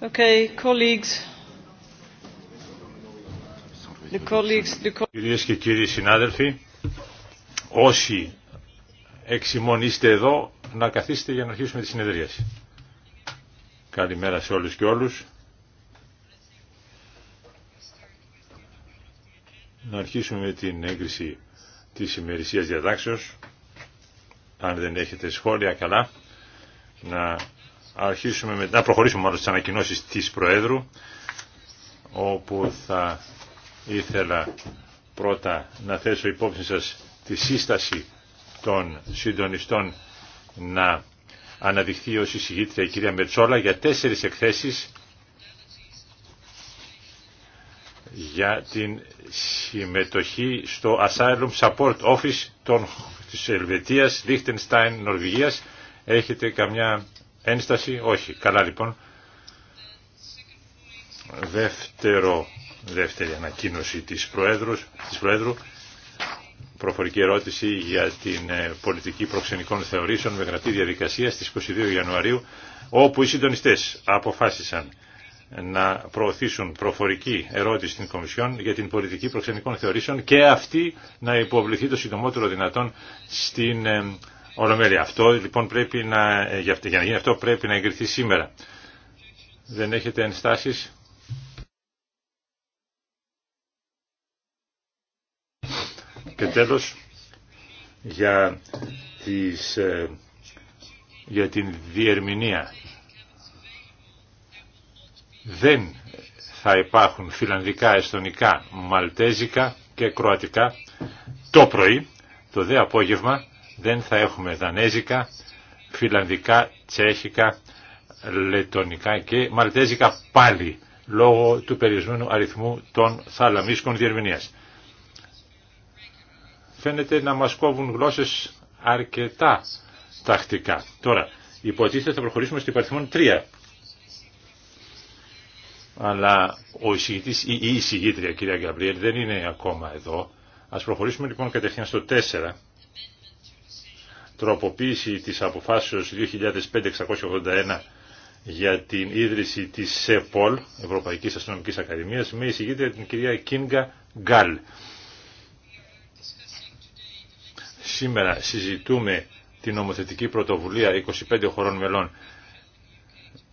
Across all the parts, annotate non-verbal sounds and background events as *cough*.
Okay, και κύριοι συνάδελφοι, όσοι εξημών είστε εδώ, να καθίσετε για να αρχίσουμε τη συνεδρίαση. Καλημέρα σε όλους και όλους. Να αρχίσουμε με την έγκριση της ημερησίας διατάξεως. Αν δεν έχετε σχόλια καλά, να αρχίσουμε να προχωρήσουμε μάλλον στις ανακοινώσεις της Προέδρου όπου θα ήθελα πρώτα να θέσω υπόψη σας τη σύσταση των συντονιστών να αναδειχθεί ως εισηγήτρια η κυρία Μετσόλα για τέσσερις εκθέσεις για την συμμετοχή στο Asylum Support Office των, της Ελβετίας, Λίχτενστάιν, Νορβηγίας. Έχετε καμιά Ένσταση όχι. Καλά λοιπόν. Δεύτερο, δεύτερη ανακοίνωση της, Προέδρου, της Προέδρου. Προφορική ερώτηση για την ε, πολιτική προξενικών θεωρήσεων με γραπτή διαδικασία στις 22 Ιανουαρίου όπου οι συντονιστές αποφάσισαν να προωθήσουν προφορική ερώτηση στην Κομισιόν για την πολιτική προξενικών θεωρήσεων και αυτή να υποβληθεί το συντομότερο δυνατόν στην ε, Ολομέλεια. Αυτό λοιπόν πρέπει να, ε, για να γίνει αυτό πρέπει να εγκριθεί σήμερα. Δεν έχετε ενστάσεις. Και τέλος, για, τις, ε, για την διερμηνία. Δεν θα υπάρχουν φιλανδικά, εστονικά, μαλτέζικα και κροατικά το πρωί, το δε απόγευμα δεν θα έχουμε δανέζικα, φιλανδικά, τσέχικα, λετονικά και μαλτέζικα πάλι λόγω του περιορισμένου αριθμού των θαλαμίσκων διερμηνίας. Φαίνεται να μας κόβουν γλώσσες αρκετά τακτικά. Τώρα, υποτίθεται θα προχωρήσουμε στην παριθμόν 3. Αλλά ο εισηγητής ή η εισηγήτρια κυρία Γκαμπριέλ δεν είναι ακόμα εδώ. Ας προχωρήσουμε λοιπόν κατευθείαν στο τροποποίηση της αποφάσεως 2005-681 για την ίδρυση της ΣΕΠΟΛ, Ευρωπαϊκής Αστυνομικής Ακαδημίας, με εισηγήτρια την κυρία Κίνγκα Γκάλ. Σήμερα συζητούμε την νομοθετική πρωτοβουλία 25 χωρών μελών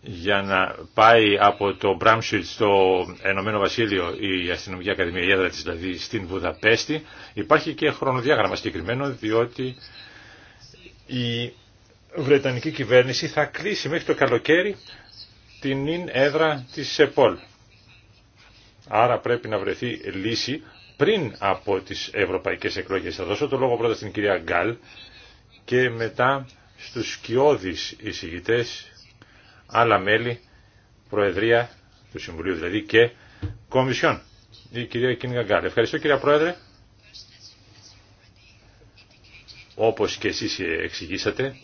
για να πάει από το Μπράμσιλ στο Ενωμένο Βασίλειο η Αστυνομική Ακαδημία, η έδρα της δηλαδή στην Βουδαπέστη. Υπάρχει και χρονοδιάγραμμα συγκεκριμένο διότι η Βρετανική κυβέρνηση θα κλείσει μέχρι το καλοκαίρι την έδρα της ΣΕΠΟΛ. Άρα πρέπει να βρεθεί λύση πριν από τις ευρωπαϊκές εκλογές. Θα δώσω το λόγο πρώτα στην κυρία Γκάλ και μετά στους σκιώδεις εισηγητές, άλλα μέλη, Προεδρία του Συμβουλίου δηλαδή και Κομισιόν. Η κυρία Κίνγκα Γκάλ. Ευχαριστώ κυρία Πρόεδρε. Όπως και εσείς εξηγήσατε,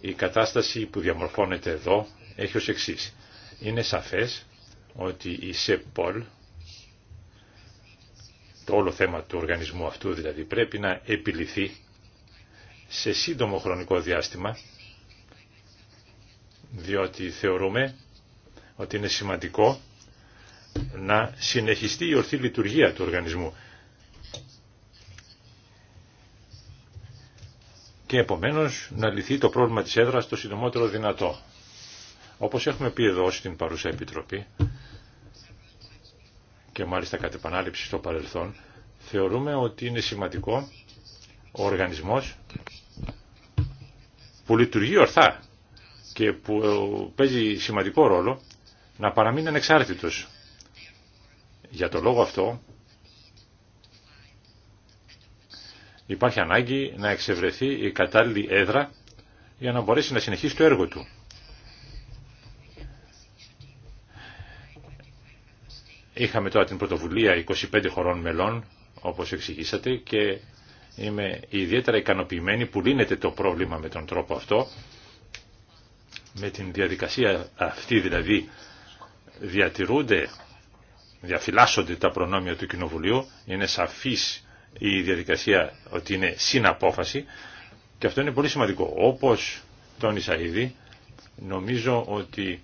η κατάσταση που διαμορφώνεται εδώ έχει ως εξής. Είναι σαφές ότι η ΣΕΠΟΛ, το όλο θέμα του οργανισμού αυτού δηλαδή, πρέπει να επιληθεί σε σύντομο χρονικό διάστημα, διότι θεωρούμε ότι είναι σημαντικό να συνεχιστεί η ορθή λειτουργία του οργανισμού. και επομένως να λυθεί το πρόβλημα της έδρας το συντομότερο δυνατό. Όπως έχουμε πει εδώ στην παρούσα Επιτροπή και μάλιστα κατ' επανάληψη στο παρελθόν, θεωρούμε ότι είναι σημαντικό ο οργανισμός που λειτουργεί ορθά και που ε, παίζει σημαντικό ρόλο να παραμείνει ανεξάρτητος. Για το λόγο αυτό υπάρχει ανάγκη να εξευρεθεί η κατάλληλη έδρα για να μπορέσει να συνεχίσει το έργο του. Είχαμε τώρα την πρωτοβουλία 25 χωρών μελών, όπως εξηγήσατε, και είμαι ιδιαίτερα ικανοποιημένη που λύνεται το πρόβλημα με τον τρόπο αυτό, με την διαδικασία αυτή δηλαδή διατηρούνται, διαφυλάσσονται τα προνόμια του Κοινοβουλίου, είναι σαφής η διαδικασία ότι είναι συναπόφαση και αυτό είναι πολύ σημαντικό. Όπως τόνισα ήδη, νομίζω ότι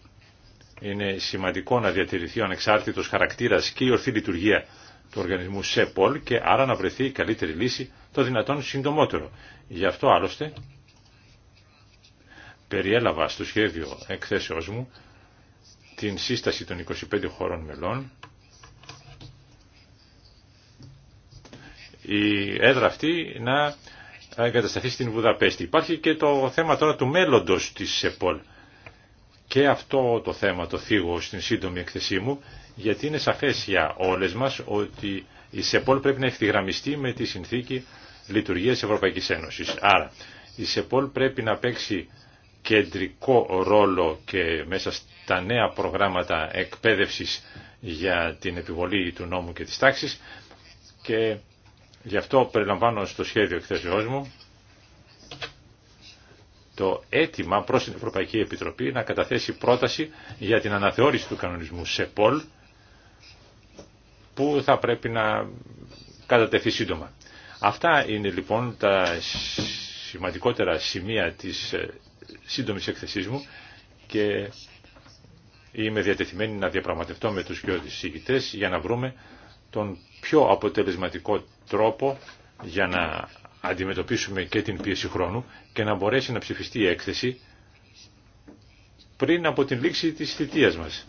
είναι σημαντικό να διατηρηθεί ο ανεξάρτητος χαρακτήρας και η ορθή λειτουργία του οργανισμού ΣΕΠΟΛ και άρα να βρεθεί η καλύτερη λύση το δυνατόν συντομότερο. Γι' αυτό άλλωστε περιέλαβα στο σχέδιο εκθέσεώς μου την σύσταση των 25 χωρών μελών η έδρα αυτή να εγκατασταθεί στην Βουδαπέστη. Υπάρχει και το θέμα τώρα του μέλλοντος της ΕΠΟΛ. Και αυτό το θέμα το θίγω στην σύντομη εκθεσή μου, γιατί είναι σαφές για όλες μας ότι η ΣΕΠΟΛ πρέπει να ευθυγραμμιστεί με τη συνθήκη λειτουργίας Ευρωπαϊκής Ένωσης. Άρα, η ΣΕΠΟΛ πρέπει να παίξει κεντρικό ρόλο και μέσα στα νέα προγράμματα εκπαίδευσης για την επιβολή του νόμου και της τάξης Γι' αυτό περιλαμβάνω στο σχέδιο εκθέσεώς μου το αίτημα προς την Ευρωπαϊκή Επιτροπή να καταθέσει πρόταση για την αναθεώρηση του κανονισμού ΠΟΛ που θα πρέπει να κατατεθεί σύντομα. Αυτά είναι λοιπόν τα σημαντικότερα σημεία της ε, σύντομης εκθεσής μου και είμαι διατεθειμένη να διαπραγματευτώ με τους και συγκητές για να βρούμε τον πιο αποτελεσματικό τρόπο για να αντιμετωπίσουμε και την πίεση χρόνου και να μπορέσει να ψηφιστεί η έκθεση πριν από την λήξη της θητείας μας.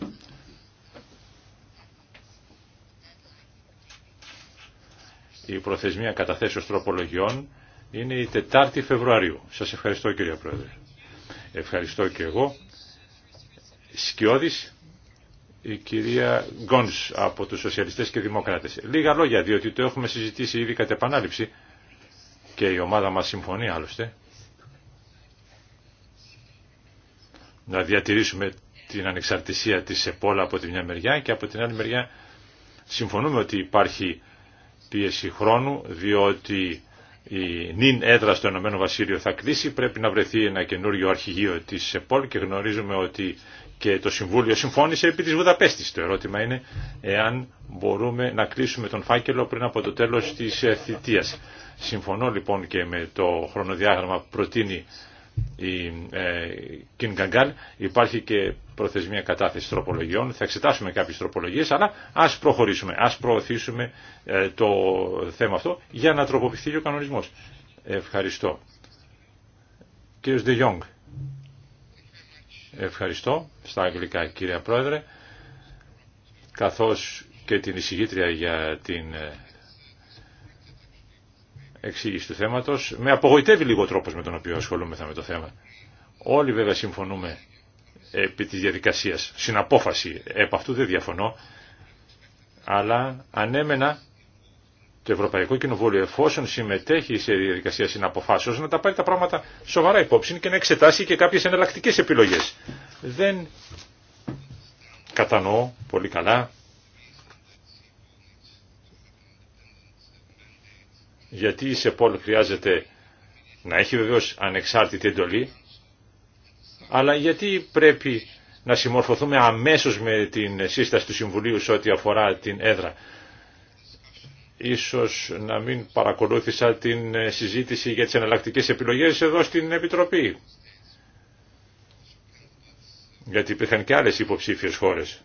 Η προθεσμία καταθέσεως τροπολογιών είναι η 4η Φεβρουαρίου. Σας ευχαριστώ κύριε Πρόεδρε. Ευχαριστώ και εγώ. Σκιώδης η κυρία Γκόνς από τους Σοσιαλιστές και Δημοκράτες. Λίγα λόγια, διότι το έχουμε συζητήσει ήδη κατ' επανάληψη και η ομάδα μας συμφωνεί άλλωστε. Να διατηρήσουμε την ανεξαρτησία της ΕΠΟΛΑ από τη μια μεριά και από την άλλη μεριά συμφωνούμε ότι υπάρχει πίεση χρόνου διότι η νυν έδρα στο Ηνωμένο Βασίλειο θα κλείσει, πρέπει να βρεθεί ένα καινούριο αρχηγείο της ΕΠΟΛ και γνωρίζουμε ότι και το Συμβούλιο συμφώνησε επί της Βουδαπέστης. Το ερώτημα είναι εάν μπορούμε να κλείσουμε τον φάκελο πριν από το τέλος της ε, θητείας. Συμφωνώ λοιπόν και με το χρονοδιάγραμμα που προτείνει η ε, Καγκάλ. Υπάρχει και προθεσμία κατάθεση τροπολογιών. Θα εξετάσουμε κάποιες τροπολογίες, αλλά ας προχωρήσουμε, ας προωθήσουμε ε, το θέμα αυτό για να τροποποιηθεί ο κανονισμός. Ευχαριστώ. Κύριος Δε Γιόγκ. Ευχαριστώ στα αγγλικά κύριε Πρόεδρε, καθώς και την εισηγήτρια για την ε, εξήγηση του θέματος. Με απογοητεύει λίγο ο τρόπος με τον οποίο ασχολούμεθα με το θέμα. Όλοι βέβαια συμφωνούμε επί της διαδικασίας, συναπόφαση, επ' αυτού δεν διαφωνώ, αλλά ανέμενα το Ευρωπαϊκό Κοινοβούλιο εφόσον συμμετέχει σε διαδικασία συναποφάσεω, να τα πάρει τα πράγματα σοβαρά υπόψη και να εξετάσει και κάποιε εναλλακτικέ επιλογέ. Δεν κατανοώ πολύ καλά γιατί η ΣΕΠΟΛ χρειάζεται να έχει βεβαίω ανεξάρτητη εντολή αλλά γιατί πρέπει να συμμορφωθούμε αμέσως με την σύσταση του Συμβουλίου σε ό,τι αφορά την έδρα ίσως να μην παρακολούθησα την ε, συζήτηση για τις εναλλακτικέ επιλογές εδώ στην Επιτροπή. Γιατί υπήρχαν και άλλες υποψήφιες χώρες.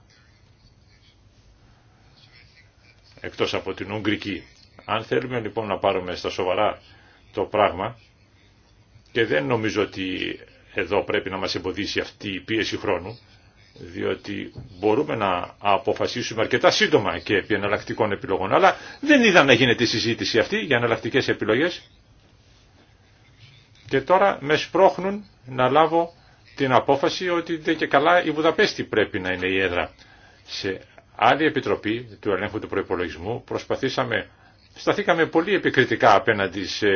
Εκτός από την Ουγγρική. Αν θέλουμε λοιπόν να πάρουμε στα σοβαρά το πράγμα και δεν νομίζω ότι εδώ πρέπει να μας εμποδίσει αυτή η πίεση χρόνου, διότι μπορούμε να αποφασίσουμε αρκετά σύντομα και επί εναλλακτικών επιλογών, αλλά δεν είδα να γίνεται η συζήτηση αυτή για εναλλακτικέ επιλογές και τώρα με σπρώχνουν να λάβω την απόφαση ότι δεν και καλά η Βουδαπέστη πρέπει να είναι η έδρα. Σε άλλη επιτροπή του ελέγχου του προϋπολογισμού προσπαθήσαμε, σταθήκαμε πολύ επικριτικά απέναντι σε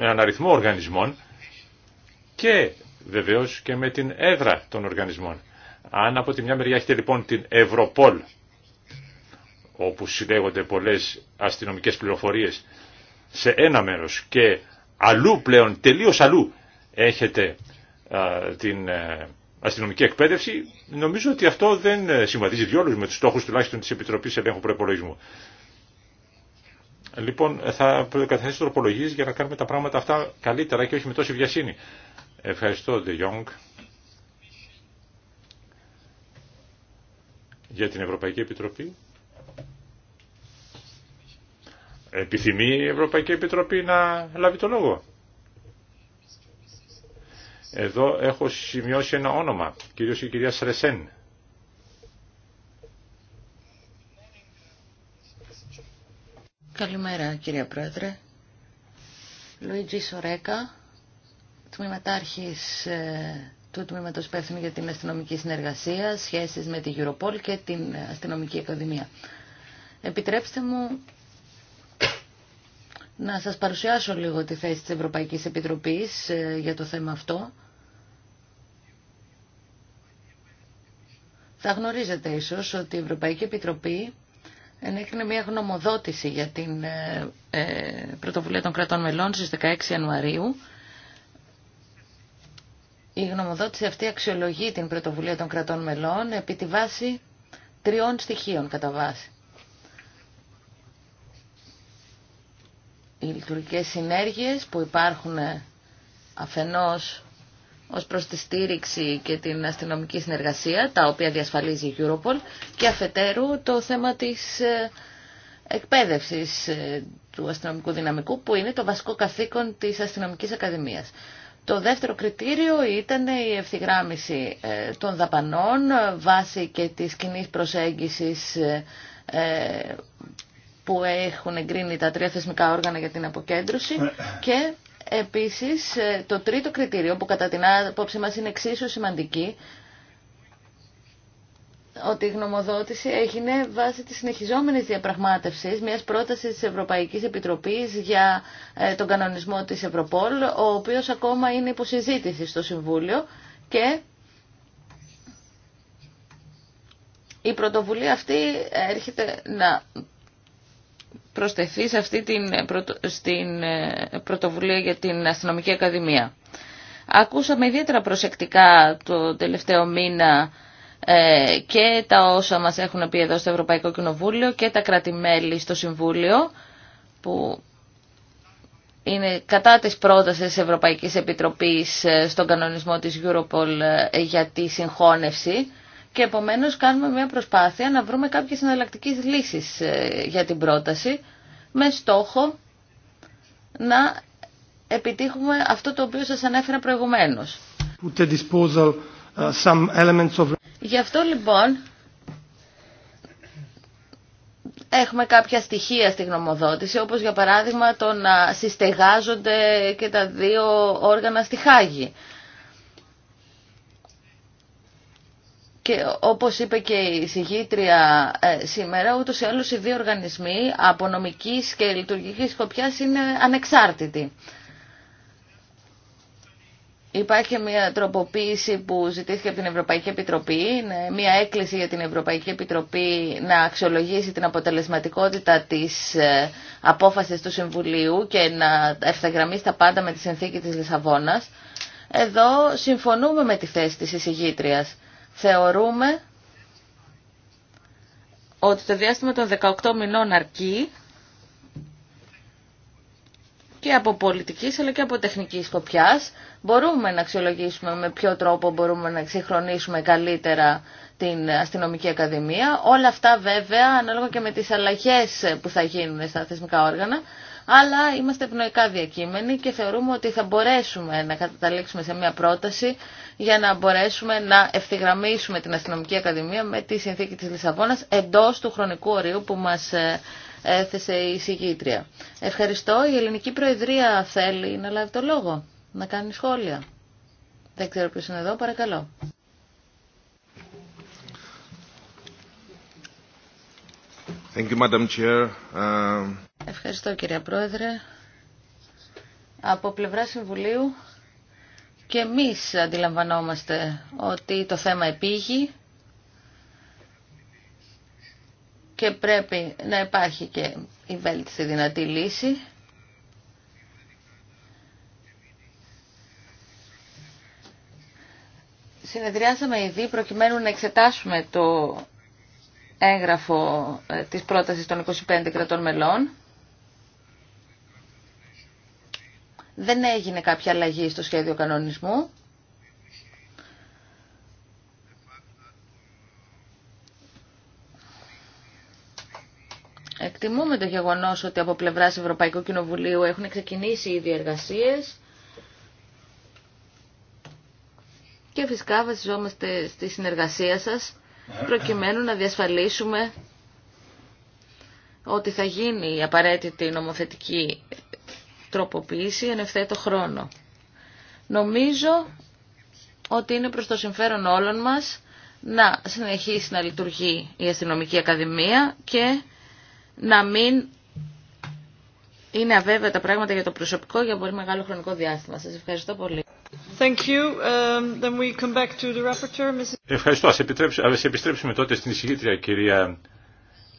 έναν αριθμό οργανισμών και βεβαίως και με την έδρα των οργανισμών. Αν από τη μια μεριά έχετε λοιπόν την Ευρωπόλ, όπου συλλέγονται πολλές αστυνομικές πληροφορίες σε ένα μέρος και αλλού πλέον, τελείως αλλού, έχετε την ε, αστυνομική εκπαίδευση, νομίζω ότι αυτό δεν συμβαδίζει διόλου με τους στόχους τουλάχιστον της Επιτροπής Ελέγχου Προεπολογισμού. Λοιπόν, θα καταθέσω τροπολογίες για να κάνουμε τα πράγματα αυτά καλύτερα και όχι με τόση βιασύνη. Ευχαριστώ, De Jong. για την Ευρωπαϊκή Επιτροπή. Επιθυμεί η Ευρωπαϊκή Επιτροπή να λάβει το λόγο. Εδώ έχω σημειώσει ένα όνομα, κυρίως η κυρία Σρεσέν. Καλημέρα κυρία Πρόεδρε. Λουίτζι Σορέκα, τμήματάρχης ε, του τμήματο υπεύθυνου για την αστυνομική συνεργασία, σχέσει με την Europol και την Αστυνομική Ακαδημία. Επιτρέψτε μου να σας παρουσιάσω λίγο τη θέση της Ευρωπαϊκής Επιτροπής ε, για το θέμα αυτό. Θα γνωρίζετε ίσως ότι η Ευρωπαϊκή Επιτροπή ενέκρινε μια γνωμοδότηση για την ε, ε, πρωτοβουλία των κρατών μελών στις 16 Ιανουαρίου η γνωμοδότηση αυτή αξιολογεί την πρωτοβουλία των κρατών μελών επί τη βάση τριών στοιχείων κατά βάση. Οι λειτουργικές συνέργειες που υπάρχουν ε, αφενός ως προς τη στήριξη και την αστυνομική συνεργασία, τα οποία διασφαλίζει η Europol, και αφετέρου το θέμα της ε, εκπαίδευσης ε, του αστυνομικού δυναμικού, που είναι το βασικό καθήκον της Αστυνομικής Ακαδημίας. Το δεύτερο κριτήριο ήταν η ευθυγράμμιση ε, των δαπανών ε, βάσει και της κοινή προσέγγισης ε, που έχουν εγκρίνει τα τρία θεσμικά όργανα για την αποκέντρωση και επίσης το τρίτο κριτήριο που κατά την άποψή μας είναι εξίσου σημαντική ότι η γνωμοδότηση έγινε βάσει της συνεχιζόμενης διαπραγμάτευσης μιας πρότασης της Ευρωπαϊκής Επιτροπής για ε, τον κανονισμό της Ευρωπόλ, ο οποίος ακόμα είναι υποσυζήτηση στο Συμβούλιο και η πρωτοβουλία αυτή έρχεται να προσθεθεί σε αυτή την, στην ε, πρωτοβουλία για την Αστυνομική Ακαδημία. Ακούσαμε ιδιαίτερα προσεκτικά το τελευταίο μήνα ε, και τα όσα μας έχουν πει εδώ στο Ευρωπαϊκό Κοινοβούλιο και τα κρατημέλη στο Συμβούλιο που είναι κατά της πρότασης της Ευρωπαϊκής Επιτροπής ε, στον κανονισμό της Europol ε, για τη συγχώνευση και επομένως κάνουμε μια προσπάθεια να βρούμε κάποιες εναλλακτικέ λύσεις για την πρόταση με στόχο να επιτύχουμε αυτό το οποίο σας ανέφερα προηγουμένως. Γι' αυτό λοιπόν έχουμε κάποια στοιχεία στη γνωμοδότηση, όπως για παράδειγμα το να συστεγάζονται και τα δύο όργανα στη Χάγη. Και όπως είπε και η συγγήτρια ε, σήμερα, ούτως ή άλλως οι δύο οργανισμοί από και λειτουργικής σκοπιάς είναι ανεξάρτητοι. Υπάρχει μια τροποποίηση που ζητήθηκε από την Ευρωπαϊκή Επιτροπή, Είναι μια έκκληση για την Ευρωπαϊκή Επιτροπή να αξιολογήσει την αποτελεσματικότητα της ε, απόφασης του Συμβουλίου και να ευθαγραμμίσει τα πάντα με τη συνθήκη της Λισαβόνας. Εδώ συμφωνούμε με τη θέση της εισηγήτριας. Θεωρούμε ότι το διάστημα των 18 μηνών αρκεί και από πολιτικής αλλά και από τεχνικής σκοπιάς μπορούμε να αξιολογήσουμε με ποιο τρόπο μπορούμε να εξυγχρονίσουμε καλύτερα την Αστυνομική Ακαδημία. Όλα αυτά βέβαια ανάλογα και με τις αλλαγές που θα γίνουν στα θεσμικά όργανα αλλά είμαστε ευνοϊκά διακείμενοι και θεωρούμε ότι θα μπορέσουμε να καταλήξουμε σε μια πρόταση για να μπορέσουμε να ευθυγραμμίσουμε την Αστυνομική Ακαδημία με τη συνθήκη της Λισαβόνας εντός του χρονικού ορίου που μας ε, έθεσε η εισηγήτρια. Ευχαριστώ. Η Ελληνική Προεδρία θέλει να λάβει το λόγο, να κάνει σχόλια. Δεν ξέρω ποιος είναι εδώ, παρακαλώ. Thank uh, Ευχαριστώ κυρία Πρόεδρε. Από πλευρά Συμβουλίου και εμείς αντιλαμβανόμαστε ότι το θέμα επήγει και πρέπει να υπάρχει και η βέλτιστη δυνατή λύση. Συνεδριάσαμε ήδη προκειμένου να εξετάσουμε το έγγραφο ε, της πρότασης των 25 κρατών μελών. Δεν έγινε κάποια αλλαγή στο σχέδιο κανονισμού. Εκτιμούμε το γεγονός ότι από πλευράς Ευρωπαϊκού Κοινοβουλίου έχουν ξεκινήσει οι διεργασίες και φυσικά βασιζόμαστε στη συνεργασία σας προκειμένου να διασφαλίσουμε ότι θα γίνει η απαραίτητη νομοθετική τροποποίηση εν ευθέτω χρόνο. Νομίζω ότι είναι προς το συμφέρον όλων μας να συνεχίσει να λειτουργεί η Αστυνομική Ακαδημία και να μην είναι αβέβαια τα πράγματα για το προσωπικό για πολύ μεγάλο χρονικό διάστημα. Σας ευχαριστώ πολύ. Thank you. Um, then we come back to the Mrs. Ευχαριστώ. Ας, ας επιστρέψουμε τότε στην εισηγήτρια κυρία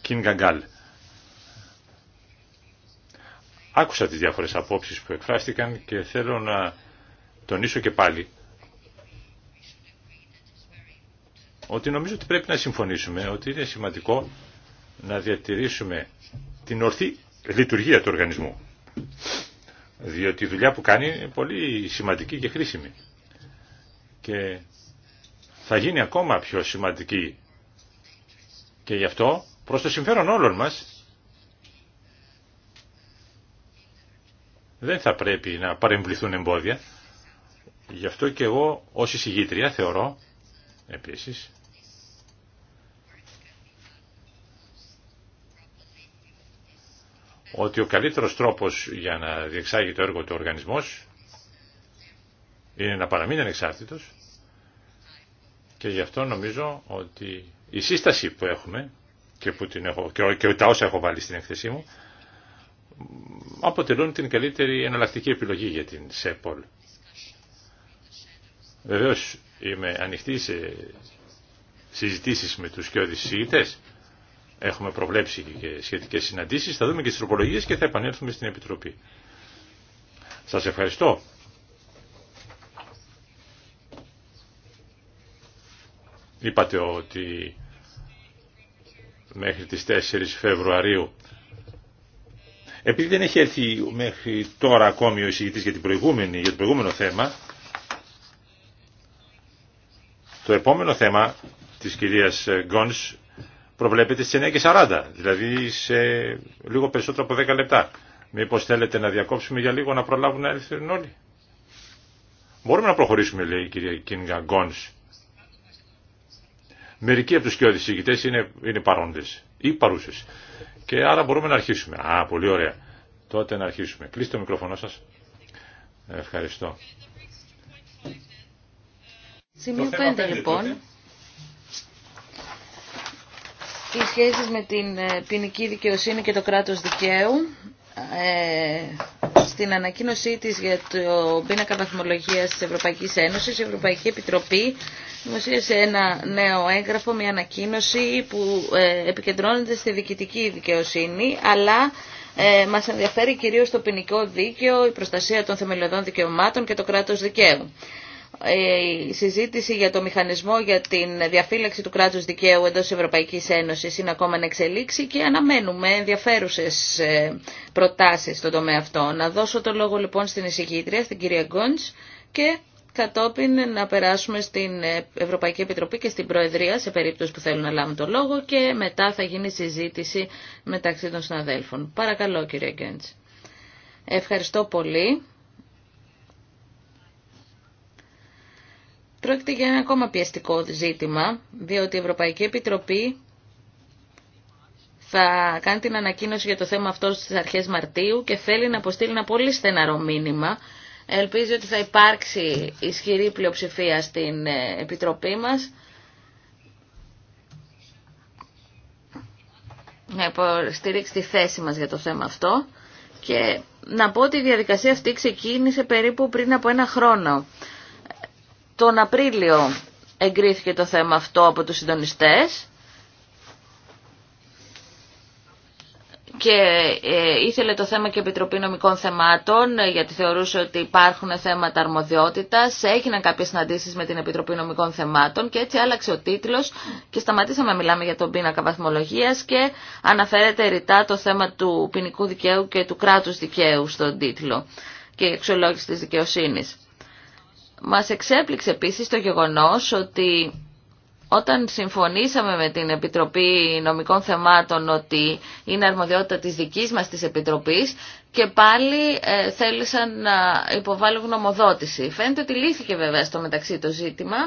Κιν Γκαγκάλ. Άκουσα τις διάφορες απόψεις που εκφράστηκαν και θέλω να τονίσω και πάλι ότι νομίζω ότι πρέπει να συμφωνήσουμε ότι είναι σημαντικό να διατηρήσουμε την ορθή λειτουργία του οργανισμού. Διότι η δουλειά που κάνει είναι πολύ σημαντική και χρήσιμη. Και θα γίνει ακόμα πιο σημαντική. Και γι' αυτό προς το συμφέρον όλων μας δεν θα πρέπει να παρεμβληθούν εμπόδια. Γι' αυτό και εγώ ως εισηγήτρια θεωρώ επίσης ότι ο καλύτερος τρόπος για να διεξάγει το έργο του οργανισμός είναι να παραμείνει ανεξάρτητος και γι' αυτό νομίζω ότι η σύσταση που έχουμε και, που την έχω, και τα όσα έχω βάλει στην εκθεσή μου αποτελούν την καλύτερη εναλλακτική επιλογή για την ΣΕΠΟΛ. Βεβαίως είμαι ανοιχτή σε συζητήσεις με τους και οδησίτες Έχουμε προβλέψει και σχετικές συναντήσεις. Θα δούμε και τις τροπολογίες και θα επανέλθουμε στην Επιτροπή. Σας ευχαριστώ. Είπατε ότι μέχρι τις 4 Φεβρουαρίου επειδή δεν έχει έρθει μέχρι τώρα ακόμη ο εισηγητής για, την προηγούμενη, για το προηγούμενο θέμα, το επόμενο θέμα της κυρίας Γκόνς Προβλέπετε στις 9.40, 40, δηλαδή σε λίγο περισσότερο από 10 λεπτά. Μήπως θέλετε να διακόψουμε για λίγο να προλάβουν να έρθουν όλοι. Μπορούμε να προχωρήσουμε, λέει η κυρία Κίνγκα Γκόνς. Μερικοί από τους κοιόδης ηγητές είναι, είναι παρόντες ή παρούσες. Και άρα μπορούμε να αρχίσουμε. Α, πολύ ωραία. Τότε να αρχίσουμε. Κλείστε το μικρόφωνο σας. Ευχαριστώ. Σημείο 5 λοιπόν οι σχέσει με την ε, ποινική δικαιοσύνη και το κράτος δικαίου. Ε, στην ανακοίνωσή της για το πίνακα βαθμολογίας της Ευρωπαϊκής Ένωσης, η Ευρωπαϊκή Επιτροπή δημοσίευσε ένα νέο έγγραφο, μια ανακοίνωση που ε, επικεντρώνεται στη διοικητική δικαιοσύνη, αλλά ε, μας ενδιαφέρει κυρίως το ποινικό δίκαιο, η προστασία των θεμελιωδών δικαιωμάτων και το κράτος δικαίου. Ε, η συζήτηση για το μηχανισμό για την διαφύλαξη του κράτους δικαίου εντός Ευρωπαϊκής Ένωσης είναι ακόμα να εξελίξει και αναμένουμε ενδιαφέρουσες ε, προτάσεις στον τομέα αυτό. Να δώσω το λόγο λοιπόν στην εισηγήτρια, στην κυρία Γκόντς και κατόπιν να περάσουμε στην Ευρωπαϊκή Επιτροπή και στην Προεδρία σε περίπτωση που θέλουν να λάβουν το λόγο και μετά θα γίνει συζήτηση μεταξύ των συναδέλφων. Παρακαλώ κυρία Γκέντς. Ευχαριστώ πολύ. Πρόκειται για ένα ακόμα πιεστικό ζήτημα, διότι η Ευρωπαϊκή Επιτροπή θα κάνει την ανακοίνωση για το θέμα αυτό στις αρχές Μαρτίου και θέλει να αποστείλει ένα πολύ στεναρό μήνυμα. Ελπίζει ότι θα υπάρξει ισχυρή πλειοψηφία στην ε, Επιτροπή μας. να υποστηρίξει τη θέση μας για το θέμα αυτό και να πω ότι η διαδικασία αυτή ξεκίνησε περίπου πριν από ένα χρόνο. Τον Απρίλιο εγκρίθηκε το θέμα αυτό από τους συντονιστές και ε, ήθελε το θέμα και Επιτροπή Νομικών Θεμάτων ε, γιατί θεωρούσε ότι υπάρχουν θέματα αρμοδιότητας. Έγιναν κάποιες συναντήσεις με την Επιτροπή Νομικών Θεμάτων και έτσι άλλαξε ο τίτλος και σταματήσαμε να μιλάμε για τον πίνακα βαθμολογίας και αναφέρεται ρητά το θέμα του ποινικού δικαίου και του κράτους δικαίου στον τίτλο και εξολόγηση της δικαιοσύνης. Μας εξέπληξε επίσης το γεγονός ότι όταν συμφωνήσαμε με την Επιτροπή Νομικών Θεμάτων ότι είναι αρμοδιότητα της δικής μας της Επιτροπής και πάλι ε, θέλησαν να υποβάλουν γνωμοδότηση. Φαίνεται ότι λύθηκε βέβαια στο μεταξύ το ζήτημα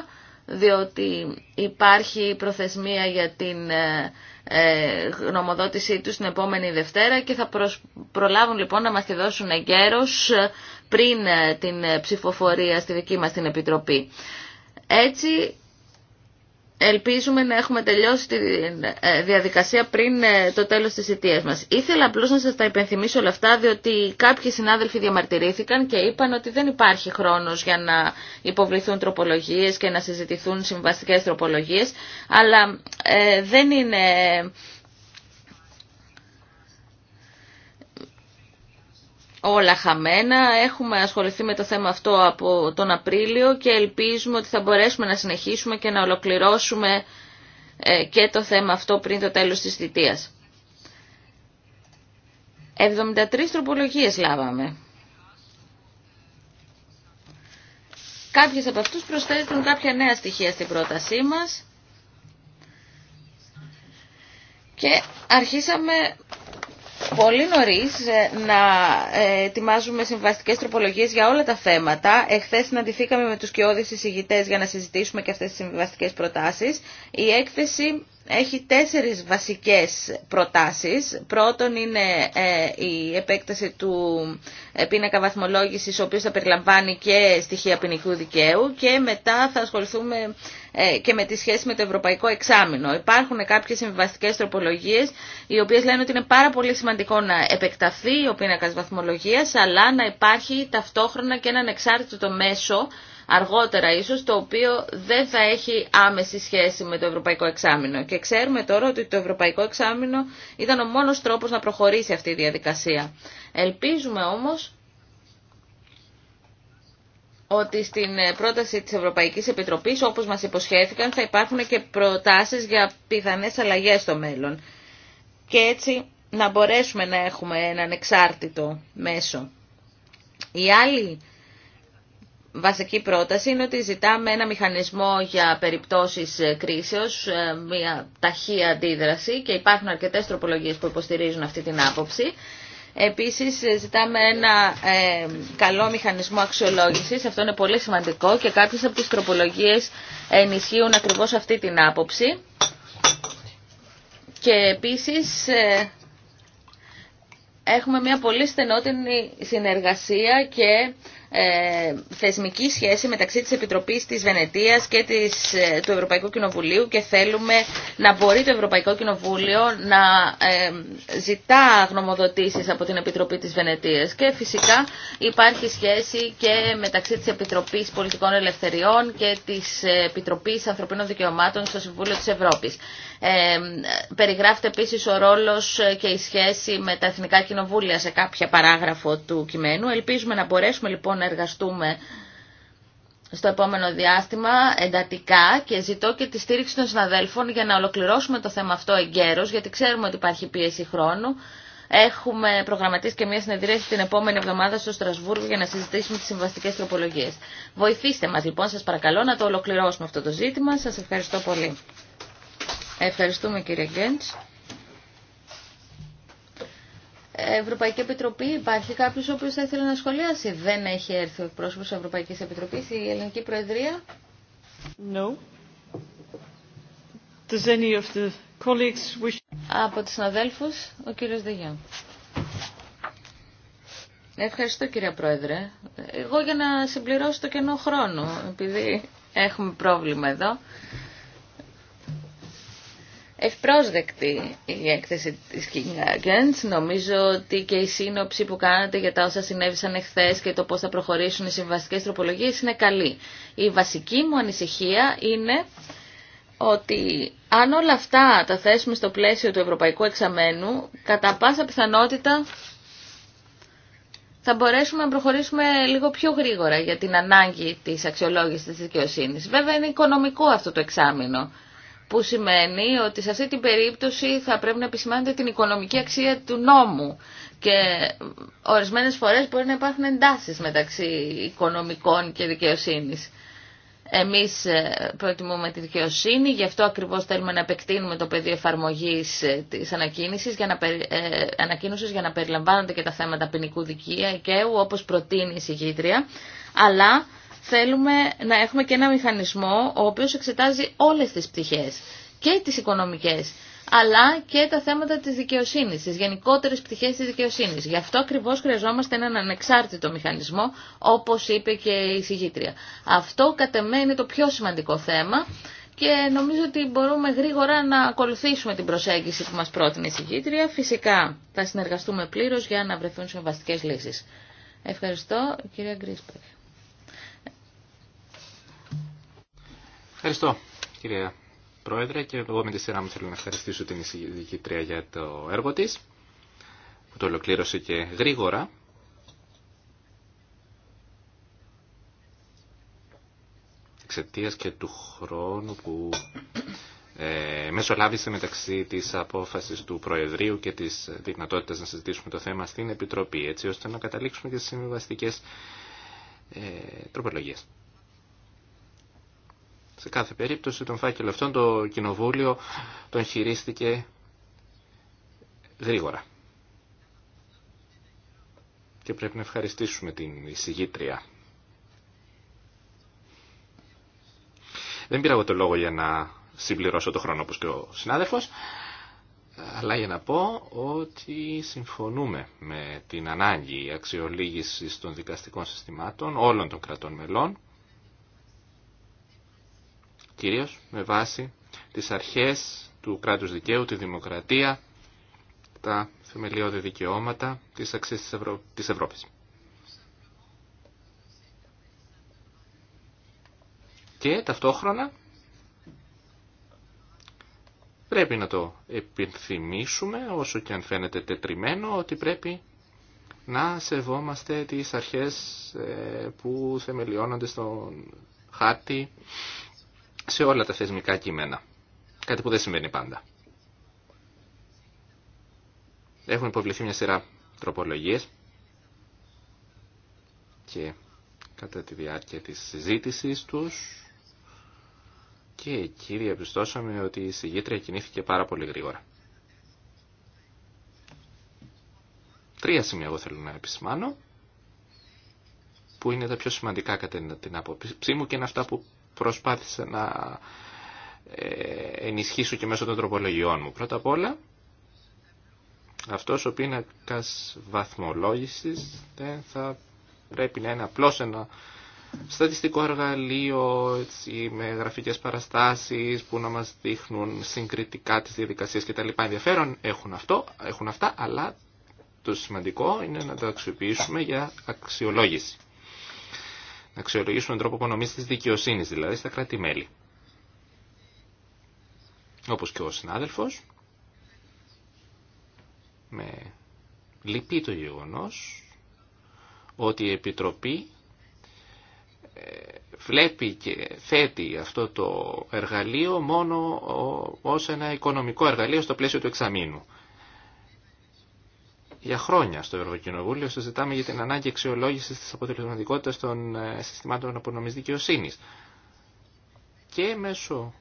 διότι υπάρχει προθεσμία για την ε, ε γνωμοδότησή τους την επόμενη Δευτέρα και θα προλάβουν λοιπόν να μας τη δώσουν εγκαίρως πριν ε, την ε, ψηφοφορία στη δική μας την Επιτροπή. Έτσι ελπίζουμε να έχουμε τελειώσει τη ε, διαδικασία πριν το τέλος της αιτίας μας. Ήθελα απλώς να σας τα υπενθυμίσω όλα αυτά, διότι κάποιοι συνάδελφοι διαμαρτυρήθηκαν και είπαν ότι δεν υπάρχει χρόνος για να υποβληθούν τροπολογίες και να συζητηθούν συμβαστικές τροπολογίες, αλλά δεν είναι όλα χαμένα. Έχουμε ασχοληθεί με το θέμα αυτό από τον Απρίλιο και ελπίζουμε ότι θα μπορέσουμε να συνεχίσουμε και να ολοκληρώσουμε ε, και το θέμα αυτό πριν το τέλος της θητείας. 73 τροπολογίες λάβαμε. Κάποιες από αυτούς προσθέτουν κάποια νέα στοιχεία στην πρότασή μας και αρχίσαμε πολύ νωρίς ε, να ε, ετοιμάζουμε συμβαστικές τροπολογίες για όλα τα θέματα. Εχθές συναντηθήκαμε με τους κοιόδης εισηγητές για να συζητήσουμε και αυτές τις συμβαστικές προτάσεις. Η έκθεση έχει τέσσερις βασικές προτάσεις. Πρώτον είναι ε, η επέκταση του ε, πίνακα βαθμολόγησης, ο οποίος θα περιλαμβάνει και στοιχεία ποινικού δικαίου και μετά θα ασχοληθούμε ε, και με τη σχέση με το ευρωπαϊκό εξάμεινο. Υπάρχουν κάποιες συμβιβαστικέ τροπολογίες οι οποίες λένε ότι είναι πάρα πολύ σημαντικό να επεκταθεί ο πίνακας βαθμολογίας αλλά να υπάρχει ταυτόχρονα και έναν εξάρτητο μέσο αργότερα ίσως, το οποίο δεν θα έχει άμεση σχέση με το Ευρωπαϊκό Εξάμεινο. Και ξέρουμε τώρα ότι το Ευρωπαϊκό Εξάμεινο ήταν ο μόνος τρόπος να προχωρήσει αυτή η διαδικασία. Ελπίζουμε όμως ότι στην ε, πρόταση της Ευρωπαϊκής Επιτροπής, όπως μας υποσχέθηκαν, θα υπάρχουν και προτάσεις για πιθανές αλλαγές στο μέλλον. Και έτσι να μπορέσουμε να έχουμε έναν εξάρτητο μέσο. Η άλλη βασική πρόταση είναι ότι ζητάμε ένα μηχανισμό για περιπτώσεις κρίσεως, ε, μια ταχεία αντίδραση και υπάρχουν αρκετές τροπολογίες που υποστηρίζουν αυτή την άποψη. Επίσης ζητάμε ένα ε, καλό μηχανισμό αξιολόγησης, αυτό είναι πολύ σημαντικό και κάποιες από τις τροπολογίες ενισχύουν ακριβώς αυτή την άποψη. Και επίσης ε, έχουμε μια πολύ στενότερη συνεργασία και ε, θεσμική σχέση μεταξύ της Επιτροπής της Βενετίας και της, ε, του Ευρωπαϊκού Κοινοβουλίου και θέλουμε να μπορεί το Ευρωπαϊκό Κοινοβούλιο να ε, ζητά γνωμοδοτήσεις από την Επιτροπή της Βενετίας και φυσικά υπάρχει σχέση και μεταξύ της Επιτροπής Πολιτικών Ελευθεριών και της Επιτροπής Ανθρωπίνων Δικαιωμάτων στο Συμβούλιο της Ευρώπης. Ε, περιγράφεται επίσης ο ρόλος και η σχέση με τα Εθνικά Κοινοβούλια σε κάποια παράγραφο του κειμένου. Ελπίζουμε να μπορέσουμε λοιπόν να εργαστούμε στο επόμενο διάστημα εντατικά και ζητώ και τη στήριξη των συναδέλφων για να ολοκληρώσουμε το θέμα αυτό εγκαίρως, γιατί ξέρουμε ότι υπάρχει πίεση χρόνου. Έχουμε προγραμματίσει και μια συνεδρία την επόμενη εβδομάδα στο Στρασβούργο για να συζητήσουμε τις συμβαστικές τροπολογίες. Βοηθήστε μας λοιπόν, σας παρακαλώ να το ολοκληρώσουμε αυτό το ζήτημα. Σας ευχαριστώ πολύ. Ευχαριστούμε κύριε Γκέντς. Ευρωπαϊκή Επιτροπή υπάρχει κάποιο ο οποίος θα ήθελε να σχολιάσει. Δεν έχει έρθει ο εκπρόσωπο τη Ευρωπαϊκής Επιτροπής, η Ελληνική Προεδρία. No. Does any of the colleagues wish... Από του συναδέλφου, ο κύριο Δεγιάν. Ευχαριστώ κύριε Πρόεδρε. Εγώ για να συμπληρώσω το κενό χρόνο, επειδή έχουμε πρόβλημα εδώ, ευπρόσδεκτη η έκθεση της King Agents. Νομίζω ότι και η σύνοψη που κάνατε για τα όσα συνέβησαν εχθέ και το πώς θα προχωρήσουν οι συμβαστικές τροπολογίες είναι καλή. Η βασική μου ανησυχία είναι ότι αν όλα αυτά τα θέσουμε στο πλαίσιο του ευρωπαϊκού εξαμένου, κατά πάσα πιθανότητα θα μπορέσουμε να προχωρήσουμε λίγο πιο γρήγορα για την ανάγκη της αξιολόγησης της δικαιοσύνης. Βέβαια είναι οικονομικό αυτό το εξάμεινο που σημαίνει ότι σε αυτή την περίπτωση θα πρέπει να επισημάνεται την οικονομική αξία του νόμου και ορισμένες φορές μπορεί να υπάρχουν εντάσεις μεταξύ οικονομικών και δικαιοσύνης. Εμείς ε, προτιμούμε τη δικαιοσύνη, γι' αυτό ακριβώς θέλουμε να επεκτείνουμε το πεδίο εφαρμογής ε, της ανακοίνωσης για να, ε, ανακοίνωσης για να περιλαμβάνονται και τα θέματα ποινικού δικαίου, όπως προτείνει η συγκήτρια, αλλά θέλουμε να έχουμε και ένα μηχανισμό ο οποίος εξετάζει όλες τις πτυχές και τις οικονομικές αλλά και τα θέματα της δικαιοσύνης, τις γενικότερες πτυχές της δικαιοσύνης. Γι' αυτό ακριβώς χρειαζόμαστε έναν ανεξάρτητο μηχανισμό, όπως είπε και η συγγήτρια. Αυτό κατά είναι το πιο σημαντικό θέμα και νομίζω ότι μπορούμε γρήγορα να ακολουθήσουμε την προσέγγιση που μας πρότεινε η συγγήτρια. Φυσικά θα συνεργαστούμε πλήρως για να βρεθούν συμβαστικές λύσεις. Ευχαριστώ, κυρία Γκρίσπεκ. Ευχαριστώ κυρία Πρόεδρε και εγώ με τη σειρά μου θέλω να ευχαριστήσω την εισηγητρία για το έργο της που το ολοκλήρωσε και γρήγορα. Εξαιτία και του χρόνου που ε, μεσολάβησε μεταξύ της απόφασης του Προεδρείου και της δυνατότητας να συζητήσουμε το θέμα στην Επιτροπή, έτσι ώστε να καταλήξουμε και στις συμβιβαστικές ε, τροπολογίες. Σε κάθε περίπτωση τον φάκελο αυτόν το κοινοβούλιο τον χειρίστηκε γρήγορα. Και πρέπει να ευχαριστήσουμε την εισηγήτρια. Δεν πήρα εγώ το λόγο για να συμπληρώσω το χρόνο όπως και ο συνάδελφος, αλλά για να πω ότι συμφωνούμε με την ανάγκη αξιολήγησης των δικαστικών συστημάτων όλων των κρατών μελών, κυρίως με βάση τις αρχές του κράτους δικαίου, τη δημοκρατία, τα θεμελιώδη δικαιώματα, τις αξίες της, Ευρω... Ευρώπης. Και ταυτόχρονα πρέπει να το επιθυμίσουμε, όσο και αν φαίνεται τετριμένο, ότι πρέπει να σεβόμαστε τις αρχές ε, που θεμελιώνονται στον χάρτη σε όλα τα θεσμικά κείμενα. Κάτι που δεν συμβαίνει πάντα. Έχουν υποβληθεί μια σειρά τροπολογίες και κατά τη διάρκεια της συζήτησης τους και εκεί διαπιστώσαμε ότι η συγγήτρια κινήθηκε πάρα πολύ γρήγορα. Τρία σημεία εγώ θέλω να επισημάνω που είναι τα πιο σημαντικά κατά την άποψή μου και είναι αυτά που προσπάθησα να ε, ενισχύσω και μέσω των τροπολογιών μου. Πρώτα απ' όλα, αυτός ο πίνακας βαθμολόγησης δεν θα πρέπει να είναι απλώς ένα στατιστικό εργαλείο έτσι, με γραφικές παραστάσεις που να μας δείχνουν συγκριτικά τις διαδικασίες και τα λοιπά ενδιαφέρον έχουν, αυτό, έχουν αυτά αλλά το σημαντικό είναι να τα αξιοποιήσουμε για αξιολόγηση να αξιολογήσουμε τον τρόπο απονομή τη δικαιοσύνη, δηλαδή στα κράτη-μέλη. Όπως και ο συνάδελφο, με λυπεί το γεγονός ότι η Επιτροπή ε, βλέπει και θέτει αυτό το εργαλείο μόνο ως ένα οικονομικό εργαλείο στο πλαίσιο του εξαμήνου. Για χρόνια στο Ευρωκοινοβούλιο συζητάμε για την ανάγκη αξιολόγηση τη αποτελεσματικότητα των ε, συστημάτων απονομή δικαιοσύνη. Και μέσω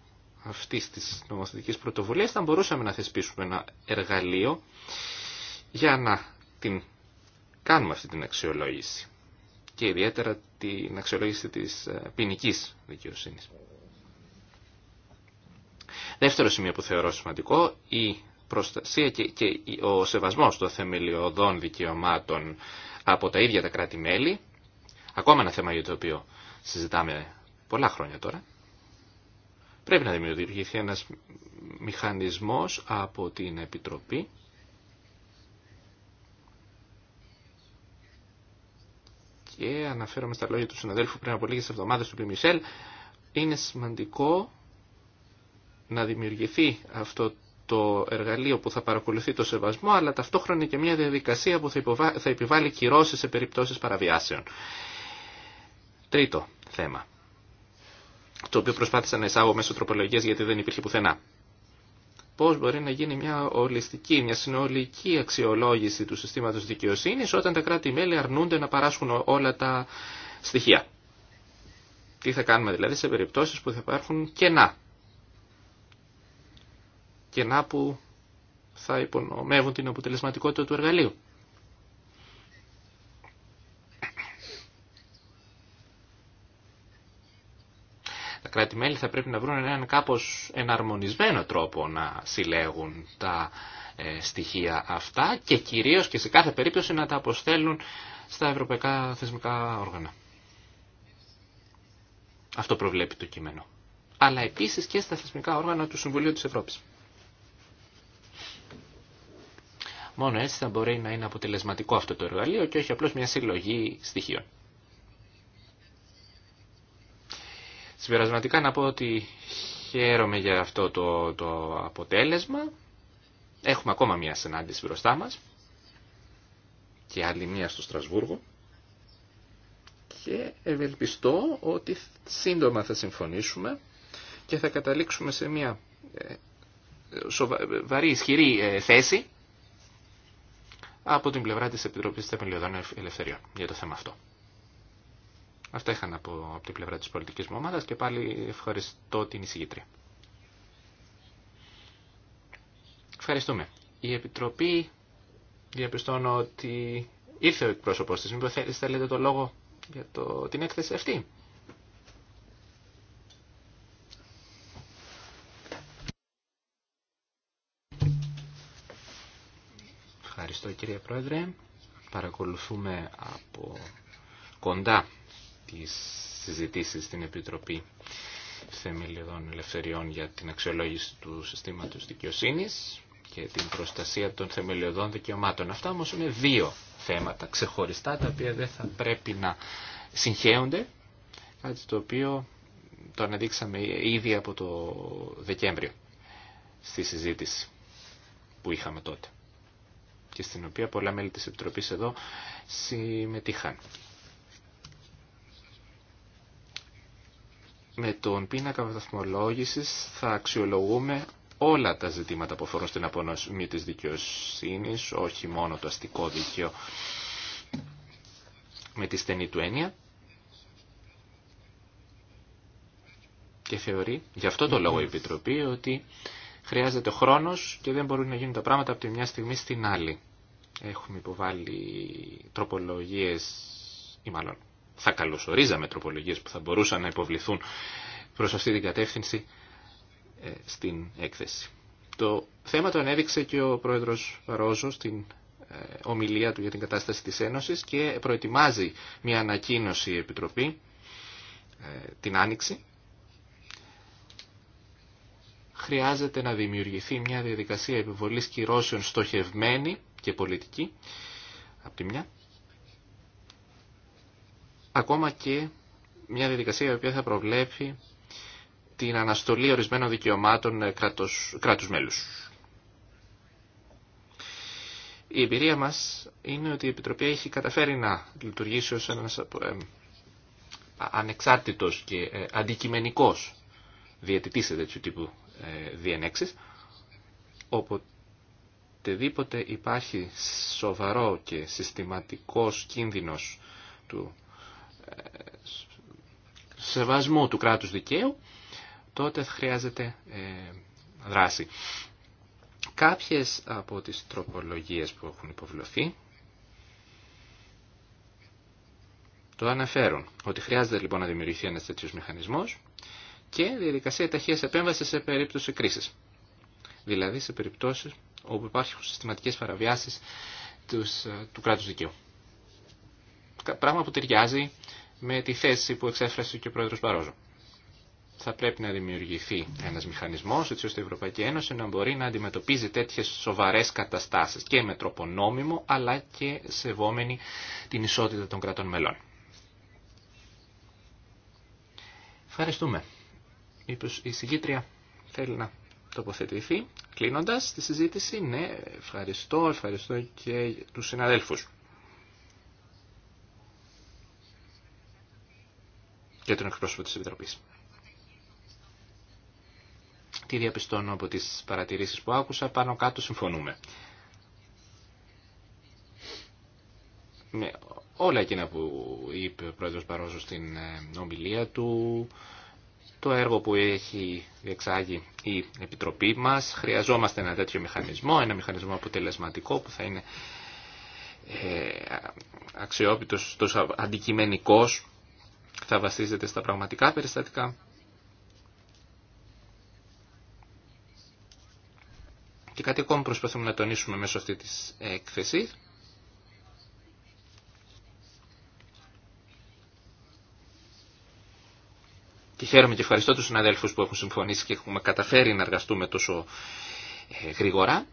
αυτή τη νομοθετική πρωτοβουλία θα μπορούσαμε να θεσπίσουμε ένα εργαλείο για να την κάνουμε αυτή την αξιολόγηση. Και ιδιαίτερα την αξιολόγηση τη ε, ποινική δικαιοσύνη. Δεύτερο σημείο που θεωρώ σημαντικό, η προστασία και, ο σεβασμός των θεμελιωδών δικαιωμάτων από τα ίδια τα κράτη-μέλη, ακόμα ένα θέμα για το οποίο συζητάμε πολλά χρόνια τώρα, πρέπει να δημιουργηθεί ένας μηχανισμός από την Επιτροπή και αναφέρομαι στα λόγια του συναδέλφου πριν από λίγες εβδομάδες του Πλημισελ, είναι σημαντικό να δημιουργηθεί αυτό το εργαλείο που θα παρακολουθεί το σεβασμό, αλλά ταυτόχρονα και μια διαδικασία που θα επιβάλλει κυρώσεις σε περιπτώσεις παραβιάσεων. Τρίτο θέμα, το οποίο προσπάθησα να εισάγω μέσω τροπολογίας γιατί δεν υπήρχε πουθενά. Πώς μπορεί να γίνει μια ολιστική, μια συνολική αξιολόγηση του συστήματος δικαιοσύνης όταν τα κράτη-μέλη αρνούνται να παράσχουν όλα τα στοιχεία. Τι θα κάνουμε δηλαδή σε περιπτώσεις που θα υπάρχουν κενά να που θα υπονομεύουν την αποτελεσματικότητα του εργαλείου. Τα κράτη-μέλη θα πρέπει να βρουν έναν κάπως εναρμονισμένο τρόπο να συλλέγουν τα ε, στοιχεία αυτά και κυρίως και σε κάθε περίπτωση να τα αποστέλουν στα ευρωπαϊκά θεσμικά όργανα. Αυτό προβλέπει το κείμενο. Αλλά επίσης και στα θεσμικά όργανα του Συμβουλίου της Ευρώπης. Μόνο έτσι θα μπορεί να είναι αποτελεσματικό αυτό το εργαλείο και όχι απλώς μια συλλογή στοιχείων. Συμπερασματικά να πω ότι χαίρομαι για αυτό το, το αποτέλεσμα. Έχουμε ακόμα μια συνάντηση μπροστά μας και άλλη μία στο Στρασβούργο και ευελπιστώ ότι σύντομα θα συμφωνήσουμε και θα καταλήξουμε σε μια ε, ε, βαρύ ισχυρή ε, θέση από την πλευρά της Επιτροπής Θεμελιωδών Ελευθεριών για το θέμα αυτό. Αυτά είχα να πω από την πλευρά της πολιτικής μου ομάδας και πάλι ευχαριστώ την εισηγήτρια. Ευχαριστούμε. Η Επιτροπή διαπιστώνω ότι ήρθε ο εκπρόσωπος της. Μήπως θέλετε το λόγο για το, την έκθεση αυτή. Ευχαριστώ κύριε Πρόεδρε. Παρακολουθούμε από κοντά τις συζητήσεις στην Επιτροπή Θεμελιωδών Ελευθεριών για την αξιολόγηση του συστήματος δικαιοσύνης και την προστασία των θεμελιωδών δικαιωμάτων. Αυτά όμως είναι δύο θέματα ξεχωριστά τα οποία δεν θα πρέπει να συγχέονται, κάτι το οποίο το αναδείξαμε ήδη από το Δεκέμβριο στη συζήτηση που είχαμε τότε και στην οποία πολλά μέλη της Επιτροπής εδώ συμμετείχαν. Με τον πίνακα βαθμολόγησης θα αξιολογούμε όλα τα ζητήματα που αφορούν στην απονομή της δικαιοσύνης, όχι μόνο το αστικό δίκαιο με τη στενή του έννοια. Και θεωρεί, γι' αυτό το λόγο η Επιτροπή, ότι χρειάζεται χρόνος και δεν μπορούν να γίνουν τα πράγματα από τη μια στιγμή στην άλλη. Έχουμε υποβάλει τροπολογίες, ή μάλλον θα καλωσορίζαμε τροπολογίες που θα μπορούσαν να υποβληθούν προς αυτή την κατεύθυνση ε, στην έκθεση. Το θέμα το ανέδειξε και ο πρόεδρος Ρόζο στην ε, ομιλία του για την κατάσταση της Ένωσης και προετοιμάζει μια ανακοίνωση η Επιτροπή ε, την Άνοιξη χρειάζεται να δημιουργηθεί μια διαδικασία επιβολής κυρώσεων στοχευμένη και πολιτική, από τη μια, ακόμα και μια διαδικασία η οποία θα προβλέπει την αναστολή ορισμένων δικαιωμάτων ε, κράτους, κράτους μέλους. Η εμπειρία μας είναι ότι η Επιτροπή έχει καταφέρει να λειτουργήσει ως ένας ε, ανεξάρτητος και ε, αντικειμενικός διαιτητής σε τέτοιου τύπου ε, διενέξεις. Οποτεδήποτε υπάρχει σοβαρό και συστηματικός κίνδυνος του ε, σεβασμού του κράτους δικαίου, τότε χρειάζεται ε, δράση. Κάποιες από τις τροπολογίες που έχουν υποβληθεί το αναφέρουν ότι χρειάζεται λοιπόν να δημιουργηθεί ένας τέτοιος μηχανισμός και διαδικασία ταχεία επέμβαση σε περίπτωση κρίση. Δηλαδή σε περιπτώσει όπου υπάρχουν συστηματικές παραβιάσει ε, του κράτου δικαίου. Πράγμα που ταιριάζει με τη θέση που εξέφρασε και ο πρόεδρο Μπαρόζο. Θα πρέπει να δημιουργηθεί ένα μηχανισμό έτσι ώστε η Ευρωπαϊκή Ένωση να μπορεί να αντιμετωπίζει τέτοιε σοβαρέ καταστάσει και με τρόπο νόμιμο αλλά και σεβόμενη την ισότητα των κρατών μελών. Ευχαριστούμε η συγκήτρια θέλει να τοποθετηθεί. κλείνοντα τη συζήτηση, ναι, ευχαριστώ, ευχαριστώ και του συναδέλφου. Και τον εκπρόσωπο τη Επιτροπής. Τι διαπιστώνω από τις παρατηρήσεις που άκουσα, πάνω κάτω συμφωνούμε. Με όλα εκείνα που είπε ο πρόεδρος Παρόζο στην ε, ομιλία του, το έργο που έχει διεξάγει η Επιτροπή μας. Χρειαζόμαστε ένα τέτοιο μηχανισμό, ένα μηχανισμό αποτελεσματικό που θα είναι ε, αξιόπιτος, τόσο αντικειμενικός, θα βασίζεται στα πραγματικά περιστατικά. Και κάτι ακόμα προσπαθούμε να τονίσουμε μέσω αυτή της έκθεσης και χαίρομαι και ευχαριστώ τους συναδέλφους που έχουν συμφωνήσει και έχουμε καταφέρει να εργαστούμε τόσο ε, γρήγορα.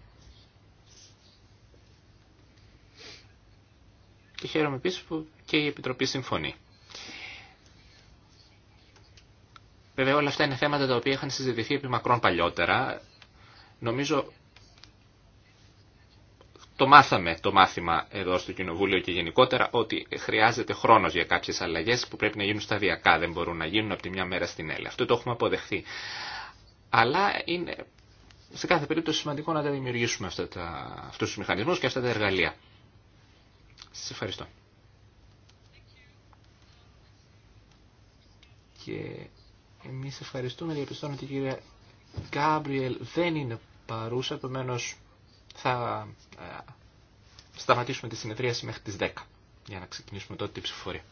Και χαίρομαι επίσης που και η Επιτροπή συμφωνεί. Βέβαια όλα αυτά είναι θέματα τα οποία είχαν συζητηθεί επί μακρόν παλιότερα. Νομίζω το μάθαμε το μάθημα εδώ στο Κοινοβούλιο και γενικότερα ότι χρειάζεται χρόνος για κάποιες αλλαγές που πρέπει να γίνουν σταδιακά, δεν μπορούν να γίνουν από τη μια μέρα στην άλλη. Αυτό το έχουμε αποδεχθεί. Αλλά είναι σε κάθε περίπτωση σημαντικό να τα δημιουργήσουμε αυτά τα, αυτούς τους μηχανισμούς και αυτά τα εργαλεία. Σας ευχαριστώ. Και εμείς ευχαριστούμε, διαπιστώνω ότι η κυρία Γκάμπριελ δεν είναι παρούσα, επομένως θα ε, σταματήσουμε τη συνεδρίαση μέχρι τις 10 για να ξεκινήσουμε τότε τη ψηφοφορία.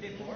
bit more,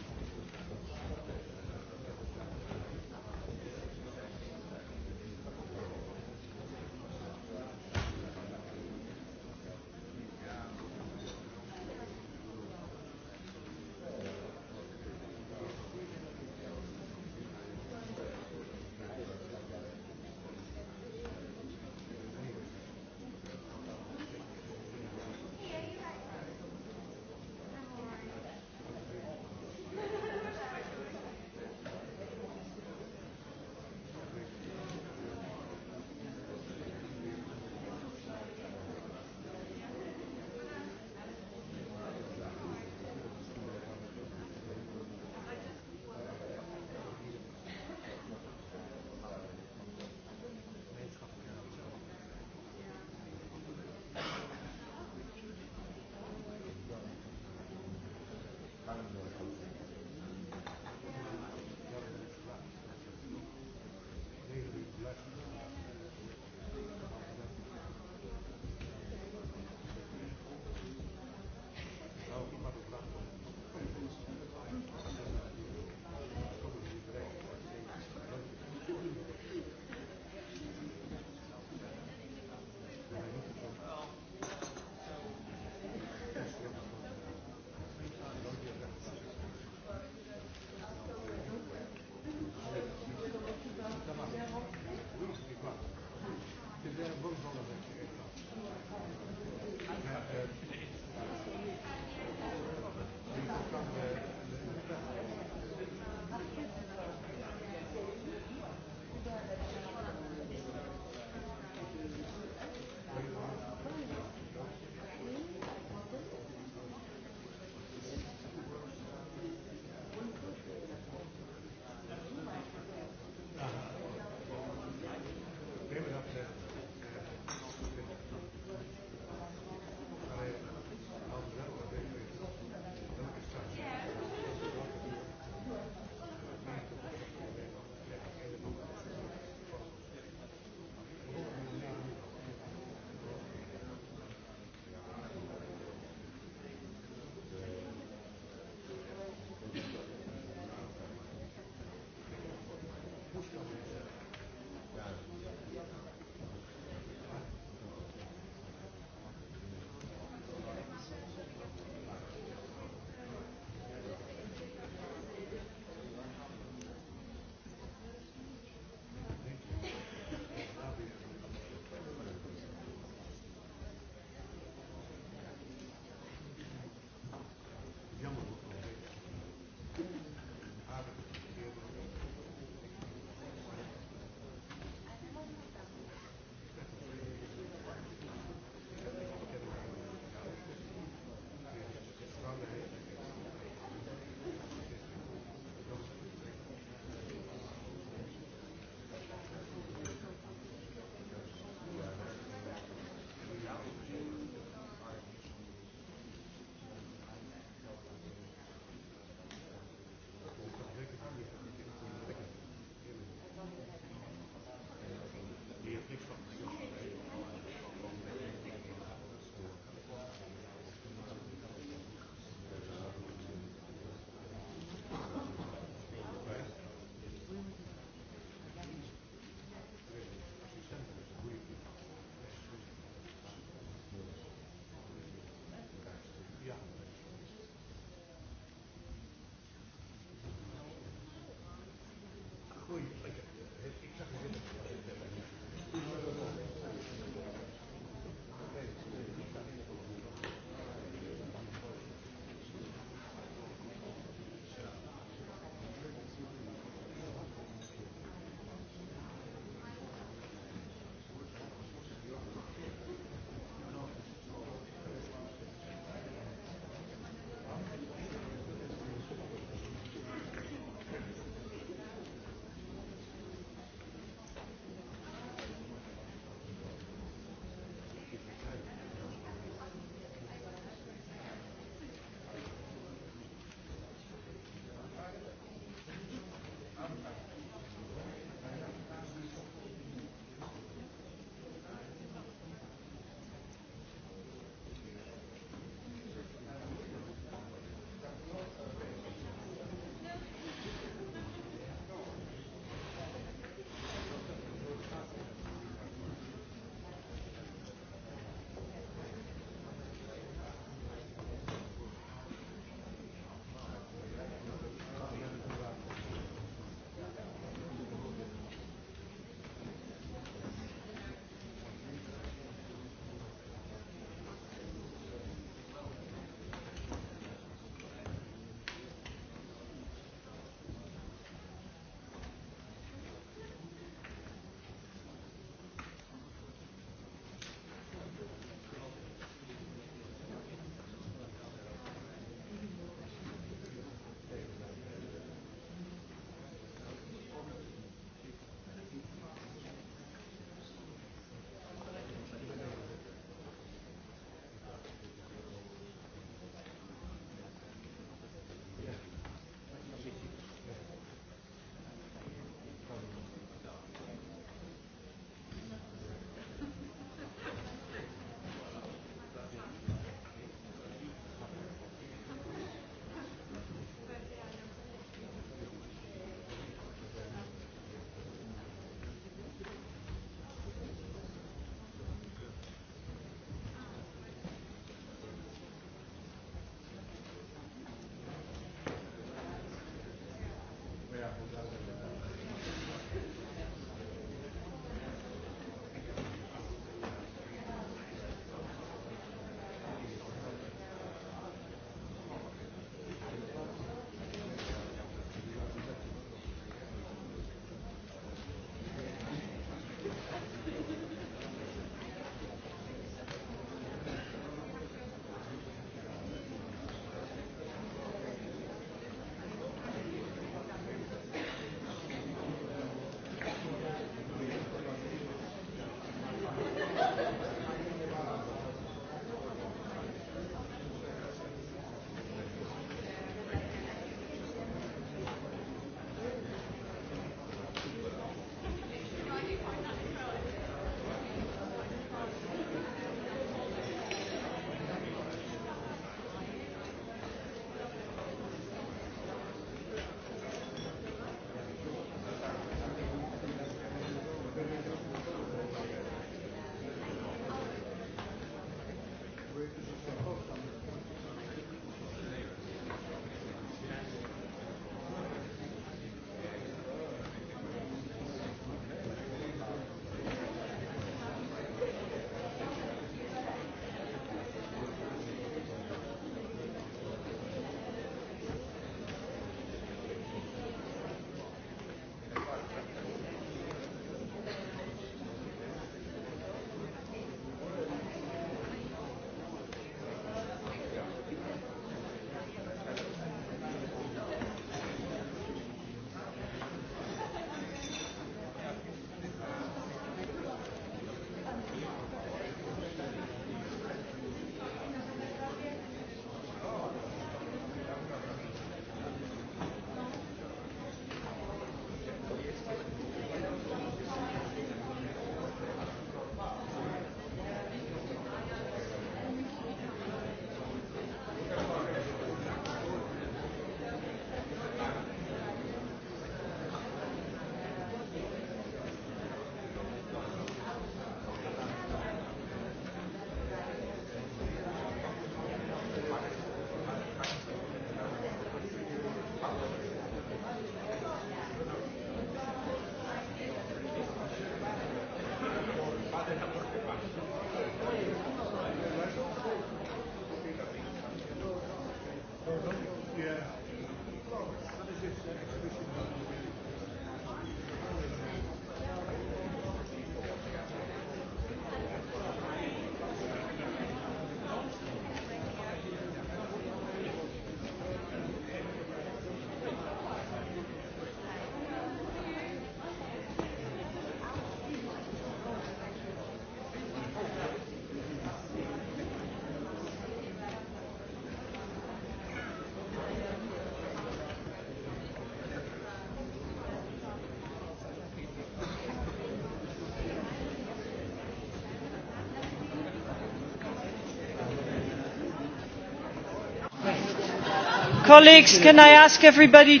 Colleagues, can I ask everybody...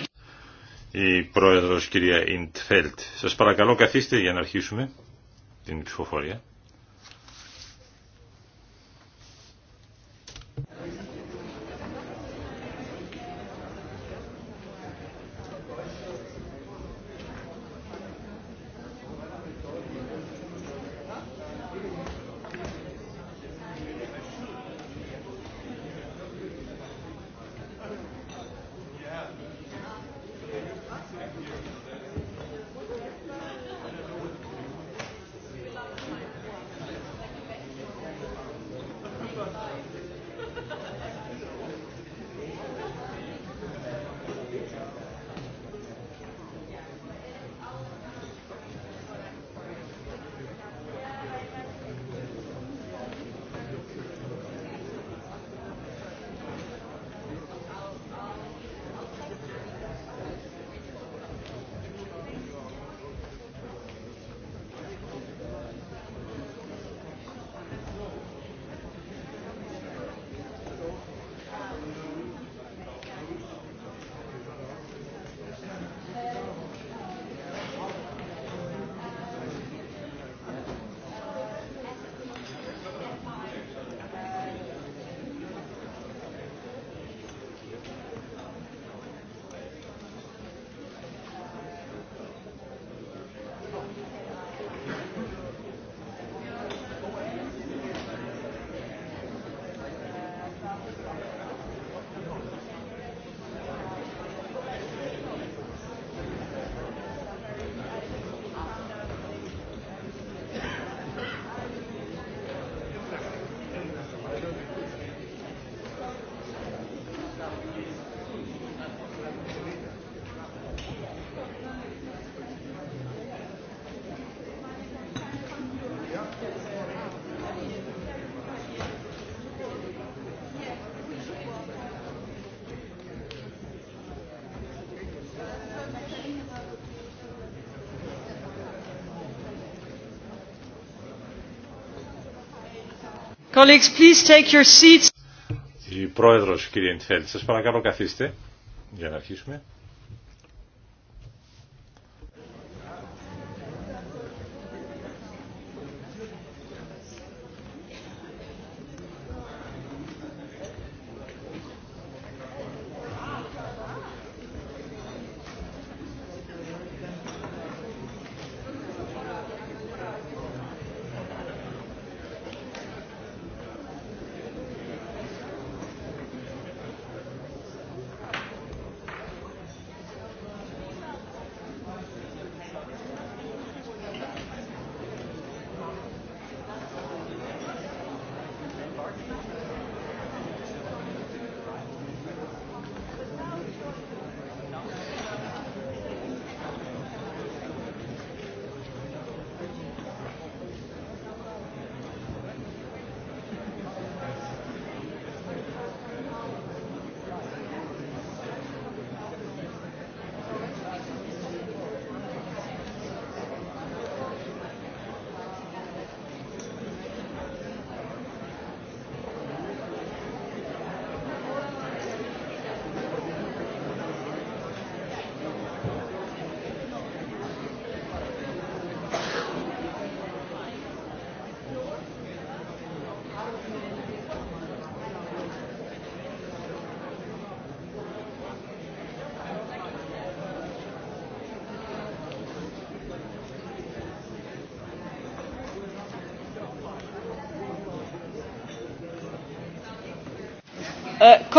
Η πρόεδρος κυρία Ιντφέλτ. Σας παρακαλώ καθίστε για να αρχίσουμε την ψηφοφορία. Colleagues, please take your seats. Η πρόεδρος, κύριε Εντφέλη, σας παρακαλώ καθίστε για να αρχίσουμε.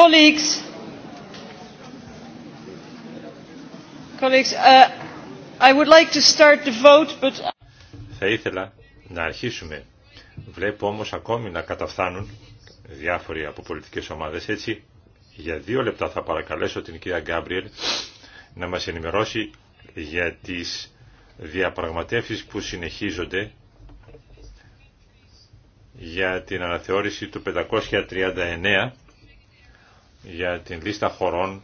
Colleagues, colleagues, uh, I would like to start the vote, but... Uh, θα ήθελα να αρχίσουμε. Βλέπω όμως ακόμη να καταφθάνουν διάφοροι από πολιτικές ομάδες. Έτσι, για δύο λεπτά θα παρακαλέσω την κυρία Γκάμπριελ να μας ενημερώσει για τις διαπραγματεύσεις που συνεχίζονται για την αναθεώρηση του 539 για την λίστα χωρών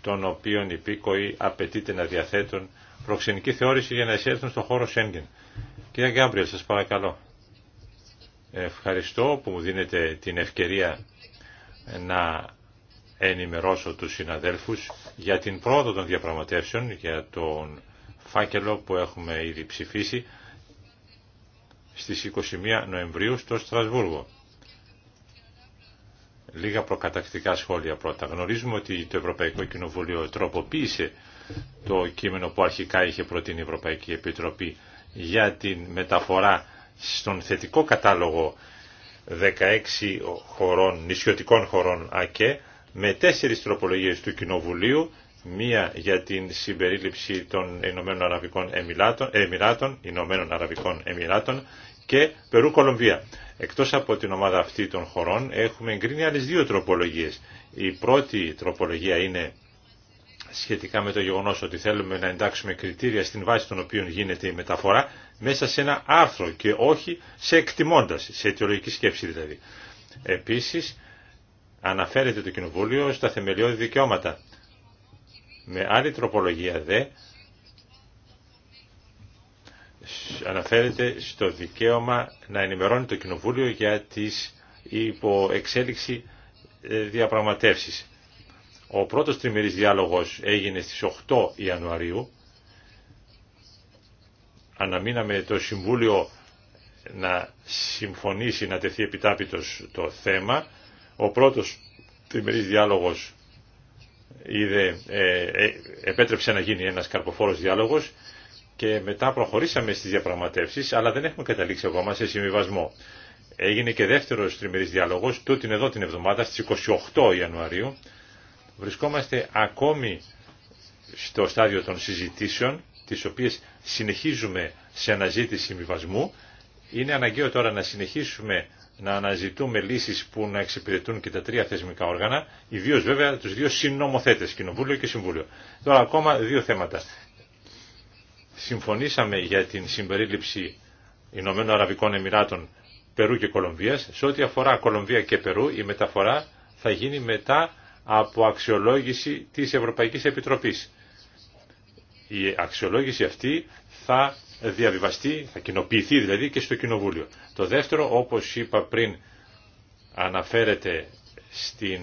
των οποίων οι πήκοοι απαιτείται να διαθέτουν προξενική θεώρηση για να εισέλθουν στον χώρο Σέγγεν. Κύριε Γκάμπριελ, σας παρακαλώ. Ευχαριστώ που μου δίνετε την ευκαιρία να ενημερώσω τους συναδέλφους για την πρόοδο των διαπραγματεύσεων, για τον φάκελο που έχουμε ήδη ψηφίσει στις 21 Νοεμβρίου στο Στρασβούργο. Λίγα προκατακτικά σχόλια πρώτα. Γνωρίζουμε ότι το Ευρωπαϊκό Κοινοβούλιο τροποποίησε το κείμενο που αρχικά είχε προτείνει η Ευρωπαϊκή Επιτροπή για την μεταφορά στον θετικό κατάλογο 16 χωρών, νησιωτικών χωρών ΑΚΕ με τέσσερις τροπολογίες του Κοινοβουλίου, μία για την συμπερίληψη των Ηνωμένων Αραβικών Εμμυράτων, Ηνωμένων Αραβικών Εμμυράτων και Περού Κολομβία. Εκτός από την ομάδα αυτή των χωρών έχουμε εγκρίνει άλλες δύο τροπολογίες. Η πρώτη τροπολογία είναι σχετικά με το γεγονός ότι θέλουμε να εντάξουμε κριτήρια στην βάση των οποίων γίνεται η μεταφορά μέσα σε ένα άρθρο και όχι σε εκτιμώντας, σε αιτιολογική σκέψη δηλαδή. Επίσης αναφέρεται το Κοινοβούλιο στα θεμελιώδη δικαιώματα. Με άλλη τροπολογία δε αναφέρεται στο δικαίωμα να ενημερώνει το Κοινοβούλιο για τις υποεξέλιξη ε, διαπραγματεύσεις. Ο πρώτος τριμερής διάλογος έγινε στις 8 Ιανουαρίου. Αναμείναμε το Συμβούλιο να συμφωνήσει, να τεθεί επιτάπητος το θέμα. Ο πρώτος τριμερής διάλογος είδε, ε, ε, επέτρεψε να γίνει ένας καρποφόρος διάλογος και μετά προχωρήσαμε στις διαπραγματεύσεις, αλλά δεν έχουμε καταλήξει ακόμα σε συμβιβασμό. Έγινε και δεύτερος τριμερής διάλογος, τούτην εδώ την εβδομάδα, στις 28 Ιανουαρίου. Βρισκόμαστε ακόμη στο στάδιο των συζητήσεων, τις οποίες συνεχίζουμε σε αναζήτηση συμβιβασμού. Είναι αναγκαίο τώρα να συνεχίσουμε να αναζητούμε λύσεις που να εξυπηρετούν και τα τρία θεσμικά όργανα, ιδίω βέβαια τους δύο συνομοθέτες, Κοινοβούλιο και Συμβούλιο. Τώρα ακόμα δύο θέματα συμφωνήσαμε για την συμπερίληψη Ηνωμένων Αραβικών Εμμυράτων Περού και Κολομβίας. Σε ό,τι αφορά Κολομβία και Περού, η μεταφορά θα γίνει μετά από αξιολόγηση της Ευρωπαϊκής Επιτροπής. Η αξιολόγηση αυτή θα διαβιβαστεί, θα κοινοποιηθεί δηλαδή και στο Κοινοβούλιο. Το δεύτερο, όπως είπα πριν, αναφέρεται στην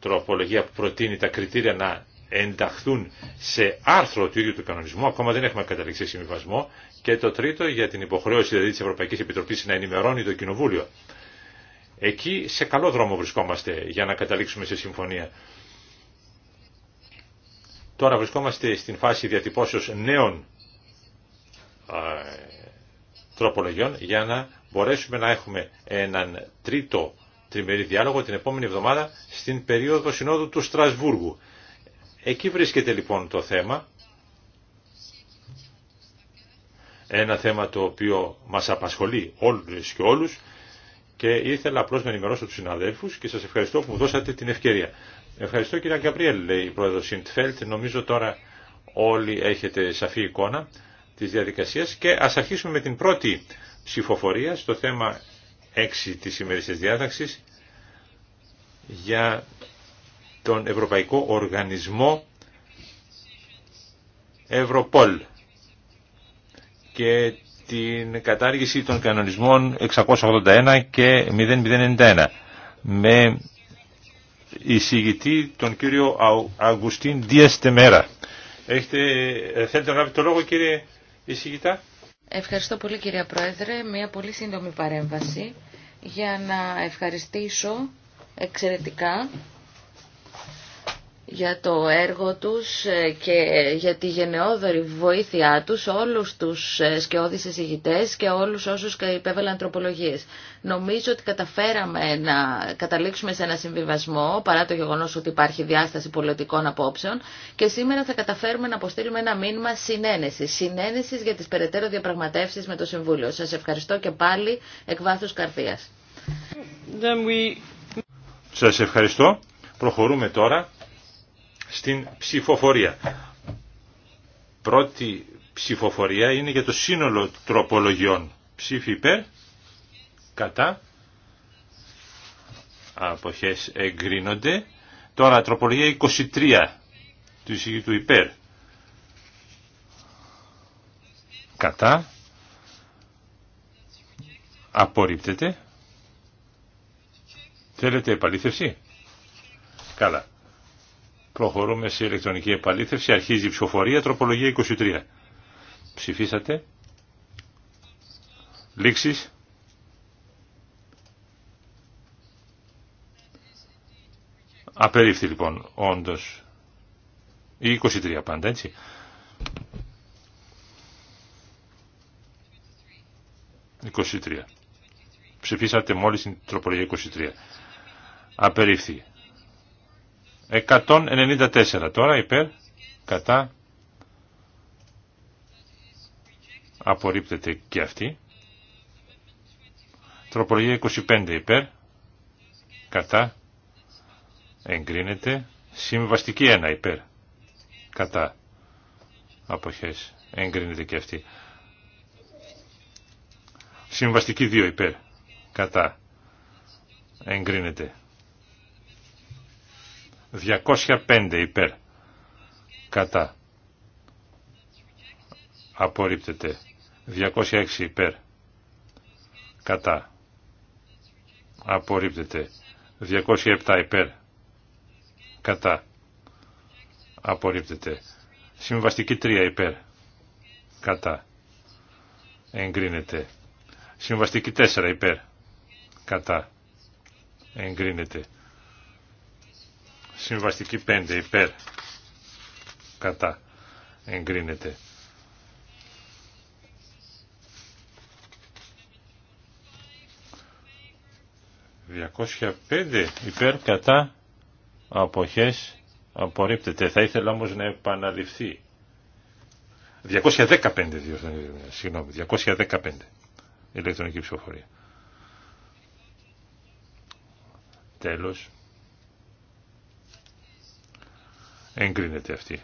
τροπολογία που προτείνει τα κριτήρια να ενταχθούν σε άρθρο του ίδιου του κανονισμού, ακόμα δεν έχουμε καταληξεί συμβιβασμό, και το τρίτο για την υποχρέωση δηλαδή, της Ευρωπαϊκής Επιτροπής να ενημερώνει το Κοινοβούλιο. Εκεί σε καλό δρόμο βρισκόμαστε για να καταλήξουμε σε συμφωνία. Τώρα βρισκόμαστε στην φάση διατυπώσεως νέων τροπολογιών για να μπορέσουμε να έχουμε έναν τρίτο τριμερή διάλογο την επόμενη εβδομάδα στην περίοδο συνόδου του Στρασβούργου. Εκεί βρίσκεται λοιπόν το θέμα. Ένα θέμα το οποίο μας απασχολεί όλους και όλους και ήθελα απλώς να ενημερώσω τους συναδέλφους και σας ευχαριστώ που μου δώσατε την ευκαιρία. Ευχαριστώ κυρία Γκαμπριέλ, λέει η πρόεδρος Σιντφέλτ. Νομίζω τώρα όλοι έχετε σαφή εικόνα της διαδικασίας και ας αρχίσουμε με την πρώτη ψηφοφορία στο θέμα 6 της ημερήσιας διάταξης για τον Ευρωπαϊκό Οργανισμό Ευρωπόλ και την κατάργηση των κανονισμών 681 και 0091 με εισηγητή τον κύριο Αγουστίν Δίας Έχετε, θέλετε να γράψετε το λόγο κύριε εισηγητά. Ευχαριστώ πολύ κύριε Πρόεδρε. Μια πολύ σύντομη παρέμβαση για να ευχαριστήσω εξαιρετικά για το έργο τους ε, και για τη γενναιόδορη βοήθειά τους όλους τους ε, σκιώδεις εισηγητές και όλους όσους υπέβαλαν τροπολογίες. Νομίζω ότι καταφέραμε να καταλήξουμε σε ένα συμβιβασμό παρά το γεγονός ότι υπάρχει διάσταση πολιτικών απόψεων και σήμερα θα καταφέρουμε να αποστείλουμε ένα μήνυμα συνένεση, συνένεση για τις περαιτέρω διαπραγματεύσεις με το Συμβούλιο. Σας ευχαριστώ και πάλι εκ βάθους καρδίας. Σας ευχαριστώ. Προχωρούμε τώρα στην ψηφοφορία. Πρώτη ψηφοφορία είναι για το σύνολο τροπολογιών. Ψήφι υπέρ, κατά, αποχές εγκρίνονται. Τώρα τροπολογία 23 του εισηγητού υπέρ. Κατά. Απορρίπτεται. Θέλετε επαλήθευση. Καλά. Προχωρούμε σε ηλεκτρονική επαλήθευση. Αρχίζει η ψηφοφορία. Τροπολογία 23. Ψηφίσατε. Λήξεις. Απερίφθη λοιπόν, όντως. Ή 23 πάντα, έτσι. 23. Ψηφίσατε μόλις την τροπολογία 23. Απερίφθη. 194 τώρα υπέρ, κατά, απορρίπτεται και αυτή. Τροπολογία 25 υπέρ, κατά, εγκρίνεται. Συμβαστική 1 υπέρ, κατά, αποχές, εγκρίνεται και αυτή. Συμβαστική 2 υπέρ, κατά, εγκρίνεται. 205 υπέρ. Κατά. Απορρίπτεται. 206 υπέρ. Κατά. Απορρίπτεται. 207 υπέρ. Κατά. Απορρίπτεται. Συμβαστική 3 υπέρ. Κατά. Εγκρίνεται. Συμβαστική 4 υπέρ. Κατά. Εγκρίνεται. Συμβαστική 5 υπέρ κατά εγκρίνεται. ...205 υπέρ κατά αποχές απορρίπτεται. Θα ήθελα όμως να επαναληφθεί. 215, συγγνώμη, 215 ηλεκτρονική ψηφοφορία. Τέλος. Εγκρίνεται αυτή.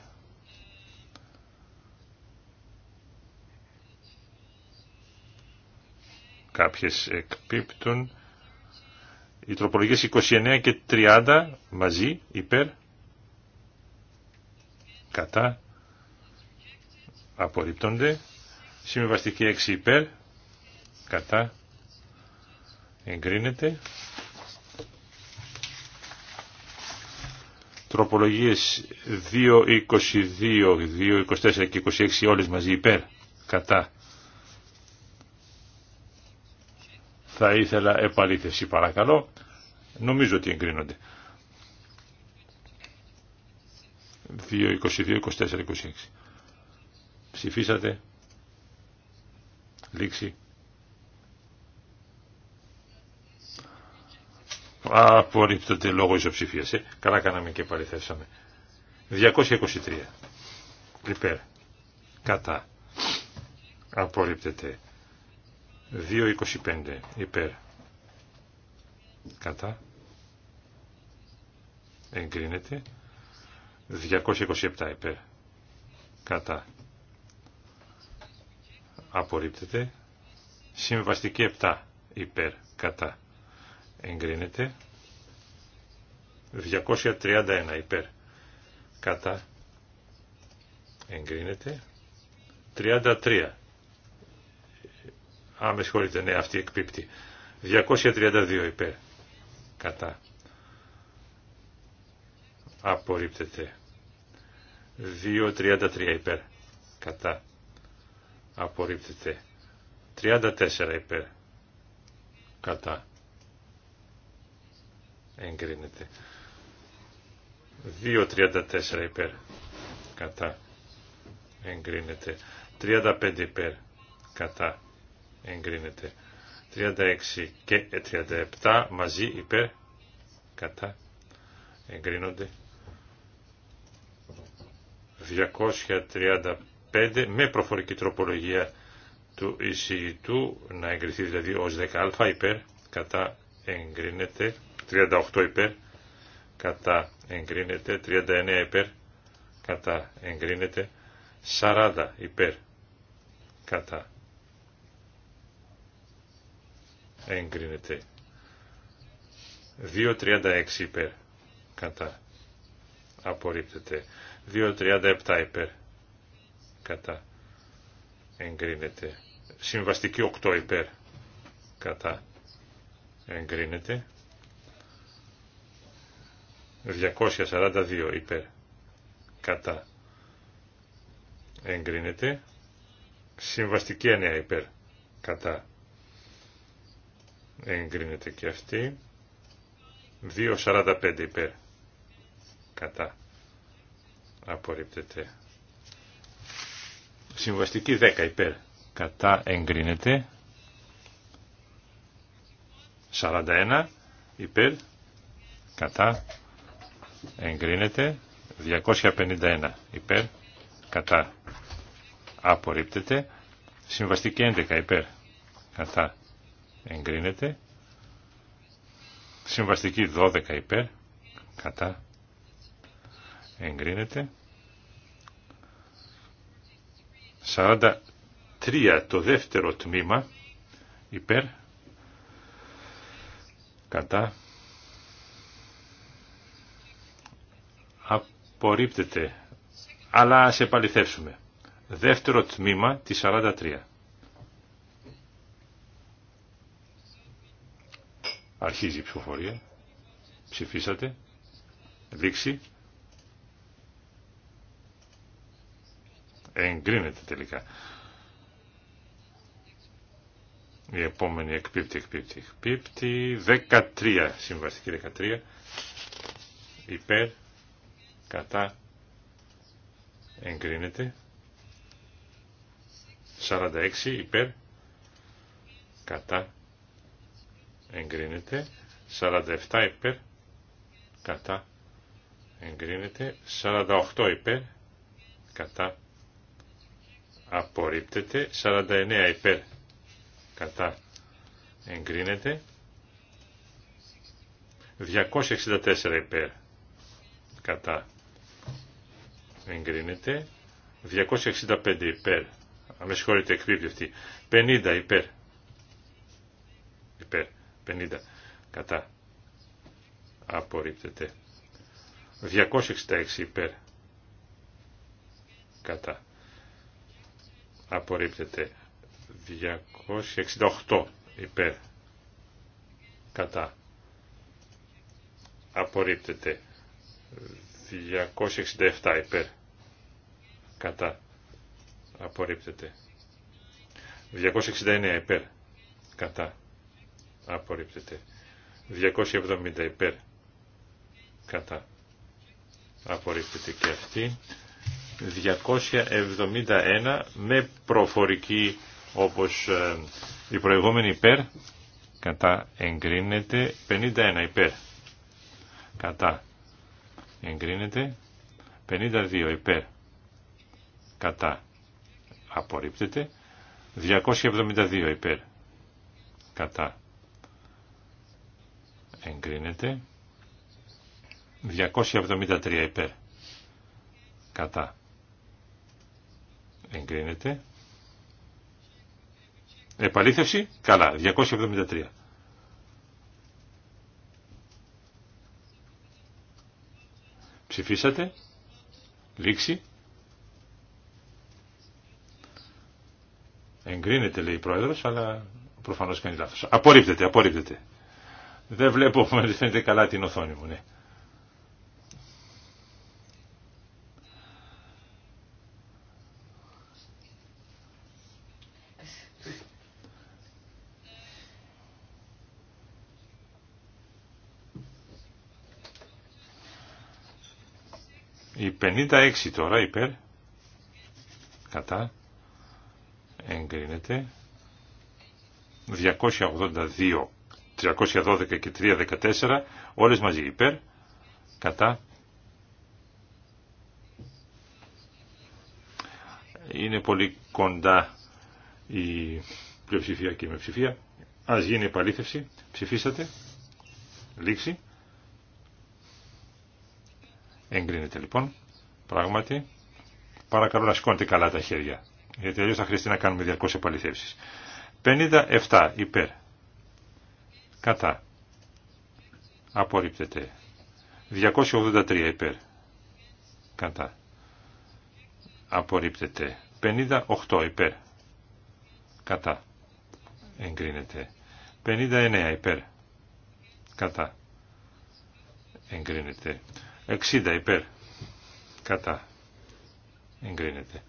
Κάποιες εκπίπτουν. Οι τροπολογίες 29 και 30 μαζί, υπέρ, κατά, απορρίπτονται. Συμβιβαστική 6 υπέρ, κατά, εγκρίνεται. Τροπολογίες 2, 224, 2, 24 και 26 όλες μαζί υπέρ, κατά. Θα ήθελα επαλήθευση παρακαλώ. Νομίζω ότι εγκρίνονται. 222, 22, 24, 26. Ψηφίσατε. Λήξη. Απορρίπτονται λόγω ισοψηφία. Ε. Καλά κάναμε και παρέθεσαμε. 223. Υπέρ. Κατά. Απορρίπτεται. 2.25. Υπέρ. Κατά. Εγκρίνεται. 227 υπέρ. Κατά. Απορρίπτεται. Συμβαστική 7 υπέρ. Κατά εγκρίνεται 231 υπέρ κατά εγκρίνεται 33 α με ναι αυτή εκπίπτει 232 υπέρ κατά απορρίπτεται 2.33 υπέρ κατά απορρίπτεται 34 υπέρ κατά εγκρίνεται. 2.34 υπέρ κατά εγκρίνεται. 35 υπέρ κατά εγκρίνεται. 36 και 37 μαζί υπέρ κατά εγκρίνονται. 235 με προφορική τροπολογία του εισηγητού να εγκριθεί δηλαδή ως 10α υπέρ κατά εγκρίνεται 38 υπέρ, κατά εγκρίνεται, 39 υπέρ, κατά εγκρίνεται, 40 υπέρ, κατά εγκρίνεται, 2.36 υπέρ, κατά απορρίπτεται, 2.37 υπέρ, κατά εγκρίνεται, συμβαστική 8 υπέρ, κατά εγκρίνεται, 242 υπέρ κατά εγκρίνεται. Συμβαστική 9 υπέρ κατά εγκρίνεται και αυτή. 2.45 υπέρ κατά απορρίπτεται. Συμβαστική 10 υπέρ κατά εγκρίνεται. 41 υπέρ κατά εγκρίνεται 251 υπέρ κατά απορρίπτεται συμβαστική 11 υπέρ κατά εγκρίνεται συμβαστική 12 υπέρ κατά εγκρίνεται 43 το δεύτερο τμήμα υπέρ κατά απορρίπτεται, αλλά ας επαληθεύσουμε. Δεύτερο τμήμα τη 43. Αρχίζει η ψηφοφορία. Ψηφίσατε. Δείξει. Εγκρίνεται τελικά. Η επόμενη εκπίπτει, εκπίπτει, εκπίπτει. 13, συμβαστική 13. Υπέρ κατά εγκρίνεται 46 υπέρ κατά εγκρίνεται 47 υπέρ κατά εγκρίνεται 48 υπέρ κατά απορρίπτεται 49 υπέρ κατά εγκρίνεται 264 υπέρ κατά εγκρίνεται. 265 υπέρ. Με συγχωρείτε, εκπίπτει αυτή. 50 υπέρ. Υπέρ. 50. Κατά. Απορρίπτεται. 266 υπέρ. Κατά. Απορρίπτεται. 268 υπέρ. Κατά. Απορρίπτεται. 267 υπέρ κατά απορρίπτεται 269 υπέρ κατά απορρίπτεται 270 υπέρ κατά απορρίπτεται και αυτή 271 με προφορική όπως ε, η προηγούμενη υπέρ κατά εγκρίνεται 51 υπέρ κατά εγκρίνεται 52 υπέρ κατά απορρίπτεται 272 υπέρ κατά εγκρίνεται 273 υπέρ κατά εγκρίνεται επαλήθευση καλά 273 ψηφίσατε λήξη Εγκρίνεται λέει η πρόεδρος, αλλά προφανώς κάνει λάθος. Απορρίπτεται, απορρίπτεται. Δεν βλέπω, δεν *laughs* φαίνεται καλά την οθόνη μου, ναι. Η 56 τώρα υπέρ, κατά, εγκρίνεται. 282, 312 και 314, όλες μαζί υπέρ, κατά. Είναι πολύ κοντά η πλειοψηφία και η μεψηφία Ας γίνει επαλήθευση. Ψηφίσατε. Λήξη. Εγκρίνεται λοιπόν. Πράγματι. Παρακαλώ να σηκώνετε καλά τα χέρια γιατί αλλιώ θα χρειαστεί να κάνουμε διαρκώς επαληθεύσεις. 57 υπέρ. Κατά. Απορρίπτεται. 283 υπέρ. Κατά. Απορρίπτεται. 58 υπέρ. Κατά. Εγκρίνεται. 59 υπέρ. Κατά. Εγκρίνεται. 60 υπέρ. Κατά. Εγκρίνεται.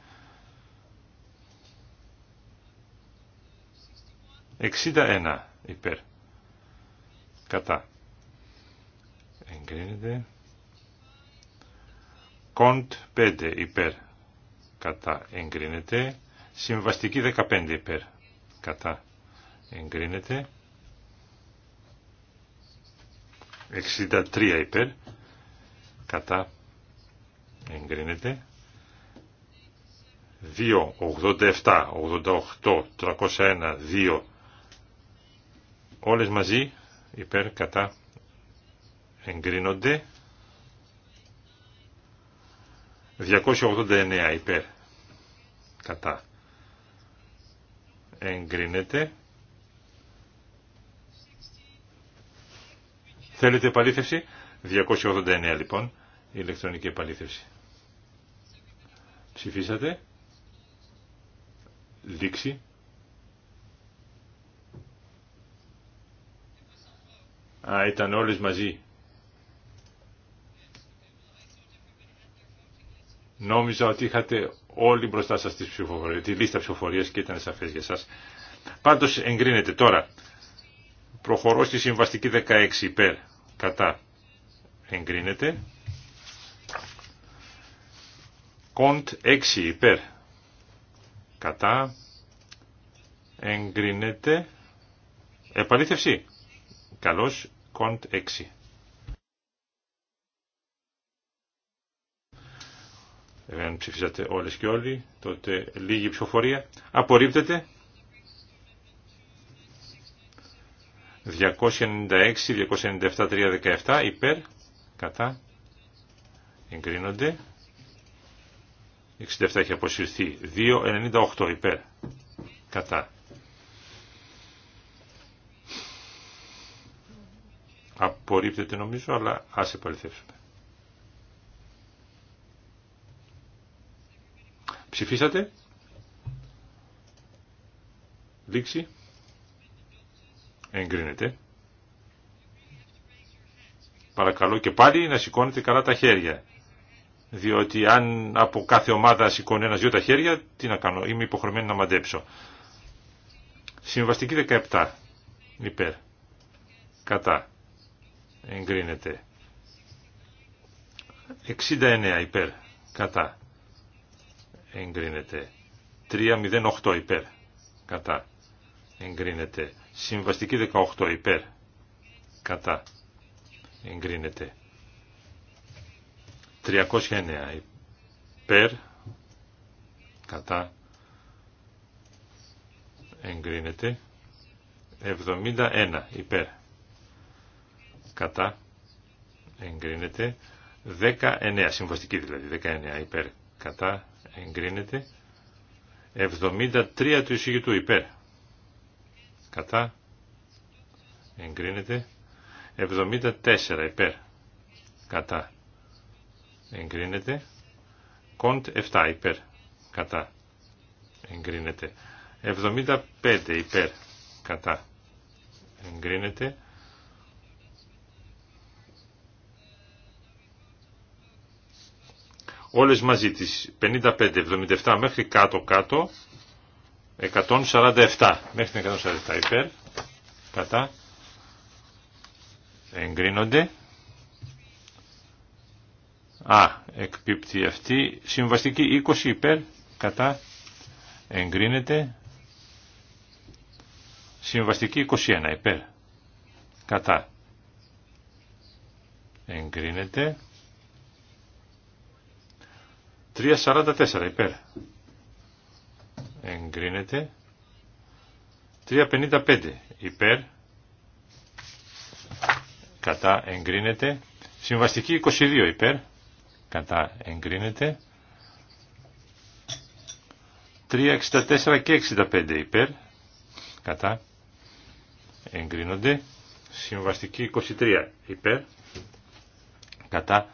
61 υπέρ. Κατά. Εγκρίνεται. Κοντ 5 υπέρ. Κατά. Εγκρίνεται. Συμβαστική 15 υπέρ. Κατά. Εγκρίνεται. 63 υπέρ. Κατά. Εγκρίνεται. 2, 87, 88, 301, 2, Όλες μαζί υπέρ κατά εγκρίνονται. 289 υπέρ κατά εγκρίνεται. Θέλετε επαλήθευση. 289 λοιπόν η ηλεκτρονική επαλήθευση. Ψηφίσατε. Λήξη. Α, ήταν όλες μαζί. Νόμιζα ότι είχατε όλοι μπροστά σας τη, τη λίστα ψηφοφορία και ήταν σαφές για σας. Πάντως εγκρίνεται τώρα. Προχωρώ στη συμβαστική 16 υπέρ. Κατά. Εγκρίνεται. Κοντ 6 υπέρ. Κατά. Εγκρίνεται. Επαλήθευση. Καλώς. Κοντ 6. Εάν ψηφίσατε όλες και όλοι, τότε λίγη ψηφοφορία. Απορρίπτεται. 296, 297, 317 υπέρ, κατά, εγκρίνονται. 67 έχει αποσυρθεί. 298 υπέρ, κατά, Απορρίπτεται νομίζω, αλλά ας επαληθεύσουμε. Ψηφίσατε. Λήξη. Εγκρίνεται. Παρακαλώ και πάλι να σηκώνετε καλά τα χέρια. Διότι αν από κάθε ομάδα σηκώνει ένας δυο τα χέρια, τι να κάνω, είμαι υποχρεωμένη να μαντέψω. Συμβαστική 17. Υπέρ. Κατά εγκρίνεται 69 υπέρ κατά εγκρίνεται 308 υπέρ κατά εγκρίνεται συμβαστική 18 υπέρ κατά εγκρίνεται 309 υπέρ κατά εγκρίνεται 71 υπέρ κατά εγκρίνεται 19, συμβαστική δηλαδή 19 υπέρ κατά εγκρίνεται 73 του εισηγητού υπέρ κατά εγκρίνεται 74 υπέρ κατά εγκρίνεται κοντ 7 υπέρ κατά εγκρίνεται 75 υπέρ κατά εγκρίνεται όλες μαζί τις 55-77 μέχρι κάτω-κάτω 147 μέχρι την 147 υπέρ κατά εγκρίνονται α εκπίπτει αυτή συμβαστική 20 υπέρ κατά εγκρίνεται συμβαστική 21 υπέρ κατά εγκρίνεται 3.44 υπέρ. Εγκρίνεται. 3.55 υπέρ. Κατά εγκρίνεται. Συμβαστική 22 υπέρ. Κατά εγκρίνεται. 3.64 και 65 υπέρ. Κατά εγκρίνονται. Συμβαστική 23 υπέρ. Κατά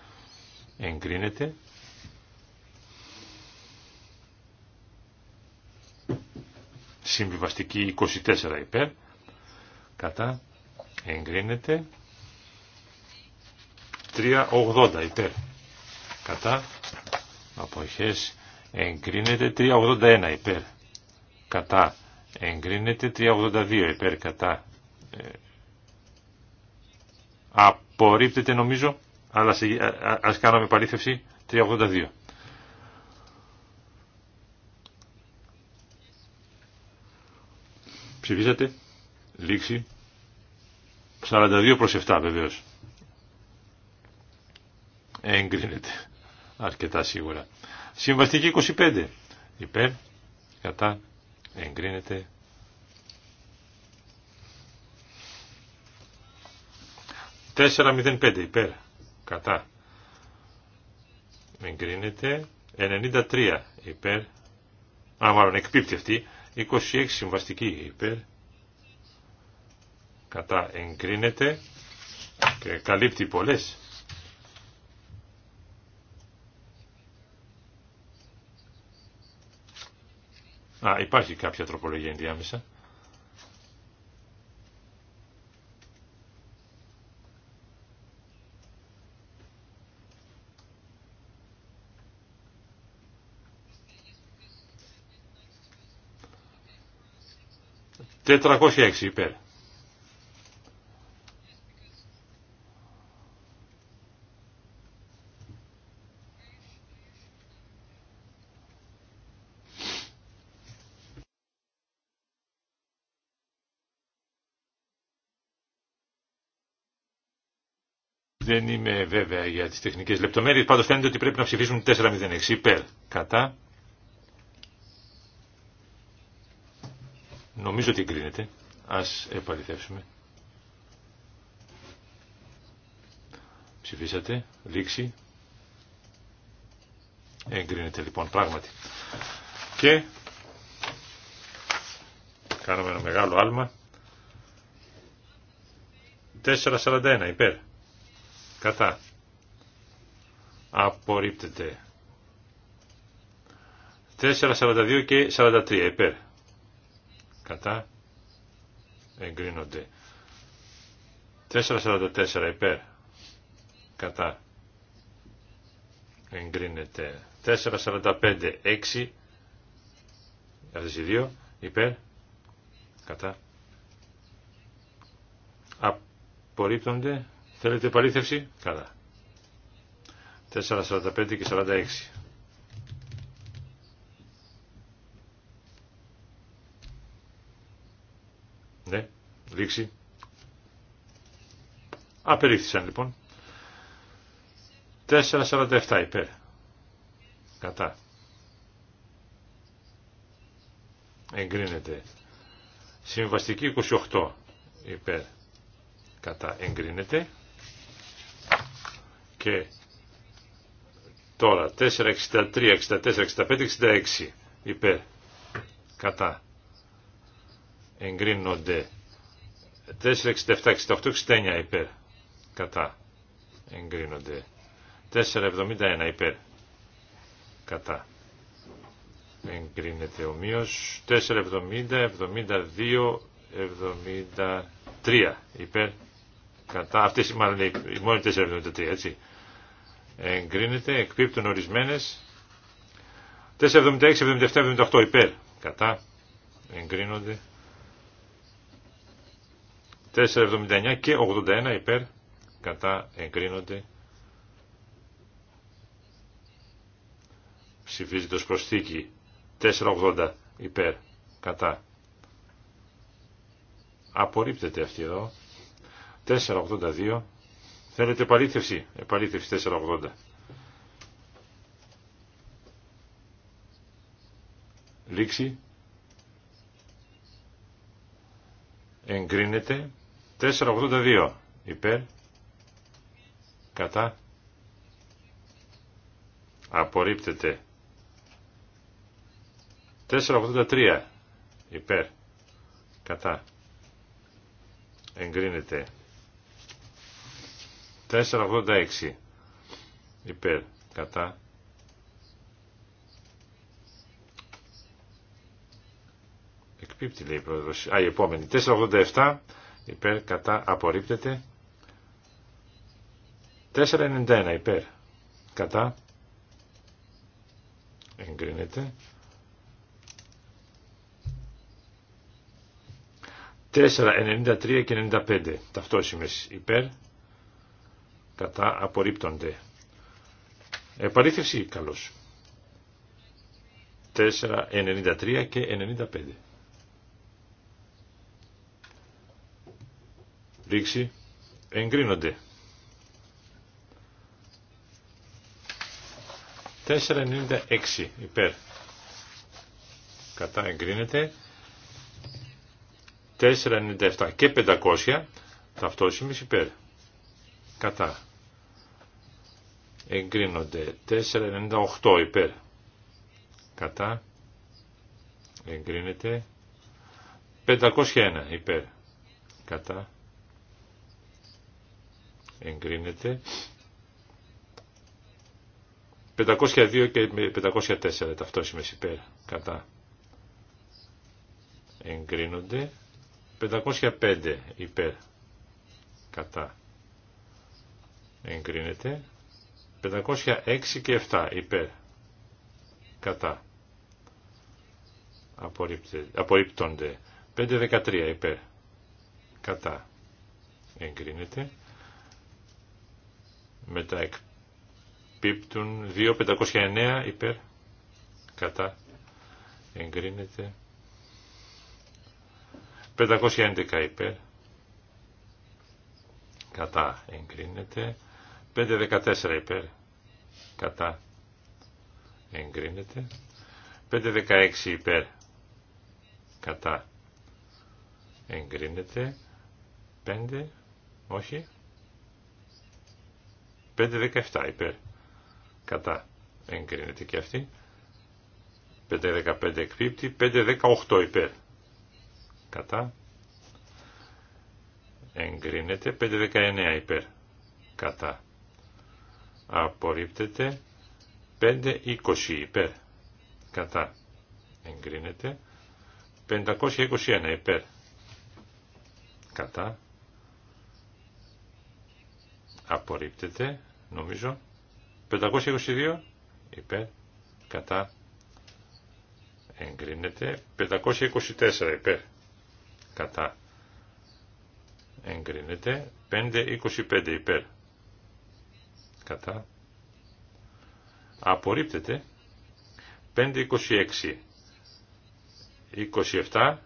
εγκρίνεται. Συμβιβαστική 24 υπέρ. Κατά. Εγκρίνεται. 380 υπέρ. Κατά. Αποχές. Εγκρίνεται. 381 υπέρ. Κατά. Εγκρίνεται. 382 υπέρ. Κατά. Ε, απορρίπτεται νομίζω. Αλλά ας κάνουμε παρήθευση. 382. Ψηφίσατε. Λήξη. 42 προς 7 βεβαίως. Εγκρίνεται. Αρκετά σίγουρα. Συμβαστική 25. Υπέρ. Κατά. Εγκρίνεται. Τέσσερα μηδέν πέντε υπέρ. Κατά. Εγκρίνεται. 93 υπέρ. Α, μάλλον εκπίπτει αυτή. 26 συμβαστική υπέρ κατά εγκρίνεται και καλύπτει πολλές. Α, υπάρχει κάποια τροπολογία ενδιάμεσα. 406 υπέρ. Δεν είμαι βέβαια για τις τεχνικές λεπτομέρειες, πάντως φαίνεται ότι πρέπει να ψηφίσουν 406 υπέρ. Κατά. Νομίζω ότι εγκρίνεται. Ας επαληθεύσουμε. Ψηφίσατε. Λήξη. Εγκρίνεται λοιπόν πράγματι. Και κάνουμε ένα μεγάλο άλμα. 4.41 υπέρ. Κατά. Απορρίπτεται. 4.42 και 43 υπέρ κατά εγκρίνονται 444 υπέρ κατά εγκρίνεται 445 6 αυτές οι δύο υπέρ κατά απορρίπτονται θέλετε επαλήθευση Κατά. 445 και 46 Λήξη. Απερίφθησαν λοιπόν. 4.47 υπέρ. Κατά. Εγκρίνεται. Συμβαστική 28 υπέρ. Κατά. Εγκρίνεται. Και τώρα 4.63, 64, 65, 66 υπέρ. Κατά. Εγκρίνονται. 467, 68, 69 υπέρ. Κατά. Εγκρίνονται. 471 υπέρ. Κατά. Εγκρίνεται ομοίως. 470, 72, 73 υπέρ. Κατά. Αυτές μάλλον οι μόνοι 473 έτσι. Εγκρίνεται. Εκπίπτουν ορισμένες. 476, 77, 78 υπέρ. Κατά. Εγκρίνονται. 479 και 81 υπέρ κατά εγκρίνονται ψηφίζεται ως προσθήκη 480 υπέρ κατά απορρίπτεται αυτή εδώ 482 θέλετε επαλήθευση επαλήθευση 480 λήξη εγκρίνεται 482 υπέρ κατά απορρίπτεται 483 υπέρ κατά εγκρίνεται 486 υπέρ κατά εκπίπτει λέει η πρόεδρος α η επόμενη 487 υπέρ κατά απορρίπτεται 491 υπέρ κατά εγκρίνεται 493 και 95 ταυτόσημες υπέρ κατά απορρίπτονται επαλήθευση καλώς 493 και 95 εγκρίνονται. 4,96 υπέρ. Κατά εγκρίνεται. 4,97 και 500 ταυτόσημες υπέρ. Κατά. Εγκρίνονται. 4,98 υπέρ. Κατά. Εγκρίνεται. 501 υπέρ. Κατά εγκρίνεται. 502 και 504 ταυτόσιμες υπέρ κατά εγκρίνονται. 505 υπέρ κατά εγκρίνεται. 506 και 7 υπέρ κατά απορρίπτονται. 513 υπέρ κατά εγκρίνεται μετά εκπίπτουν 2.509 υπέρ κατά εγκρίνεται 511 υπέρ κατά εγκρίνεται 514 υπέρ κατά εγκρίνεται 516 υπέρ κατά εγκρίνεται 5 όχι 5 5.17 υπέρ. Κατά. Εγκρίνεται και αυτή. 5.15 εκπίπτει. 5.18 υπέρ. Κατά. Εγκρίνεται. 5.19 υπέρ. Κατά. Απορρίπτεται. 5-20 υπέρ. Κατά. Εγκρίνεται. 521 υπέρ. Κατά απορρίπτεται, νομίζω. 522 υπέρ, κατά, εγκρίνεται. 524 υπέρ, κατά, εγκρίνεται. 525 υπέρ, κατά, απορρίπτεται. 526 27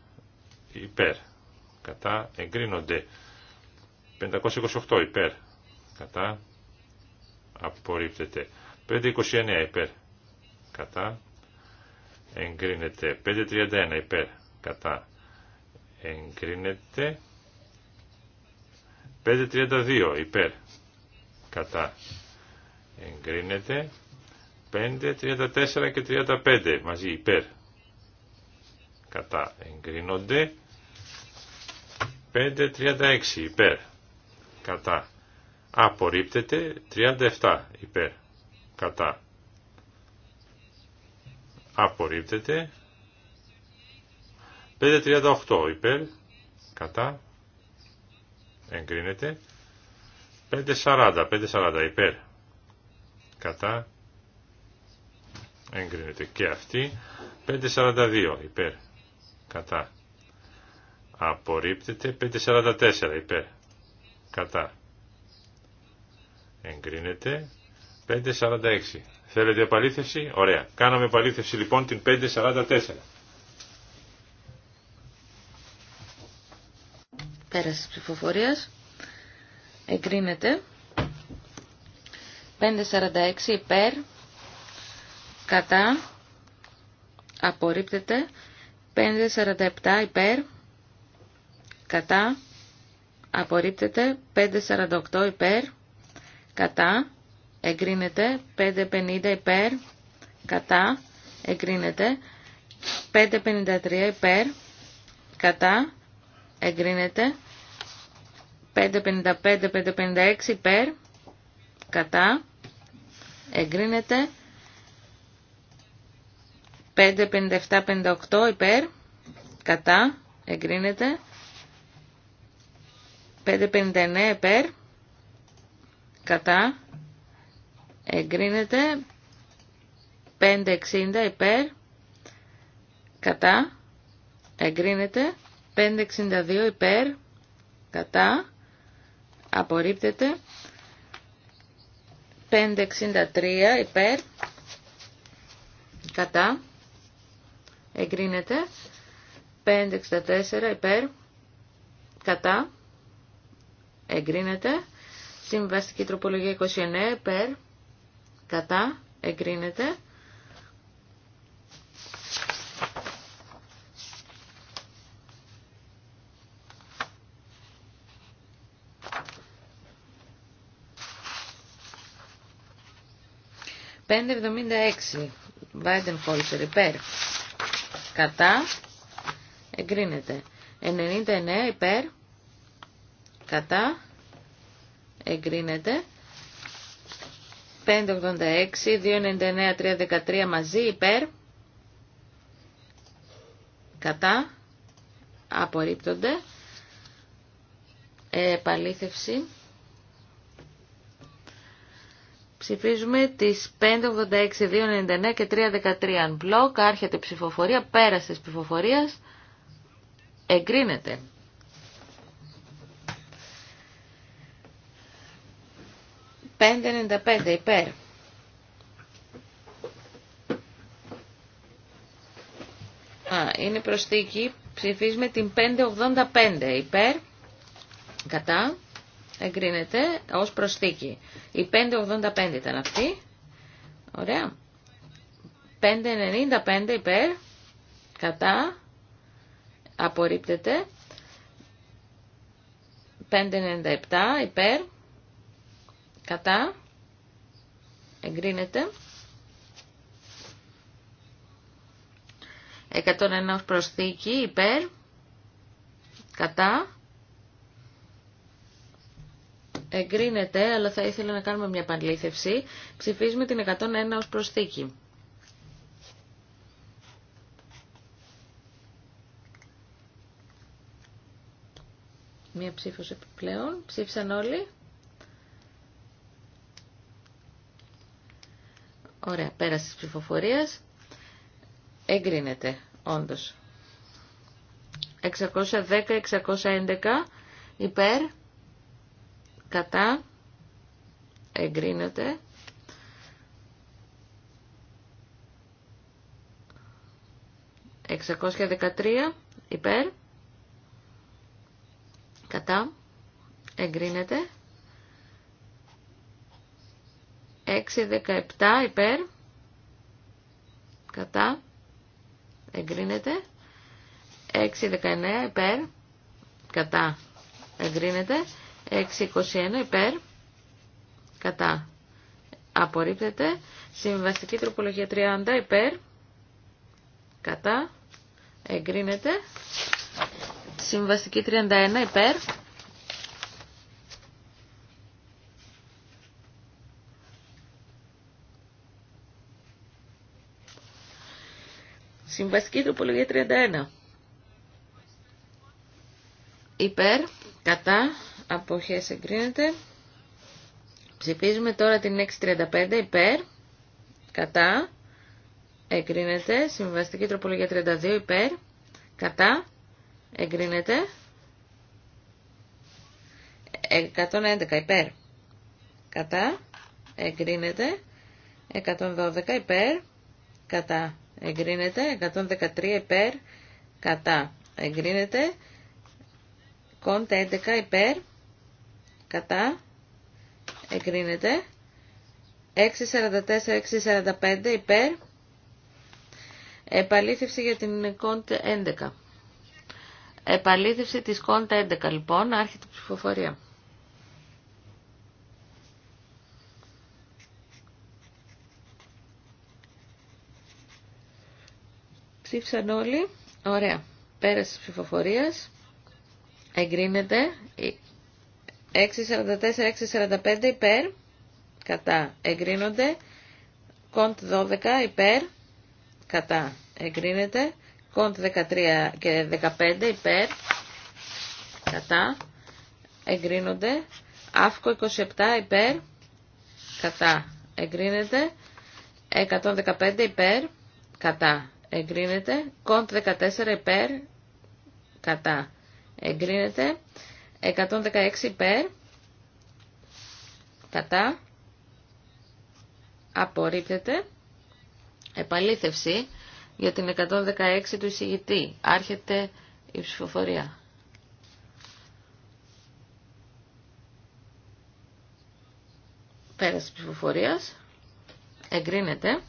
υπέρ, κατά, εγκρίνονται. 528 υπέρ, κατά απορρίπτεται 529 υπέρ κατά εγκρίνεται 531 υπέρ κατά εγκρίνεται 532 υπέρ κατά εγκρίνεται 534 και 35 μαζί υπέρ κατά εγκρίνονται 536 υπέρ κατά απορρίπτεται 37 υπέρ κατά απορρίπτεται 538 υπέρ κατά εγκρίνεται 540 540 υπέρ κατά εγκρίνεται και αυτή 542 υπέρ κατά απορρίπτεται 544 υπέρ κατά Εγκρίνεται. 5.46. Θέλετε επαλήθευση. Ωραία. Κάνουμε επαλήθευση λοιπόν την 5.44. Πέραση της ψηφοφορίας. Εγκρίνεται. 5.46 υπέρ. Κατά. Απορρίπτεται. 5.47 υπέρ. Κατά. Απορρίπτεται. 5.48 υπέρ κατά, εγκρίνεται, 5.50 υπέρ, κατά, εγκρίνεται, 5.53 υπέρ, κατά, εγκρίνεται, 5.55-5.56 υπέρ, κατά, εγκρίνεται, 5.57-58 υπέρ, κατά, εγκρίνεται, 5.59 υπέρ, κατά, εγκρίνεται, 560 υπέρ, κατά, εγκρίνεται, 562 υπέρ, κατά, απορρίπτεται, 563 υπέρ, κατά, εγκρίνεται, 564 υπέρ, κατά, εγκρίνεται, Συμβαστική τροπολογία 29 υπέρ. Κατά. Εγκρίνεται. 5,76, εβδομήντα Βάιντεν Χόλσερ υπέρ. Κατά. Εγκρίνεται. 99 υπέρ. Κατά εγκρίνεται. 586, 299, 313 μαζί υπέρ. Κατά. Απορρίπτονται. Ε, επαλήθευση. Ψηφίζουμε τις 586, 299 και 313 μπλοκ. Άρχεται ψηφοφορία, πέρασες ψηφοφορίας. Εγκρίνεται. 5.95 υπέρ. Α, είναι προσθήκη. Ψηφίζουμε την 5.85 υπέρ. Κατά. Εγκρίνεται ως προσθήκη. Η 5.85 ήταν αυτή. Ωραία. 5.95 υπέρ. Κατά. Απορρίπτεται. 5.97 υπέρ. Κατά. Εγκρίνεται. 101 προσθήκη. Υπέρ. Κατά. Εγκρίνεται, αλλά θα ήθελα να κάνουμε μια επανλήθευση, Ψηφίζουμε την 101 ως προσθήκη. Μία ψήφος επιπλέον. Ψήφισαν όλοι. Ωραία, πέραση της ψηφοφορια εγκρινεται Εγκρίνεται, όντως. 610-611 υπέρ, κατά, εγκρίνεται. 613 υπέρ, κατά, εγκρίνεται. 6-17 υπέρ. Κατά. Εγκρίνεται. 6-19 υπέρ. Κατά. Εγκρίνεται. 6-21 υπέρ. Κατά. Απορρίπτεται. Συμβαστική τροπολογία 30 υπέρ. Κατά. Εγκρίνεται. Συμβαστική 31 υπέρ. Συμβαστική τροπολογία 31. Υπέρ, κατά, αποχές εγκρίνεται. Ψηφίζουμε τώρα την 635 υπέρ, κατά, εγκρίνεται. Συμβαστική τροπολογία 32 υπέρ, κατά, εγκρίνεται. 111 υπέρ, κατά, εγκρίνεται. 112 υπέρ, κατά, εγκρίνεται, 113 υπέρ, κατά, εγκρίνεται, κόντα 11 υπέρ, κατά, εγκρίνεται, 644-645 υπέρ, επαλήθευση για την κόντα 11. Επαλήθευση της κόντα 11 λοιπόν, άρχεται η ψηφοφορία. Ψήφισαν όλοι. Ωραία. Πέρασε τη ψηφοφορία. Εγκρίνεται. 644-645 υπέρ. Κατά. Εγκρίνονται. Κοντ 12 υπέρ. Κατά. Εγκρίνεται. Κοντ 13 και 15 υπέρ. Κατά. Εγκρίνονται. Αύκο 27 υπέρ. Κατά. Εγκρίνεται. 115 υπέρ. Κατά εγκρίνεται. Κοντ 14 υπέρ, κατά, εγκρίνεται. 116 υπέρ, κατά, απορρίπτεται. Επαλήθευση για την 116 του εισηγητή. Άρχεται η ψηφοφορία. Πέραση ψηφοφορίας. Εγκρίνεται.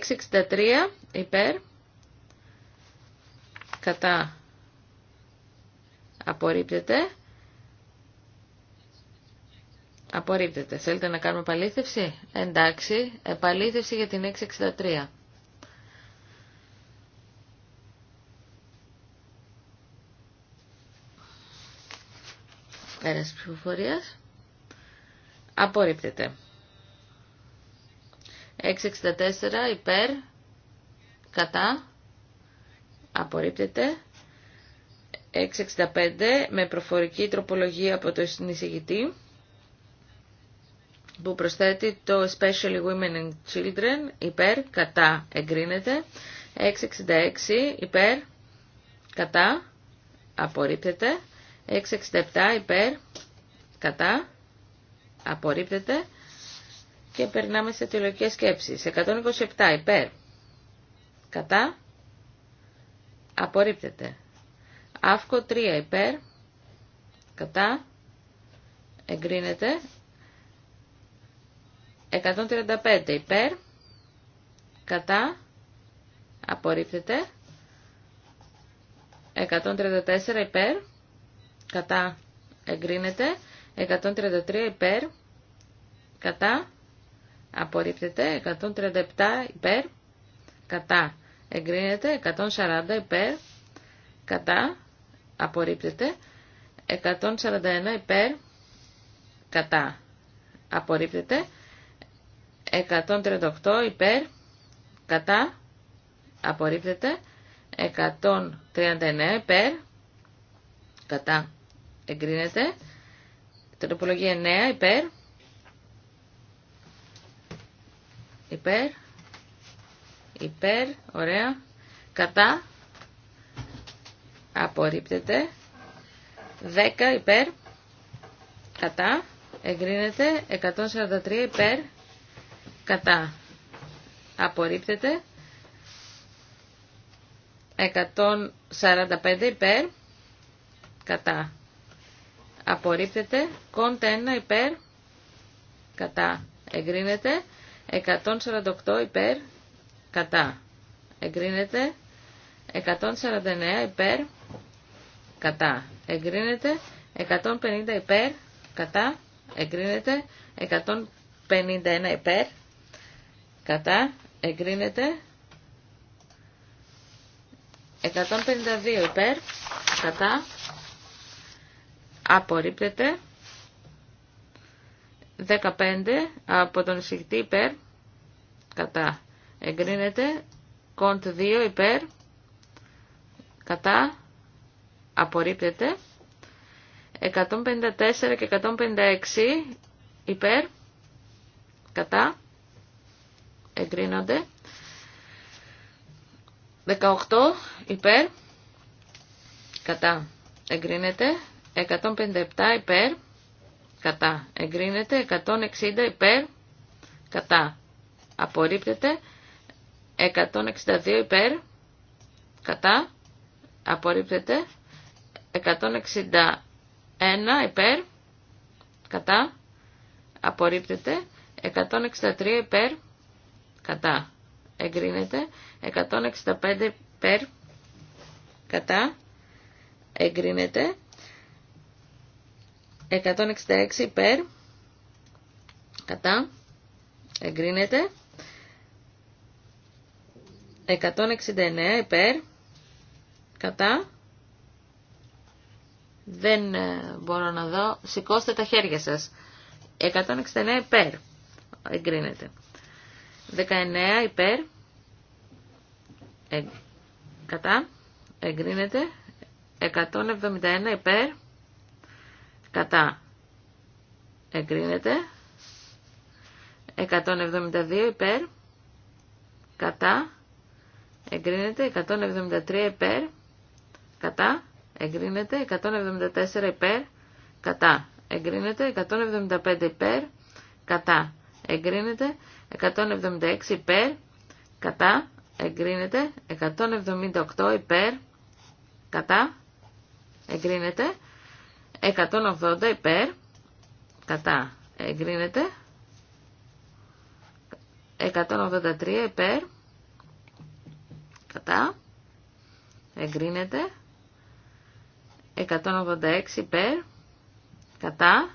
663 υπέρ κατά απορρίπτεται απορρίπτεται θέλετε να κάνουμε επαλήθευση εντάξει επαλήθευση για την 663 της ψηφοφορίας. Απορρίπτεται. 664 υπέρ, κατά, απορρίπτεται. 665 με προφορική τροπολογία από το συνεισηγητή που προσθέτει το Especially Women and Children υπέρ, κατά, εγκρίνεται. 666 υπέρ, κατά, απορρίπτεται. 667 υπέρ, κατά, απορρίπτεται. Και περνάμε σε αιτιολογικές σκέψεις. 127 υπέρ. Κατά. Απορρίπτεται. Αύκο 3 υπέρ. Κατά. Εγκρίνεται. 135 υπέρ. Κατά. Απορρίπτεται. 134 υπέρ. Κατά. Εγκρίνεται. 133 υπέρ. Κατά απορρίπτεται 137 υπέρ, κατά εγκρίνεται 140 υπέρ, κατά απορρίπτεται 141 υπέρ, κατά απορρίπτεται 138 υπέρ, κατά απορρίπτεται 139 υπέρ, κατά εγκρίνεται τροπολογία 9 υπέρ, Υπέρ. Υπέρ. Ωραία. Κατά. Απορρίπτεται. 10 υπέρ. Κατά. Εγκρίνεται. 143 υπέρ. Κατά. Απορρίπτεται. 145 υπέρ. Κατά. Απορρίπτεται. Κόντα 1 υπέρ. Κατά. Εγκρίνεται. 148 υπέρ, κατά, εγκρίνεται. 149 υπέρ, κατά, εγκρίνεται. 150 υπέρ, κατά, εγκρίνεται. 151 υπέρ, κατά, εγκρίνεται. 152 υπέρ, κατά, απορρίπτεται. 15 από τον εισηγητή υπέρ, κατά, εγκρίνεται. Κοντ 2 υπέρ, κατά, απορρίπτεται. 154 και 156 υπέρ, κατά, εγκρίνονται. 18 υπέρ, κατά, εγκρίνεται. 157 υπέρ, κατά εγκρίνεται, 160 υπέρ, κατά απορρίπτεται, 162 υπέρ, κατά απορρίπτεται, 161 υπέρ, κατά απορρίπτεται, 163 υπέρ, κατά εγκρίνεται, 165 υπέρ, κατά εγκρίνεται, 166 υπέρ. Κατά. Εγκρίνεται. 169 υπέρ. Κατά. Δεν ε, μπορώ να δω. Σηκώστε τα χέρια σας. 169 υπέρ. Εγκρίνεται. 19 υπέρ. Ε, κατά. Εγκρίνεται. 171 υπέρ κατά εγκρίνεται. 172 υπέρ κατά εγκρίνεται. 173 υπέρ κατά εγκρίνεται. 174 υπέρ κατά εγκρίνεται. 175 υπέρ κατά εγκρίνεται. 176 υπέρ κατά εγκρίνεται. 178 υπέρ κατά εγκρίνεται. 180 υπέρ, κατά εγκρίνεται. 183 υπέρ, κατά εγκρίνεται. 186 υπέρ, κατά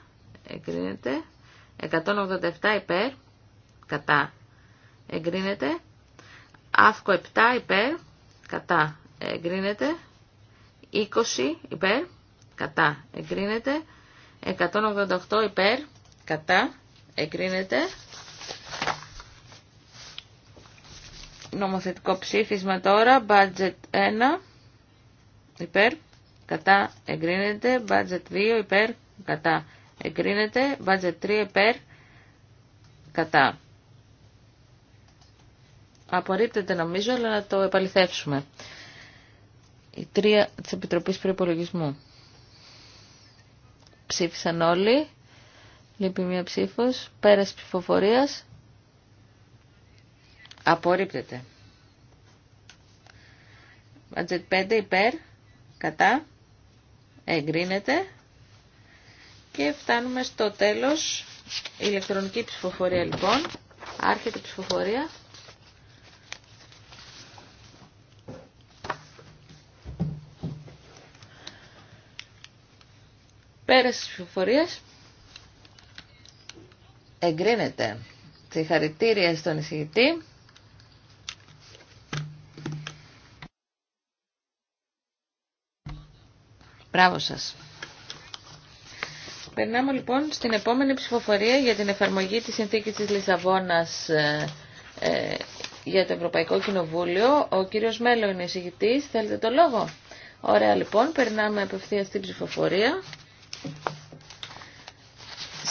εγκρίνεται. 187 υπέρ, κατά εγκρίνεται. Αύκο 7 υπέρ, κατά εγκρίνεται. 20 υπέρ, κατά εγκρίνεται. 188 υπέρ κατά εγκρίνεται. Νομοθετικό ψήφισμα τώρα, budget 1 υπέρ κατά εγκρίνεται. Budget 2 υπέρ κατά εγκρίνεται. Budget 3 υπέρ κατά. Απορρίπτεται νομίζω, αλλά να το επαληθεύσουμε. Η τρία της Επιτροπής Προϋπολογισμού. Ψήφισαν όλοι. Λείπει μία ψήφος. Πέρας ψηφοφορίας. Απορρίπτεται. Budget 5 υπέρ. Κατά. Εγκρίνεται. Και φτάνουμε στο τέλος. Ηλεκτρονική ψηφοφορία λοιπόν. Άρχεται η ψηφοφορία. Πέρας της ψηφοφορίας εγκρίνεται. Συγχαρητήρια στον εισηγητή. Μπράβο σας. Περνάμε λοιπόν στην επόμενη ψηφοφορία για την εφαρμογή της συνθήκης της Λισαβόνας ε, ε για το Ευρωπαϊκό Κοινοβούλιο. Ο κύριος Μέλλο είναι εισηγητής. Θέλετε το λόγο. Ωραία λοιπόν, περνάμε απευθείας στην ψηφοφορία.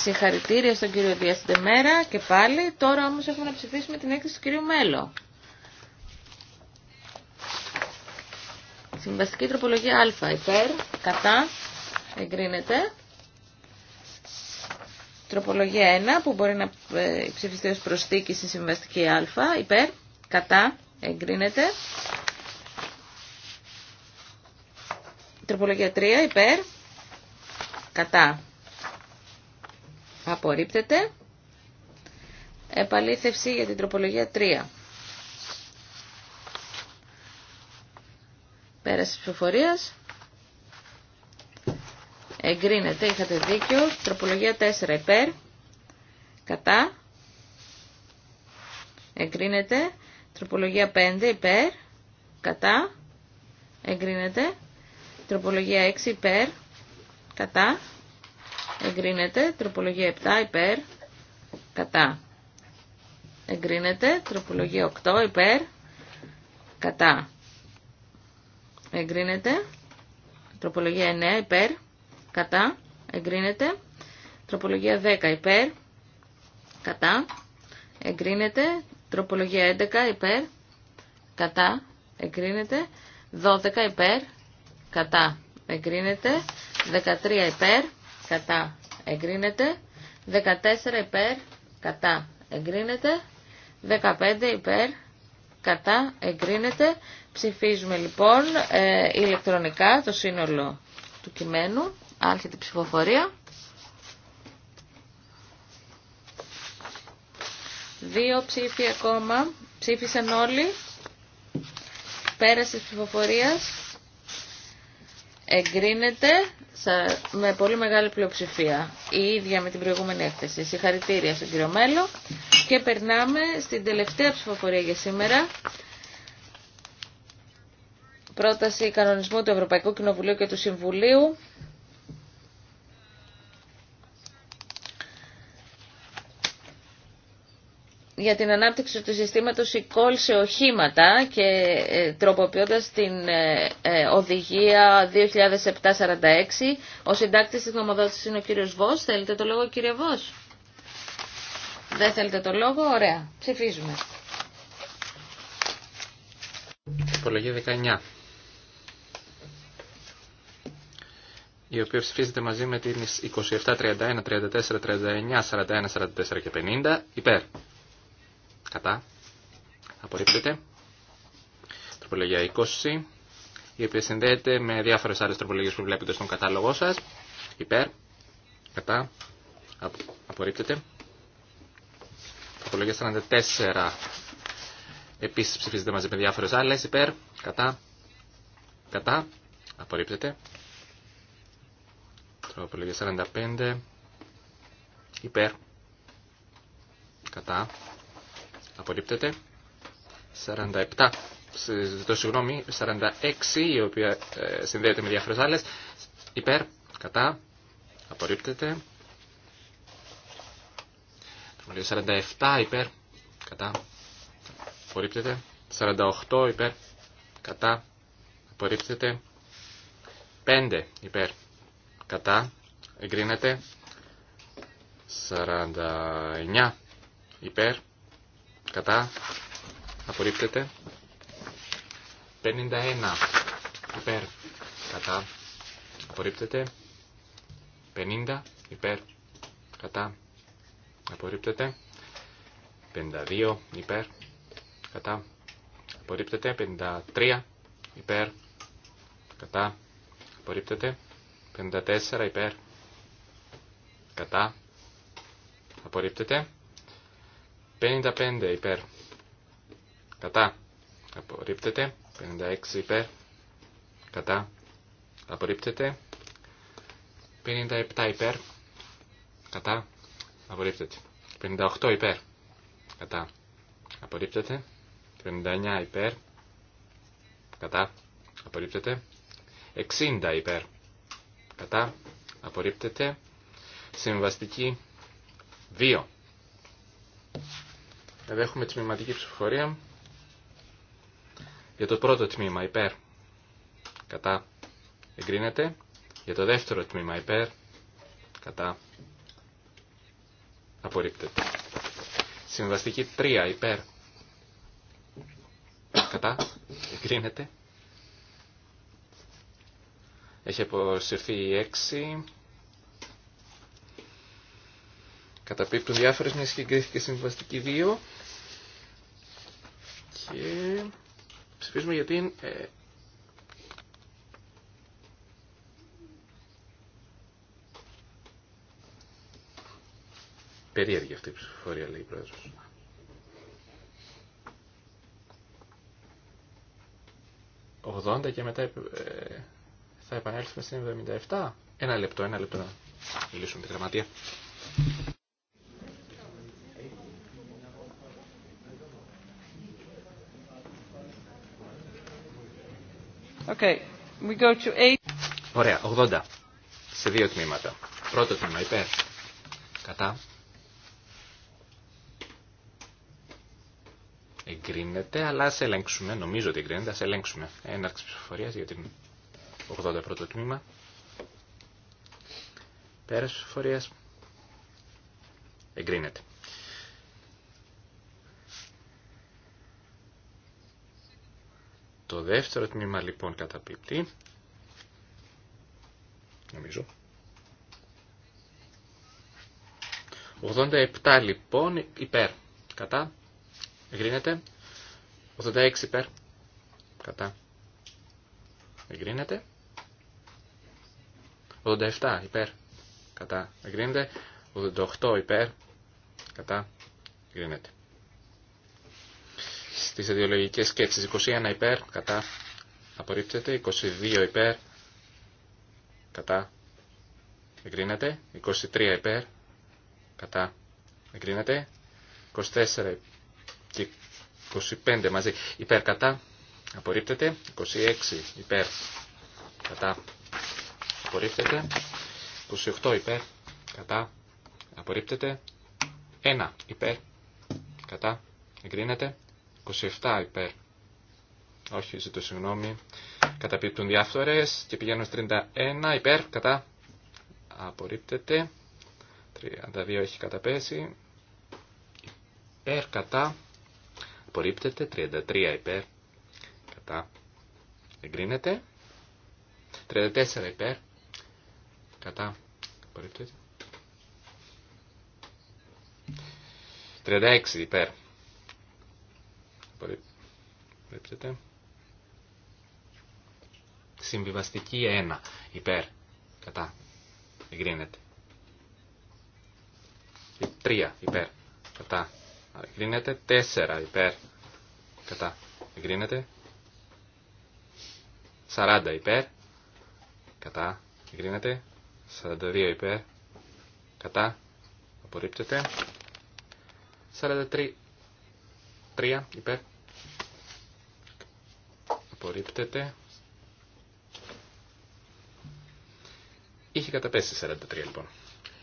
Συγχαρητήρια στον κύριο Διάστητε Μέρα και πάλι. Τώρα όμως έχουμε να ψηφίσουμε την έκθεση του κυρίου Μέλο. Συμβαστική τροπολογία α, υπέρ, κατά, εγκρίνεται. Τροπολογία 1 που μπορεί να ε, ψηφιστεί ως προσθήκη στη συμβαστική α, υπέρ, κατά, εγκρίνεται. Τροπολογία 3 υπέρ, Κατά. Απορρίπτεται. Επαλήθευση για την τροπολογία 3. Πέραση ψηφοφορία. Εγκρίνεται, είχατε δίκιο. Τροπολογία 4 υπέρ. Κατά. Εγκρίνεται. Τροπολογία 5 υπέρ. Κατά. Εγκρίνεται. Τροπολογία 6 υπέρ κατά, εγκρίνεται, τροπολογία 7 υπέρ, κατά, εγκρίνεται, τροπολογία 8 υπέρ, κατά, εγκρίνεται, τροπολογία 9 υπέρ, κατά, εγκρίνεται, τροπολογία 10 υπέρ, κατά, εγκρίνεται, τροπολογία 11 υπέρ, κατά, εγκρίνεται, 12 υπέρ, κατά, εγκρίνεται, 13 υπέρ, κατά εγκρίνεται. 14 υπέρ, κατά εγκρίνεται. 15 υπέρ, κατά εγκρίνεται. Ψηφίζουμε λοιπόν ε, ηλεκτρονικά το σύνολο του κειμένου. Άρχεται η ψηφοφορία. Δύο ψήφοι ακόμα. Ψήφισαν όλοι. Πέρασε της ψηφοφορία. Εγκρίνεται με πολύ μεγάλη πλειοψηφία. Η ίδια με την προηγούμενη έκθεση. Συγχαρητήρια στον κύριο Μέλο. Και περνάμε στην τελευταία ψηφοφορία για σήμερα. Πρόταση κανονισμού του Ευρωπαϊκού Κοινοβουλίου και του Συμβουλίου για την ανάπτυξη του συστήματος e-call σε οχήματα και ε, τροποποιώντας την ε, ε, οδηγία 2007-46. Ο συντάκτης της νομοδότησης είναι ο κύριος Βος. Θέλετε το λόγο κύριε Βος. Δεν θέλετε το λόγο. Ωραία. Ψηφίζουμε. Υπολογία 19. η οποία ψηφίζεται μαζί με την 27, 31, 34, 39, 41, 44 και 50 υπέρ. Κατά. Απορρίπτεται. Τροπολογία 20, η οποία συνδέεται με διάφορε άλλε τροπολογίε που βλέπετε στον κατάλογό σα. Υπέρ. Κατά. Απορρίπτεται. Τροπολογία 44. Επίση ψηφίζεται μαζί με διάφορε άλλε. Υπέρ. Κατά. Κατά. Απορρίπτεται. Τροπολογία 45. Υπέρ. Κατά απορρίπτεται. 47, ζητώ συγγνώμη, 46, η οποία ε, συνδέεται με διάφορες άλλες, υπέρ, κατά, απορρίπτεται. 47 υπέρ, κατά, απορρίπτεται. 48 υπέρ, κατά, απορρίπτεται. 5 υπέρ, κατά, εγκρίνεται. 49 υπέρ, Κατά. Απορρίπτεται. 51. Υπέρ. Κατά. Απορρίπτεται. 50. Υπέρ. Κατά. Απορρίπτεται. 52. Υπέρ. Κατά. Απορρίπτεται. 53. Υπέρ. Κατά. Απορρίπτεται. 54. Υπέρ. Κατά. Απορρίπτεται. 55 υπέρ. Κατά. Απορρίπτεται. 56 υπέρ. Κατά. Απορρίπτεται. 57 υπέρ. Κατά. Απορρίπτεται. 58 υπέρ. Κατά. Απορρίπτεται. 59 υπέρ. Κατά. Απορρίπτεται. 60 υπέρ. Κατά. Απορρίπτεται. Συμβαστική 2. Εδώ έχουμε τμήματική ψηφοφορία για το πρώτο τμήμα υπέρ κατά εγκρίνεται. Για το δεύτερο τμήμα υπέρ κατά απορρίπτεται. Συμβαστική 3 υπέρ κατά εγκρίνεται. Έχει αποσυρθεί η 6. Καταπίπτουν διάφορες μια και συμβαστική 2. Και ψηφίζουμε για την ε, περίεργη αυτή η ψηφοφορία, λέει η Πρόεδρος. «80 και μετά ε, θα επανέλθουμε στην 77». Ένα λεπτό, ένα λεπτό να λύσουμε τη γραμματεία. Okay. We go to Ωραία, 80. Σε δύο τμήματα. Πρώτο τμήμα, υπέρ. Κατά. Εγκρίνεται, αλλά ας ελέγξουμε. Νομίζω ότι εγκρίνεται, ας ελέγξουμε. Έναρξη ψηφοφορίας για την 80 πρώτο τμήμα. υπέρ ψηφοφορίας. Εγκρίνεται. Το δεύτερο τμήμα λοιπόν καταπίπτει. Νομίζω. 87 λοιπόν υπέρ. Κατά. Εγκρίνεται. 86 υπέρ. Κατά. Εγκρίνεται. 87 υπέρ. Κατά. Εγκρίνεται. 88 υπέρ. Κατά. Εγκρίνεται στι ιδεολογικέ σκέψει. 21 υπέρ, κατά, απορρίπτεται. 22 υπέρ, κατά, εγκρίνεται. 23 υπέρ, κατά, εγκρίνεται. 24 και 25 μαζί υπέρ, κατά, απορρίπτεται. 26 υπέρ, κατά, απορρίπτεται. 28 υπέρ, κατά, απορρίπτεται. 1 υπέρ, κατά, εγκρίνεται. 27 υπέρ. Όχι, ζητώ συγγνώμη. Καταπίπτουν διάφορε και πηγαίνω 31 υπέρ. Κατά. Απορρίπτεται. 32 έχει καταπέσει. Υπέρ. Κατά. Απορρίπτεται. 33 υπέρ. Κατά. Εγκρίνεται. 34 υπέρ. Κατά. Απορρίπτεται. 36 υπέρ. Βλέπετε. Συμβιβαστική 1. Υπέρ. Κατά. Εγκρίνεται. 3. Υπέρ. Κατά. Εγκρίνεται. 4. Υπέρ. Κατά. Εγκρίνεται. 40 υπέρ. Κατά. Εγκρίνεται. 42 υπέρ. Κατά. Απορρίπτεται. 43 3 υπέρ. Απορρίπτεται. Είχε καταπέσει 43 λοιπόν.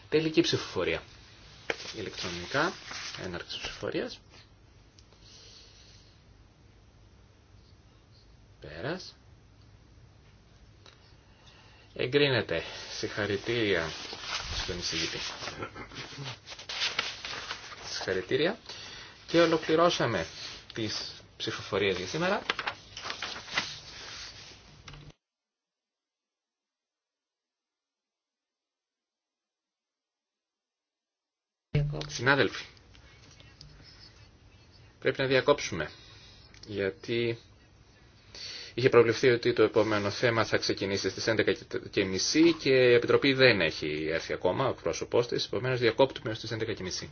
Τελική ψηφοφορία. Ηλεκτρονικά, έναρξη ψηφοφορία. Πέρας. Εγκρίνεται. Συγχαρητήρια στον εισηγητή. Συγχαρητήρια. Και ολοκληρώσαμε τις ψηφοφορίες για σήμερα. Συνάδελφοι, πρέπει να διακόψουμε, γιατί είχε προβληθεί ότι το επόμενο θέμα θα ξεκινήσει στις 11.30 και η Επιτροπή δεν έχει έρθει ακόμα, ο πρόσωπός της, επομένως διακόπτουμε στις 11.30.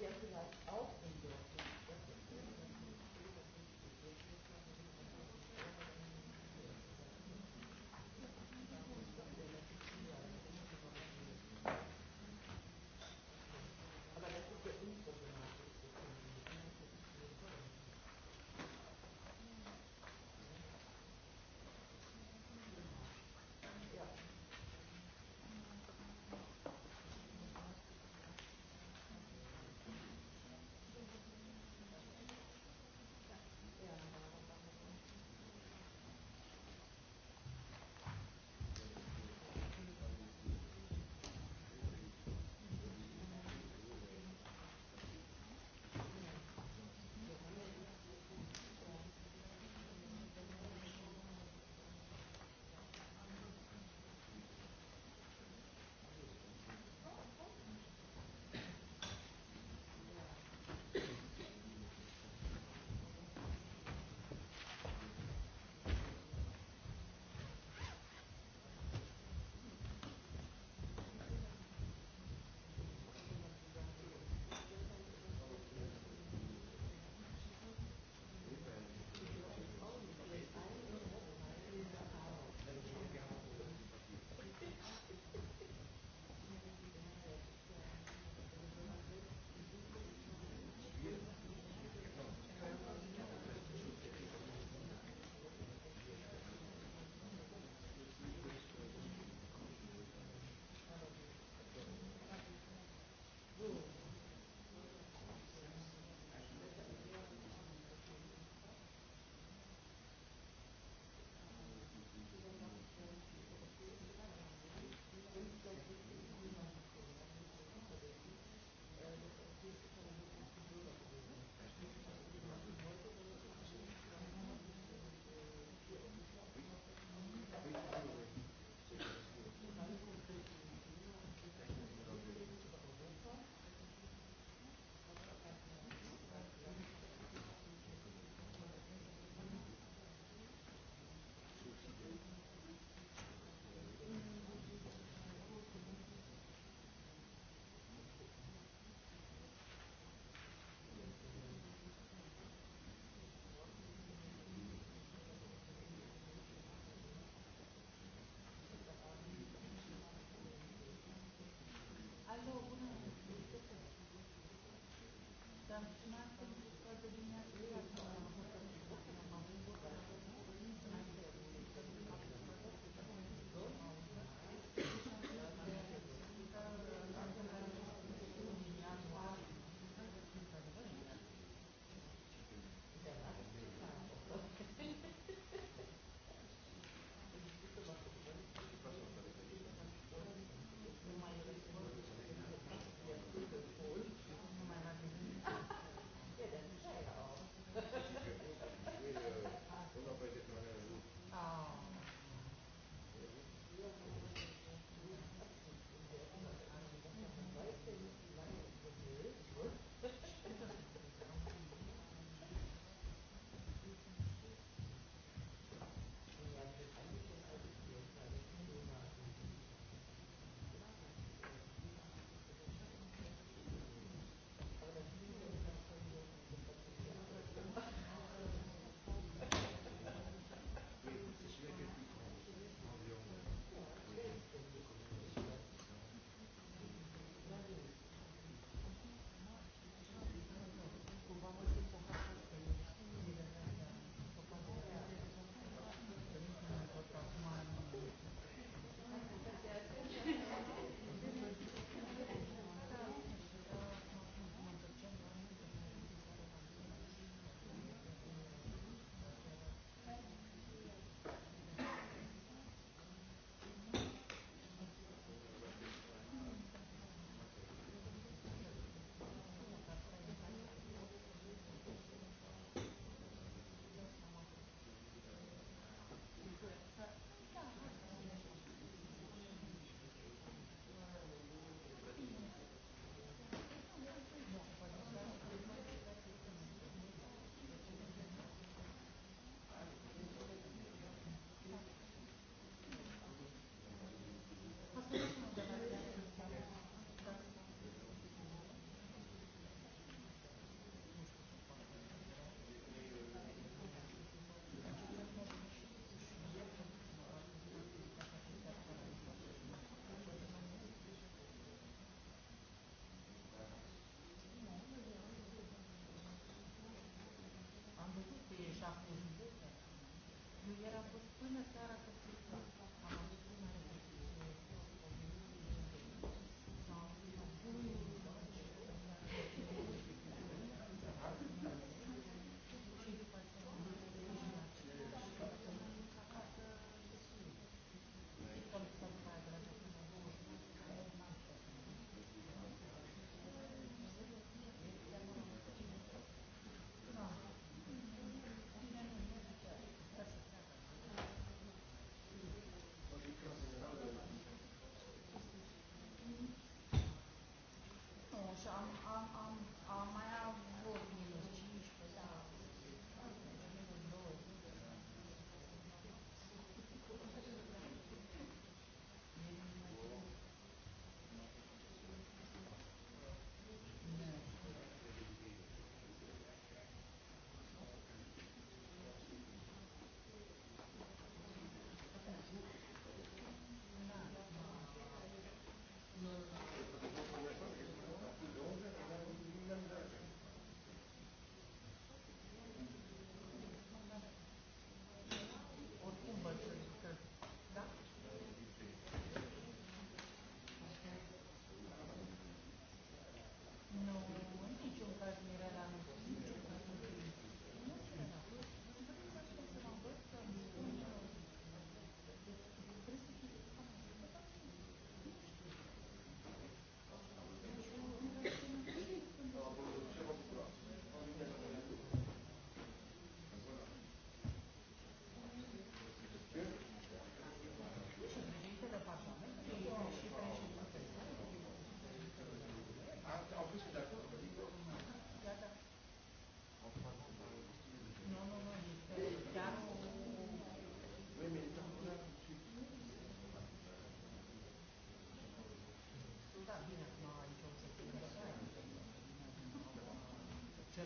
wir ja vielleicht auch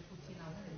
puțin avem.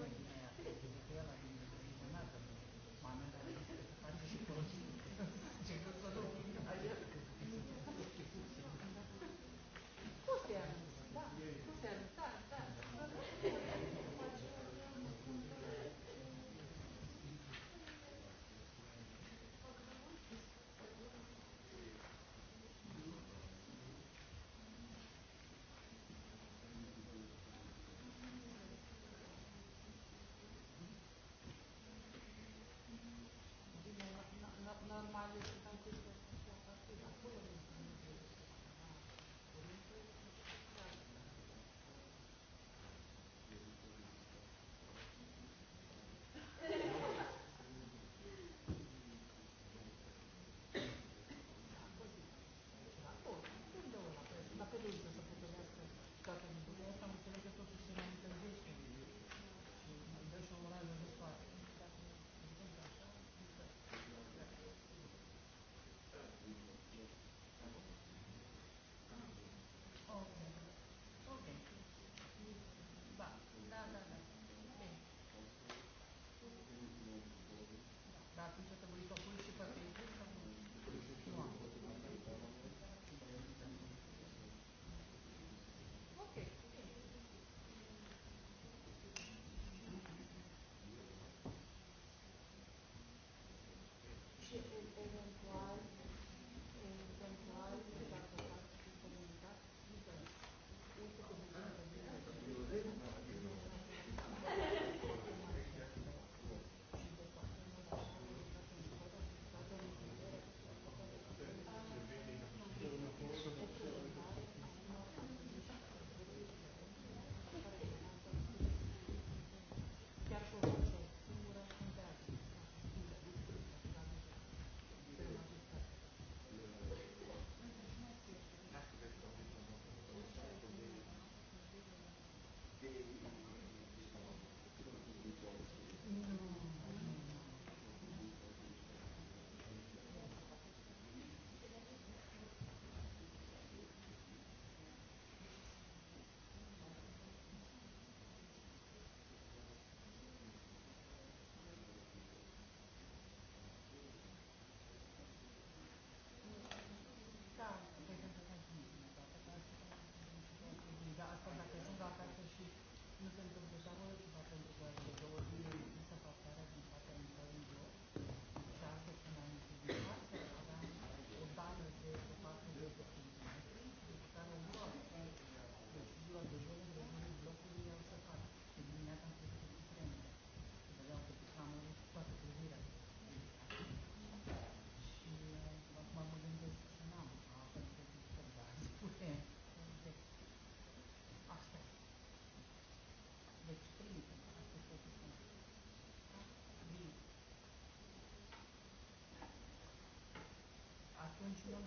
continuam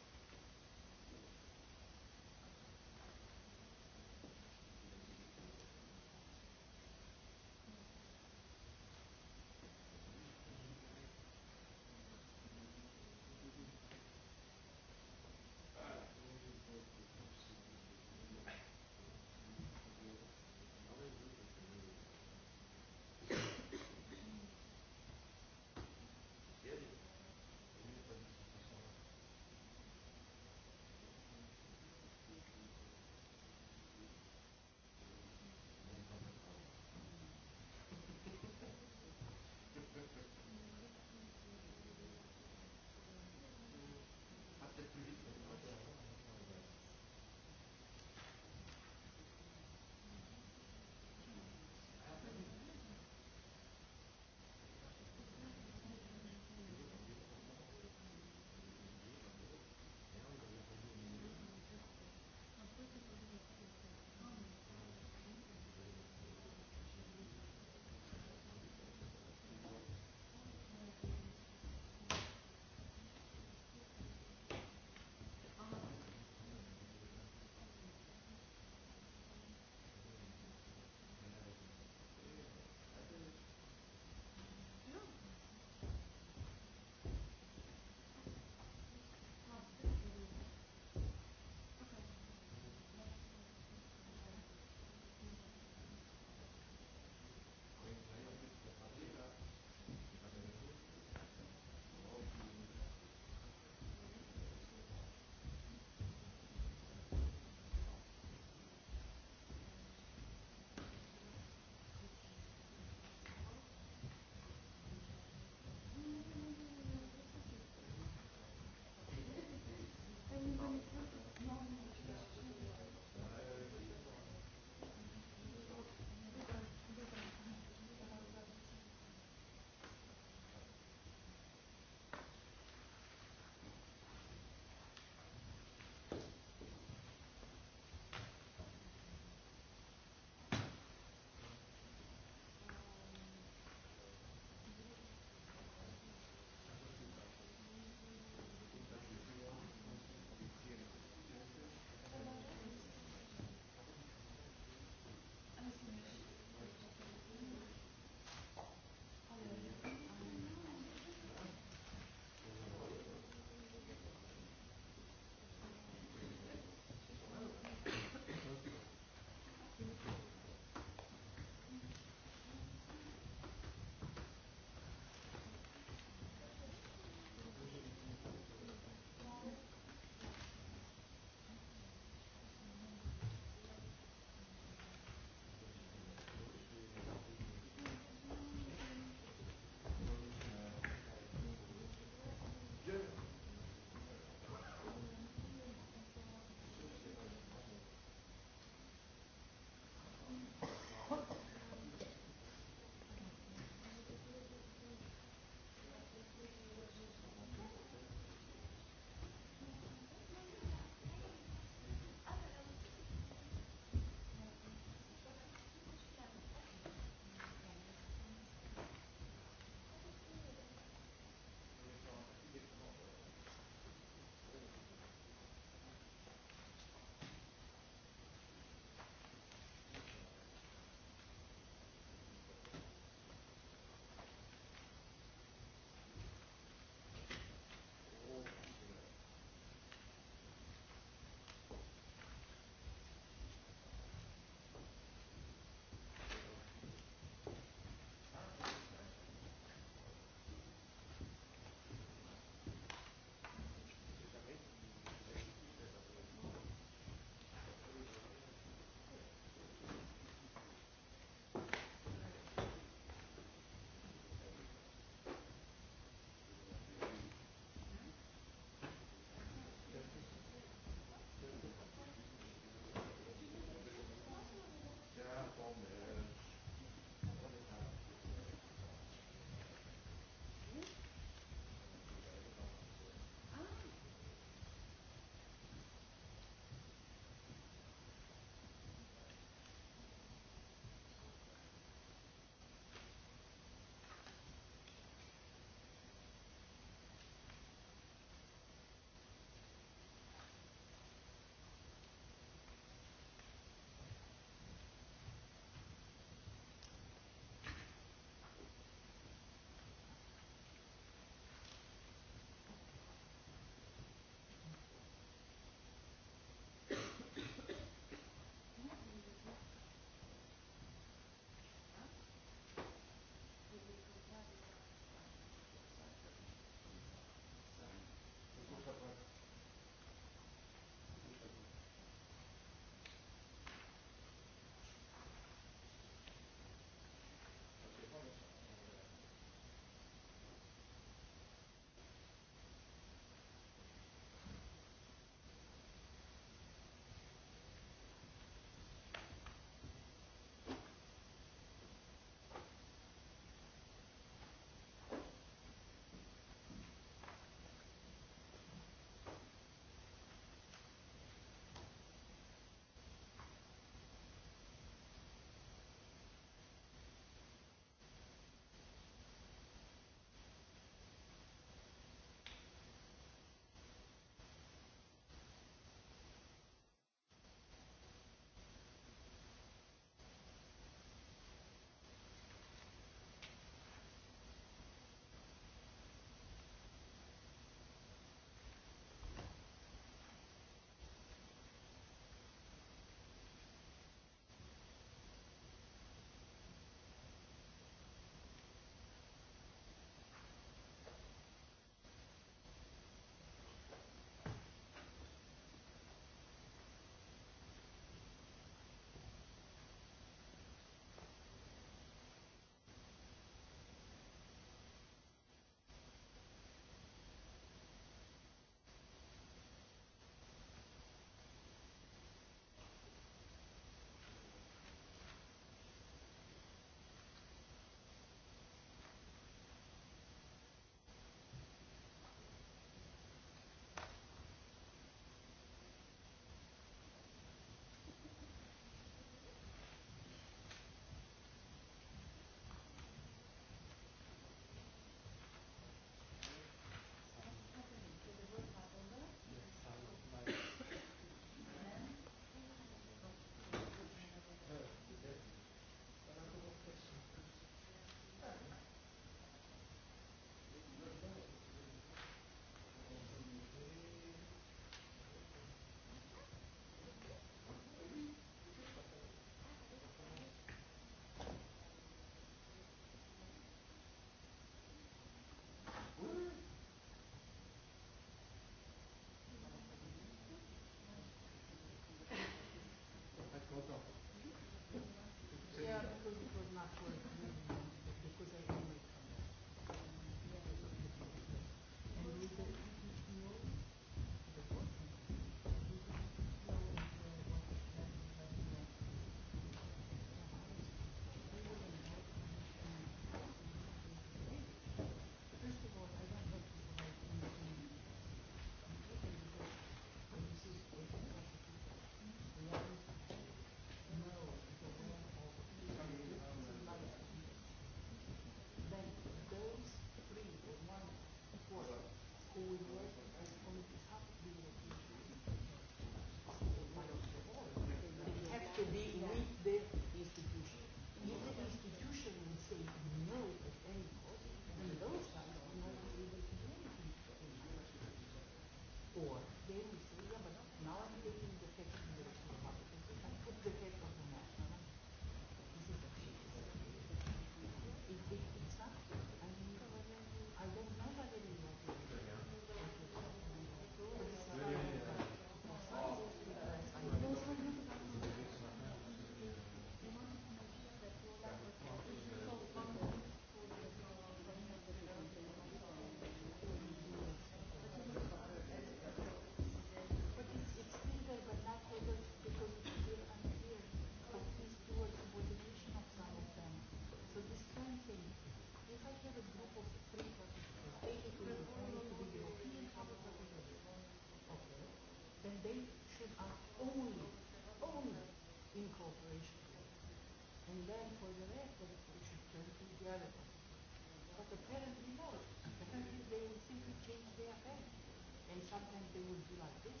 sometimes they would do like this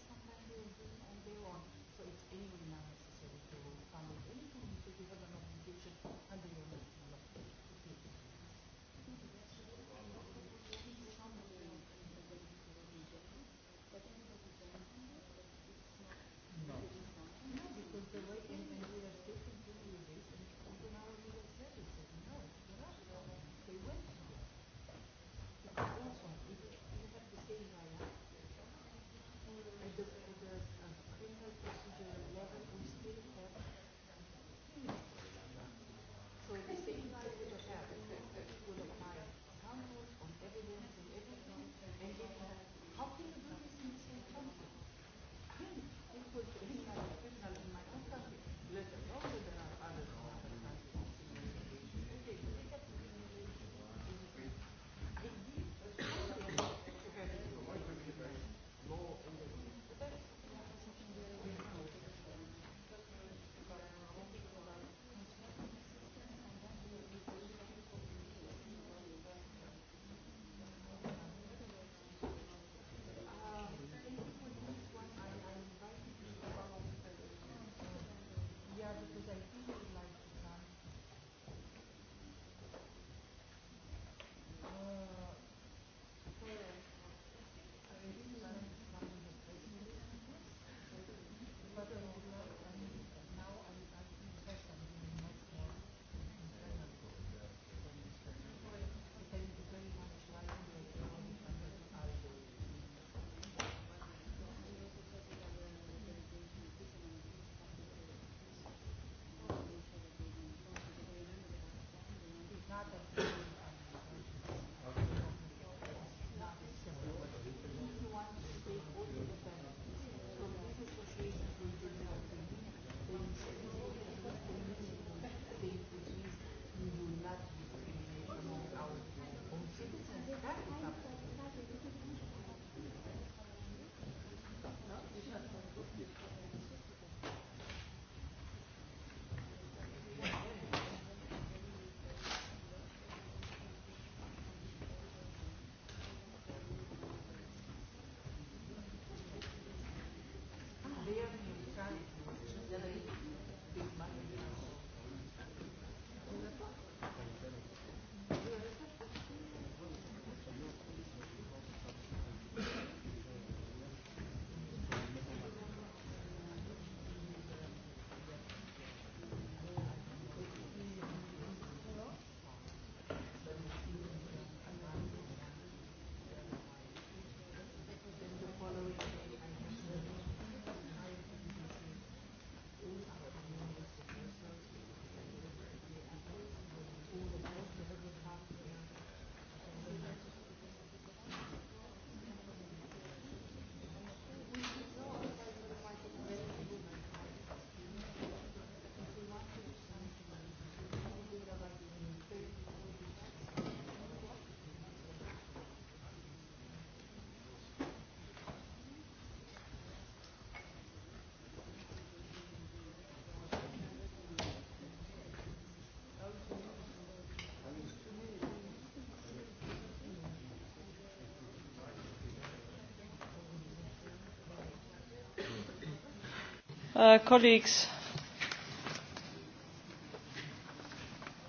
Uh, colleagues,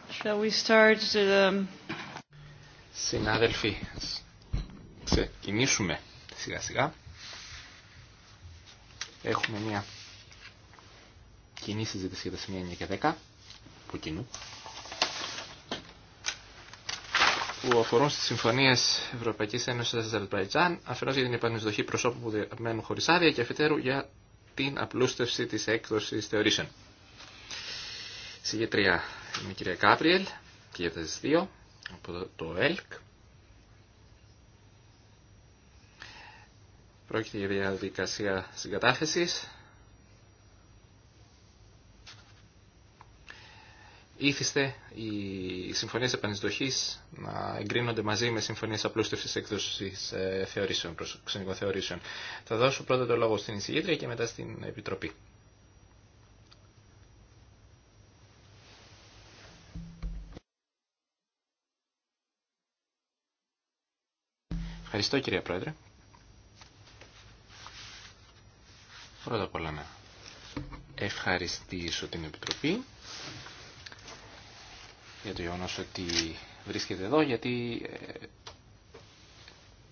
shall um, Συνάδελφοι, ξεκινήσουμε σιγά σιγά. Έχουμε μια κοινή συζήτηση για τα σημεία 9 και 10 από κοινού που αφορούν στι συμφωνίε Ευρωπαϊκή Ένωση Αζερβαϊτζάν, αφενό για την επανεισδοχή προσώπου που διαμένουν χωρί άδεια και αφετέρου για την απλούστευση της έκδοσης θεωρήσεων. Συγγετρία είμαι η κυρία Κάπριελ και για τις δύο από το ΕΛΚ. Πρόκειται για διαδικασία συγκατάθεσης. ήθιστε οι συμφωνίες επανεισδοχής να εγκρίνονται μαζί με συμφωνίες απλούστευσης έκδοσης ε, θεωρήσεων, ξενικών θεωρήσεων. Θα δώσω πρώτα το λόγο στην εισηγήτρια και μετά στην Επιτροπή. Ευχαριστώ κυρία Πρόεδρε. Πρώτα απ' όλα να ευχαριστήσω την Επιτροπή για το γεγονό ότι βρίσκεται εδώ, γιατί ε,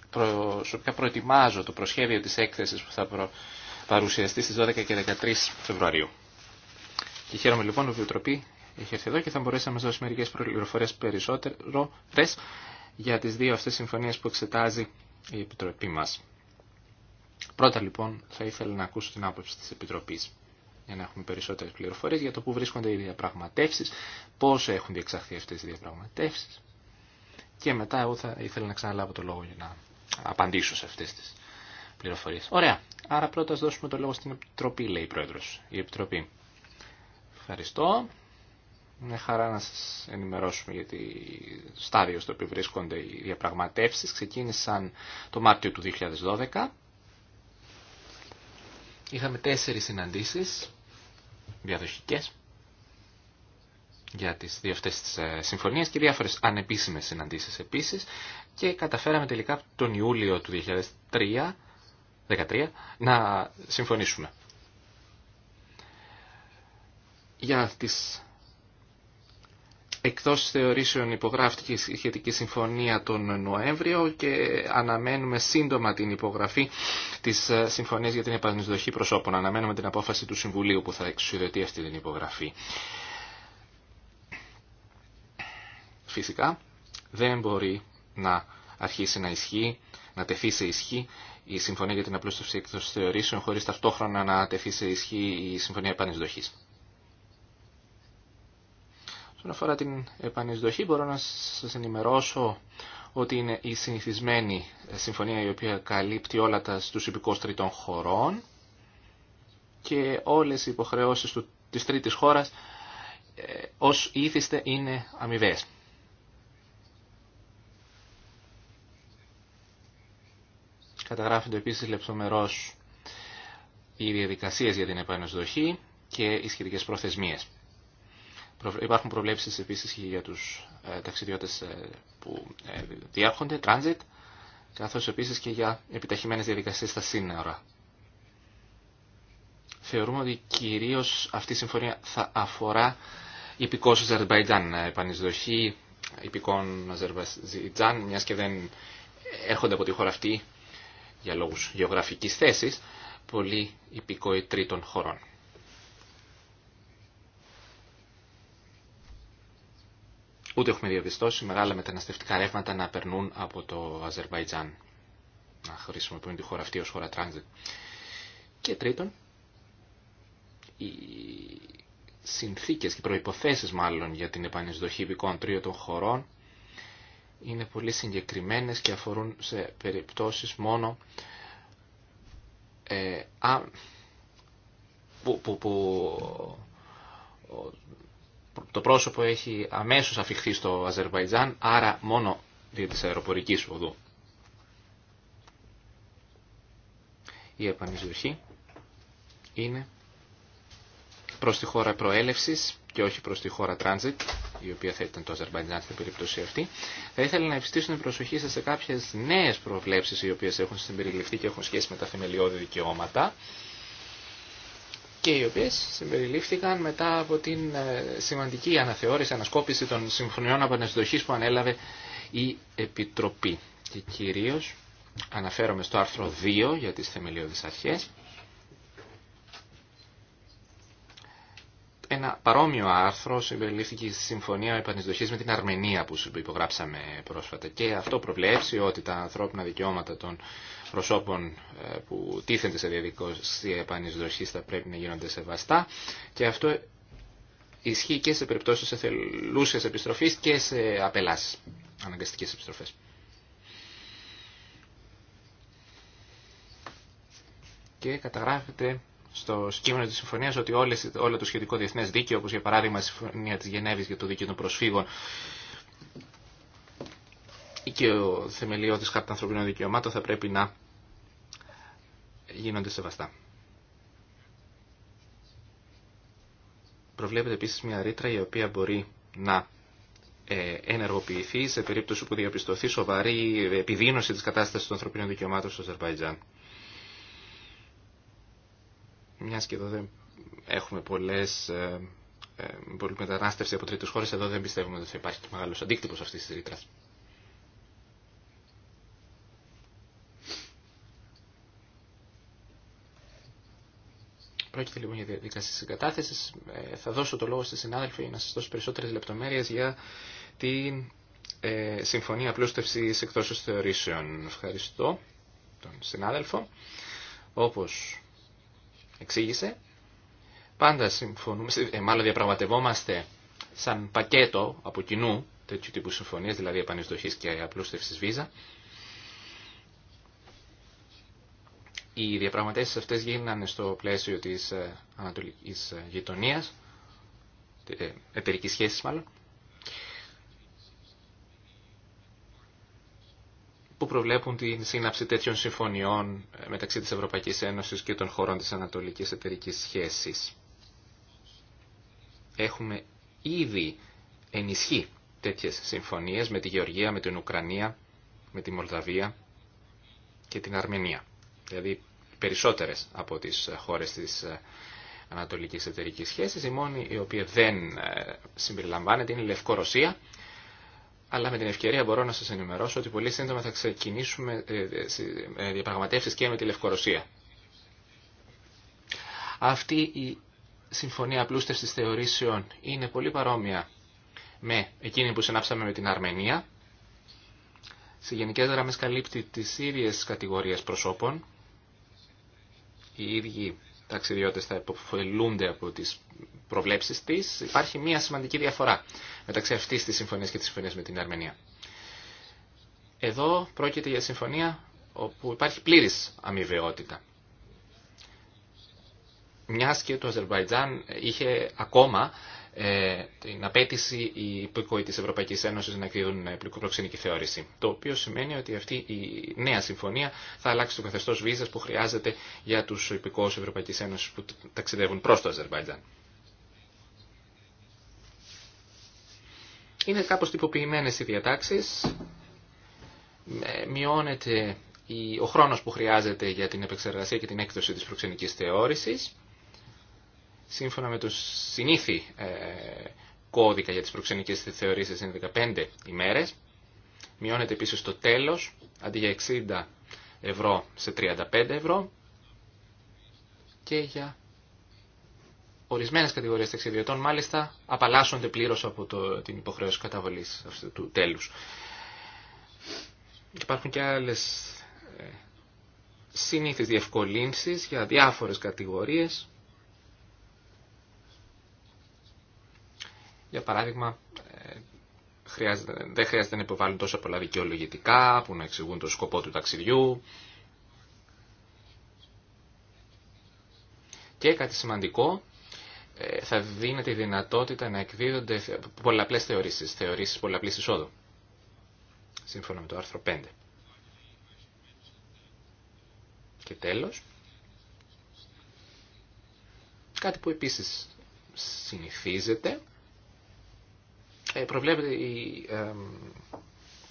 προσωπικά προετοιμάζω το προσχέδιο της έκθεσης που θα παρουσιαστεί στις 12 και 13 Φεβρουαρίου. Και χαίρομαι λοιπόν που η Επιτροπή έχει έρθει εδώ και θα μπορέσει να μας δώσει μερικές πληροφορίες περισσότερες για τις δύο αυτές συμφωνίες που εξετάζει η Επιτροπή μας. Πρώτα λοιπόν θα ήθελα να ακούσω την άποψη της Επιτροπής για να έχουμε περισσότερε πληροφορίε για το που βρίσκονται οι διαπραγματεύσει. Πώ έχουν διεξαχθεί αυτέ οι διαπραγματεύσει. Και μετά εγώ θα ήθελα να ξαναλάβω το λόγο για να απαντήσω σε αυτέ τι πληροφορίε. Ωραία. Άρα πρώτα δώσουμε το λόγο στην Επιτροπή, λέει η πρόεδρο. Η Επιτροπή. Ευχαριστώ. Με χαρά να σας ενημερώσουμε για το στάδιο στο οποίο βρίσκονται οι διαπραγματεύσεις. Ξεκίνησαν το Μάρτιο του 2012 Είχαμε τέσσερις συναντήσεις διαδοχικές για τις δύο αυτές τις ε, συμφωνίες και διάφορες ανεπίσημες συναντήσεις επίσης και καταφέραμε τελικά τον Ιούλιο του 2003 να συμφωνήσουμε. Για τις εκτός θεωρήσεων υπογράφτηκε η σχετική συμφωνία τον Νοέμβριο και αναμένουμε σύντομα την υπογραφή της ε, συμφωνίας για την επανεισδοχή προσώπων. Αναμένουμε την απόφαση του Συμβουλίου που θα εξουσιοδοτεί αυτή την υπογραφή. Φυσικά δεν μπορεί να αρχίσει να ισχύει, να τεθεί σε ισχύ η Συμφωνία για την Απλούστευση εκτό Θεωρήσεων χωρί ταυτόχρονα να τεθεί σε ισχύ η Συμφωνία επανεισδοχής στον αφορά την επανεισδοχή μπορώ να σας ενημερώσω ότι είναι η συνηθισμένη συμφωνία η οποία καλύπτει όλα τα στους υπηκός τρίτων χωρών και όλες οι υποχρεώσεις του, της τρίτης χώρας ε, ως ήθιστε είναι αμοιβέ. Καταγράφονται επίσης λεπτομερώς οι διαδικασίες για την επανεισδοχή και οι σχετικές προθεσμίες. Υπάρχουν προβλέψεις επίσης και για τους ε, ταξιδιώτες ε, που ε, διέρχονται, transit, καθώς επίσης και για επιταχυμένες διαδικασίες στα σύνορα. Θεωρούμε ότι κυρίως αυτή η συμφωνία θα αφορά υπηκός Αζερμπαϊτζάν, επανεισδοχή υπηκών Αζερβαϊτζάν, μιας και δεν έρχονται από τη χώρα αυτή για λόγους γεωγραφικής θέσης, πολύ υπηκόοι τρίτων χωρών. ούτε έχουμε διαπιστώσει μεγάλα μεταναστευτικά ρεύματα να περνούν από το Αζερβαϊτζάν. Να χρησιμοποιούν τη χώρα αυτή ως χώρα τράνζιτ. Και τρίτον, οι συνθήκες και οι προϋποθέσεις μάλλον για την επανεισδοχή υπηκών τρίωτων χωρών είναι πολύ συγκεκριμένες και αφορούν σε περιπτώσεις μόνο ε, α, που, που, που το πρόσωπο έχει αμέσως αφιχθεί στο Αζερβαϊτζάν, άρα μόνο δια της αεροπορικής οδού. Η επανεισδοχή είναι προς τη χώρα προέλευσης και όχι προς τη χώρα τράνζιτ, η οποία θα ήταν το Αζερβαϊτζάν στην περίπτωση αυτή. Θα ήθελα να ευστήσω την προσοχή σας σε κάποιες νέες προβλέψεις οι οποίες έχουν συμπεριληφθεί και έχουν σχέση με τα θεμελιώδη δικαιώματα και οι οποίες συμπεριλήφθηκαν μετά από την ε, σημαντική αναθεώρηση, ανασκόπηση των συμφωνιών απανεσδοχής που ανέλαβε η Επιτροπή. Και κυρίως αναφέρομαι στο άρθρο 2 για τις θεμελιώδεις αρχές. Ένα παρόμοιο άρθρο συμπεριλήφθηκε στη Συμφωνία Επανεισδοχής με την Αρμενία που υπογράψαμε πρόσφατα και αυτό προβλέψει ότι τα ανθρώπινα δικαιώματα των προσώπων ε, που τίθενται σε διαδικασία επανεισδοχής θα πρέπει να γίνονται σεβαστά και αυτό ισχύει και σε περιπτώσεις εθελούσιας επιστροφής και σε απελάσεις, αναγκαστικές επιστροφές. Και καταγράφεται στο σκήμενο της συμφωνίας ότι όλες, όλο το σχετικό διεθνές δίκαιο, όπως για παράδειγμα η Συμφωνία της Γενέβης για το δίκαιο των προσφύγων, και ο θεμελιώδης κάτω ανθρωπίνων δικαιωμάτων θα πρέπει να γίνονται σεβαστά. Προβλέπεται επίσης μια ρήτρα η οποία μπορεί να ε, ενεργοποιηθεί σε περίπτωση που διαπιστωθεί σοβαρή επιδείνωση της κατάστασης των ανθρωπίνων δικαιωμάτων στο Αζερβαϊτζάν. Μια και εδώ δεν έχουμε πολλές, ε, ε, πολλή μετανάστευση από τρίτες χώρες, εδώ δεν πιστεύουμε ότι θα υπάρχει μεγάλος αντίκτυπος αυτής της ρήτρας. Πρόκειται λοιπόν για διαδικασία συγκατάθεση. Ε, θα δώσω το λόγο στη συνάδελφη να σα δώσω περισσότερε λεπτομέρειε για την ε, Συμφωνία Απλούστευση εκτό θεωρήσεων. Ευχαριστώ τον συνάδελφο. Όπω εξήγησε, πάντα συμφωνούμε, ε, μάλλον διαπραγματευόμαστε σαν πακέτο από κοινού τέτοιου τύπου συμφωνίε, δηλαδή επανεισδοχή και απλούστευση βίζα. Οι διαπραγματεύσεις αυτές γίνανε στο πλαίσιο της ε, ανατολικής ε, γειτονίας, ε, εταιρικής σχέσης μάλλον, που προβλέπουν την σύναψη τέτοιων συμφωνιών μεταξύ της Ευρωπαϊκής Ένωσης και των χωρών της Ανατολικής Εταιρικής Σχέσης. Έχουμε ήδη ενισχύ τέτοιες συμφωνίες με τη Γεωργία, με την Ουκρανία, με τη Μολδαβία και την Αρμενία δηλαδή περισσότερες από τις χώρες της ε, Ανατολικής Εταιρικής Σχέσης. Η μόνη η οποία δεν ε, συμπεριλαμβάνεται είναι η Λευκορωσία. Αλλά με την ευκαιρία μπορώ να σας ενημερώσω ότι πολύ σύντομα θα ξεκινήσουμε ε, διαπραγματεύσεις και με τη Λευκορωσία. Αυτή η συμφωνία απλούστευσης θεωρήσεων είναι πολύ παρόμοια με εκείνη που συνάψαμε με την Αρμενία. Σε γενικέ γραμμές καλύπτει τις ίδιες κατηγορίες προσώπων οι ίδιοι ταξιδιώτες θα υποφελούνται από τις προβλέψεις της, υπάρχει μια σημαντική διαφορά μεταξύ αυτής της συμφωνίας και της συμφωνίας με την Αρμενία. Εδώ πρόκειται για συμφωνία όπου υπάρχει πλήρης αμοιβαιότητα. Μιας και το Αζερβαϊτζάν είχε ακόμα ε, την απέτηση οι υπηκοί της Ευρωπαϊκής Ένωσης να εκδίδουν προξενική θεώρηση. Το οποίο σημαίνει ότι αυτή η νέα συμφωνία θα αλλάξει το καθεστώς βίζας που χρειάζεται για τους της Ευρωπαϊκής Ένωσης που ταξιδεύουν προς το Αζερβαϊτζάν. Είναι κάπως τυποποιημένες οι διατάξεις. Ε, μειώνεται ο χρόνος που χρειάζεται για την επεξεργασία και την έκδοση της προξενικής θεώρησης. Σύμφωνα με το συνήθι ε, κώδικα για τις προξενικές θεωρήσεις είναι 15 ημέρες. Μειώνεται επίσης το τέλος, αντί για 60 ευρώ σε 35 ευρώ και για ορισμένες κατηγορίες ταξιδιωτών μάλιστα απαλλάσσονται πλήρως από το, την υποχρέωση καταβολής αυτού του τέλους. Υπάρχουν και άλλες ε, συνήθεις διευκολύνσεις για διάφορες κατηγορίες Για παράδειγμα, ε, χρειάζεται, δεν χρειάζεται να υποβάλουν τόσο πολλά δικαιολογητικά που να εξηγούν το σκοπό του ταξιδιού. Και κάτι σημαντικό, ε, θα δίνεται η δυνατότητα να εκδίδονται πολλαπλέ θεωρήσει, θεωρήσει πολλαπλή εισόδου, σύμφωνα με το άρθρο 5. Και τέλος, κάτι που επίσης συνηθίζεται ε, προβλέπεται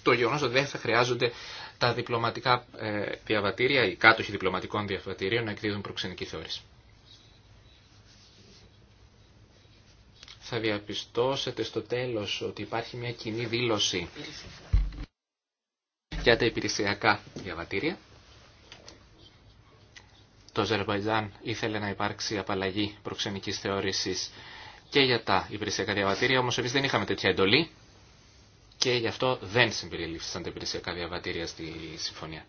το γεγονό ότι δεν θα χρειάζονται τα διπλωματικά ε, διαβατήρια, οι κάτοχοι διπλωματικών διαβατηρίων να εκδίδουν προξενική θεώρηση. Θα διαπιστώσετε στο τέλος ότι υπάρχει μια κοινή δήλωση για τα υπηρεσιακά διαβατήρια. Το Ζερβαϊτζάν ήθελε να υπάρξει απαλλαγή προξενικής θεώρησης και για τα υπηρεσιακά διαβατήρια, όμως εμείς δεν είχαμε τέτοια εντολή και γι' αυτό δεν συμπεριλήφθησαν τα υπηρεσιακά διαβατήρια στη συμφωνία.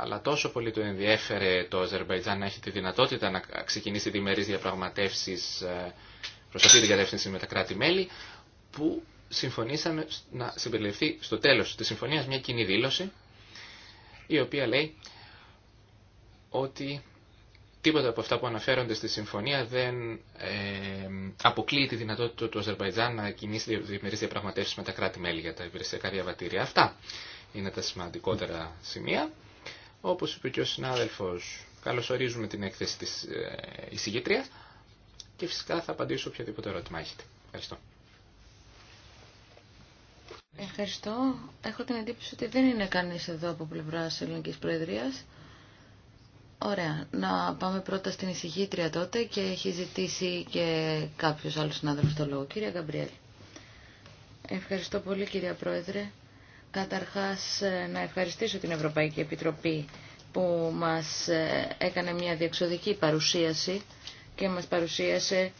αλλά τόσο πολύ του ενδιέφερε το Αζερβαϊτζάν να έχει τη δυνατότητα να ξεκινήσει διμερείς διαπραγματεύσεις ε, προς αυτή την κατεύθυνση με τα κράτη-μέλη, που συμφωνήσαμε να συμπεριληφθεί στο τέλο τη συμφωνία μια κοινή δήλωση, η οποία λέει ότι τίποτα από αυτά που αναφέρονται στη συμφωνία δεν ε, αποκλείει τη δυνατότητα του Αζερβαϊτζάν να κινήσει διεμερείς διαπραγματεύσεις με τα κράτη-μέλη για τα υπηρεσιακά διαβατήρια. Αυτά είναι τα σημαντικότερα σημεία. Όπως είπε και ο συνάδελφος, καλωσορίζουμε την έκθεση της ε, εισηγήτριας και φυσικά θα απαντήσω οποιαδήποτε ερώτημα έχετε. Ευχαριστώ. Ευχαριστώ. Έχω την εντύπωση ότι δεν είναι κανείς εδώ από πλευράς Ελληνικής Προεδρίας. Ωραία. Να πάμε πρώτα στην εισηγήτρια τότε και έχει ζητήσει και κάποιος άλλος συνάδελφος το λόγο. Κύριε Γκαμπριέλ. Ευχαριστώ πολύ κυρία Πρόεδρε. Καταρχάς ε, να ευχαριστήσω την Ευρωπαϊκή Επιτροπή που μας ε, έκανε μια διεξοδική παρουσίαση και μας παρουσίασε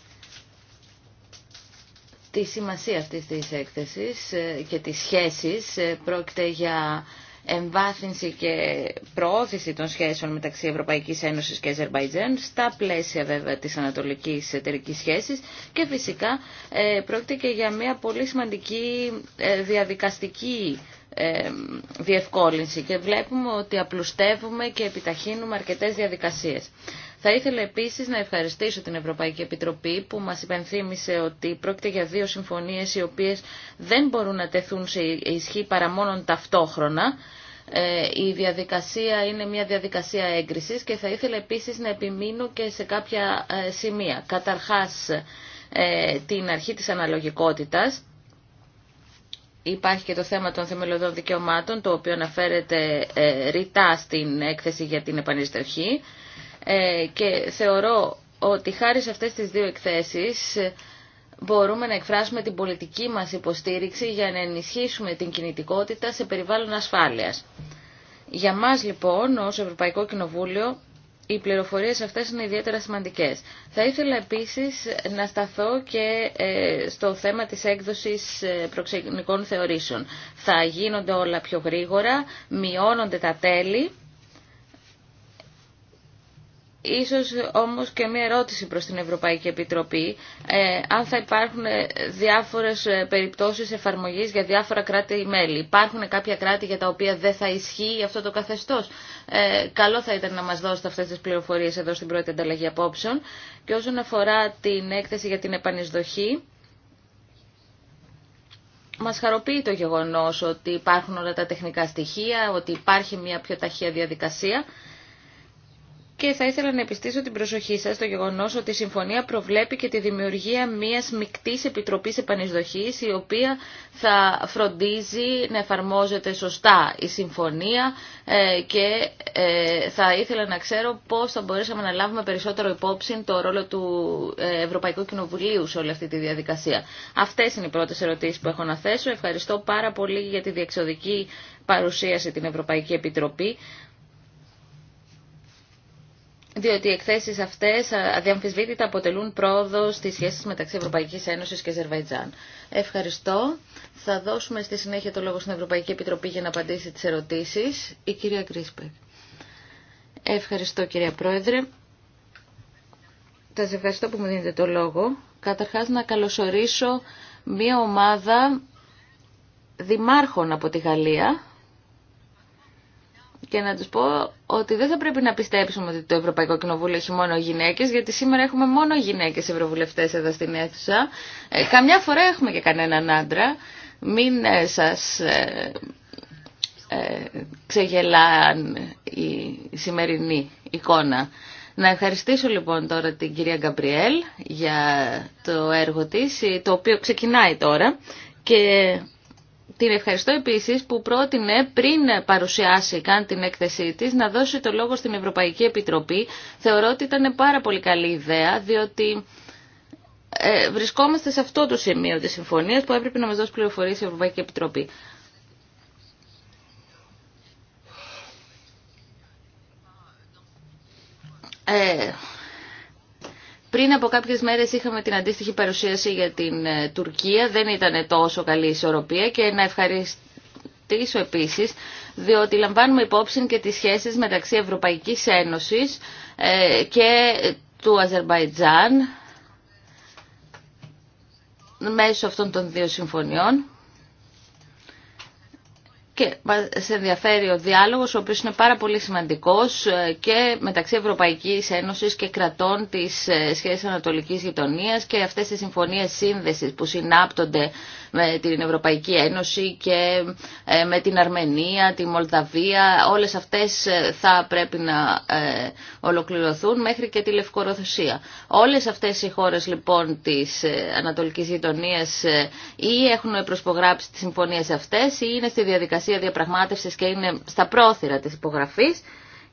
τη σημασία αυτής της έκθεσης ε, και τις σχέσεις. Πρόκειται για εμβάθυνση και προώθηση των σχέσεων μεταξύ Ευρωπαϊκής Ένωσης και Αζερβαϊτζάν στα πλαίσια βέβαια της ανατολικής εταιρικής σχέσης και φυσικά ε, πρόκειται και για μια πολύ σημαντική ε, διαδικαστική ε, διευκόλυνση και βλέπουμε ότι απλουστεύουμε και επιταχύνουμε αρκετές διαδικασίες. Θα ήθελα επίσης να ευχαριστήσω την Ευρωπαϊκή Επιτροπή που μας υπενθύμησε ότι πρόκειται για δύο συμφωνίε οι οποίες δεν μπορούν να τεθούν σε ισχύ παρά μόνο ταυτόχρονα. Ε, η διαδικασία είναι μια διαδικασία έγκρισης και θα ήθελα επίσης να επιμείνω και σε κάποια ε, σημεία. Καταρχάς, ε, την αρχή της αναλογικότητας. Υπάρχει και το θέμα των θεμελιωδών δικαιωμάτων, το οποίο αναφέρεται ρητά στην έκθεση για την επανιστοχή. Ε, και θεωρώ ότι χάρη σε αυτές τις δύο εκθέσεις ε, μπορούμε να εκφράσουμε την πολιτική μας υποστήριξη για να ενισχύσουμε την κινητικότητα σε περιβάλλον ασφάλειας. Για μας λοιπόν ως Ευρωπαϊκό Κοινοβούλιο οι πληροφορίες αυτές είναι ιδιαίτερα σημαντικές. Θα ήθελα επίσης να σταθώ και ε, στο θέμα της έκδοσης προξενικών θεωρήσεων. Θα γίνονται όλα πιο γρήγορα, μειώνονται τα τέλη Ίσως όμως και μια ερώτηση προς την Ευρωπαϊκή Επιτροπή, ε, αν θα υπάρχουν ε, διάφορες ε, περιπτώσεις εφαρμογής για διάφορα κράτη-μέλη. Υπάρχουν κάποια κράτη για τα οποία δεν θα ισχύει αυτό το καθεστώς. Ε, καλό θα ήταν να μας δώσετε αυτές τις πληροφορίες εδώ στην πρώτη ανταλλαγή απόψεων. Και όσον αφορά την έκθεση για την επανεισδοχή, μας χαροποιεί το γεγονός ότι υπάρχουν όλα τα τεχνικά στοιχεία, ότι υπάρχει μια πιο ταχεία διαδικασία και θα ήθελα να επιστήσω την προσοχή σας στο γεγονός ότι η συμφωνία προβλέπει και τη δημιουργία μιας μικτής επιτροπής επανεισδοχής η οποία θα φροντίζει να εφαρμόζεται σωστά η συμφωνία ε, και ε, θα ήθελα να ξέρω πώς θα μπορούσαμε να λάβουμε περισσότερο υπόψη το ρόλο του ε, Ευρωπαϊκού Κοινοβουλίου σε όλη αυτή τη διαδικασία. Αυτές είναι οι πρώτες ερωτήσεις που έχω να θέσω. Ευχαριστώ πάρα πολύ για τη διεξοδική παρουσίαση την Ευρωπαϊκή Επιτροπή διότι οι εκθέσεις αυτές αδιαμφισβήτητα αποτελούν πρόοδο στις σχέσεις μεταξύ Ευρωπαϊκής Ένωσης και Αζερβαϊτζάν. Ευχαριστώ. Θα δώσουμε στη συνέχεια το λόγο στην Ευρωπαϊκή Επιτροπή για να απαντήσει τις ερωτήσεις. Η κυρία Κρίσπερ. Ευχαριστώ κυρία Πρόεδρε. Σας ευχαριστώ που μου δίνετε το λόγο. Καταρχάς να καλωσορίσω μία ομάδα δημάρχων από τη Γαλλία και να τους πω ότι δεν θα πρέπει να πιστέψουμε ότι το Ευρωπαϊκό Κοινοβούλιο έχει μόνο γυναίκες, γιατί σήμερα έχουμε μόνο γυναίκες ευρωβουλευτές εδώ στην αίθουσα. Ε, καμιά φορά έχουμε και κανέναν άντρα. Μην ε, σας ε, ε η σημερινή εικόνα. Να ευχαριστήσω λοιπόν τώρα την κυρία Γκαμπριέλ για το έργο της, το οποίο ξεκινάει τώρα και την ευχαριστώ επίσης που πρότεινε πριν παρουσιάσει καν την έκθεσή της να δώσει το λόγο στην Ευρωπαϊκή Επιτροπή. Θεωρώ ότι ήταν πάρα πολύ καλή ιδέα διότι ε, βρισκόμαστε σε αυτό το σημείο της συμφωνίας που έπρεπε να μας δώσει πληροφορίες η Ευρωπαϊκή Επιτροπή. Ε, πριν από κάποιες μέρες είχαμε την αντίστοιχη παρουσίαση για την ε, Τουρκία. Δεν ήταν τόσο καλή η ισορροπία και να ευχαριστήσω επίσης διότι λαμβάνουμε υπόψη και τις σχέσεις μεταξύ Ευρωπαϊκής Ένωσης ε, και του Αζερβαϊτζάν μέσω αυτών των δύο συμφωνιών. Και μας ενδιαφέρει ο διάλογος, ο οποίος είναι πάρα πολύ σημαντικός ε, και μεταξύ Ευρωπαϊκής Ένωσης και κρατών της ε, σχέσης Ανατολικής Γειτονίας και αυτές τις συμφωνίες σύνδεσης που συνάπτονται με την Ευρωπαϊκή Ένωση και ε, με την Αρμενία, τη Μολδαβία. Όλες αυτές ε, θα πρέπει να ε, ολοκληρωθούν μέχρι και τη Λευκορωθουσία. Όλες αυτές οι χώρες λοιπόν της Ανατολικής Γειτονίας ή έχουν προσπογράψει τις συμφωνίες αυτές ή είναι στη διαδικασία διαπραγμάτευσης και είναι στα πρόθυρα της υπογραφής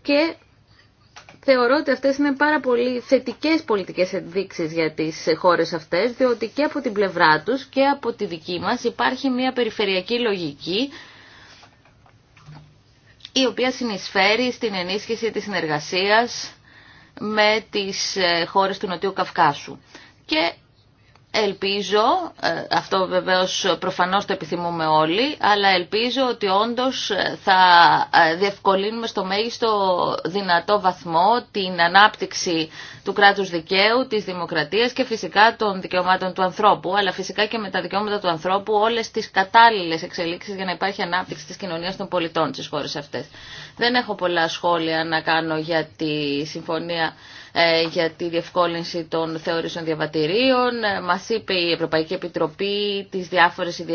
και θεωρώ ότι αυτές είναι πάρα πολύ θετικές πολιτικές ενδείξεις για τις χώρες αυτές, διότι και από την πλευρά τους και από τη δική μας υπάρχει μια περιφερειακή λογική η οποία συνεισφέρει στην ενίσχυση της συνεργασίας με τις ε, χώρες του Νοτιού Καυκάσου. Και Ελπίζω, ε, αυτό βεβαίως προφανώς το επιθυμούμε όλοι, αλλά ελπίζω ότι όντως ε, θα ε, διευκολύνουμε στο μέγιστο δυνατό βαθμό την ανάπτυξη του κράτους δικαίου, της δημοκρατίας και φυσικά των δικαιωμάτων του ανθρώπου, αλλά φυσικά και με τα δικαιώματα του ανθρώπου όλες τις κατάλληλες εξελίξεις για να υπάρχει ανάπτυξη της κοινωνίας των πολιτών στις χώρες αυτές. Δεν έχω πολλά σχόλια να κάνω για τη συμφωνία ε, για τη διευκόλυνση των θεωρήσεων διαβατηρίων. Ε, μας είπε η Ευρωπαϊκή Επιτροπή τις διάφορες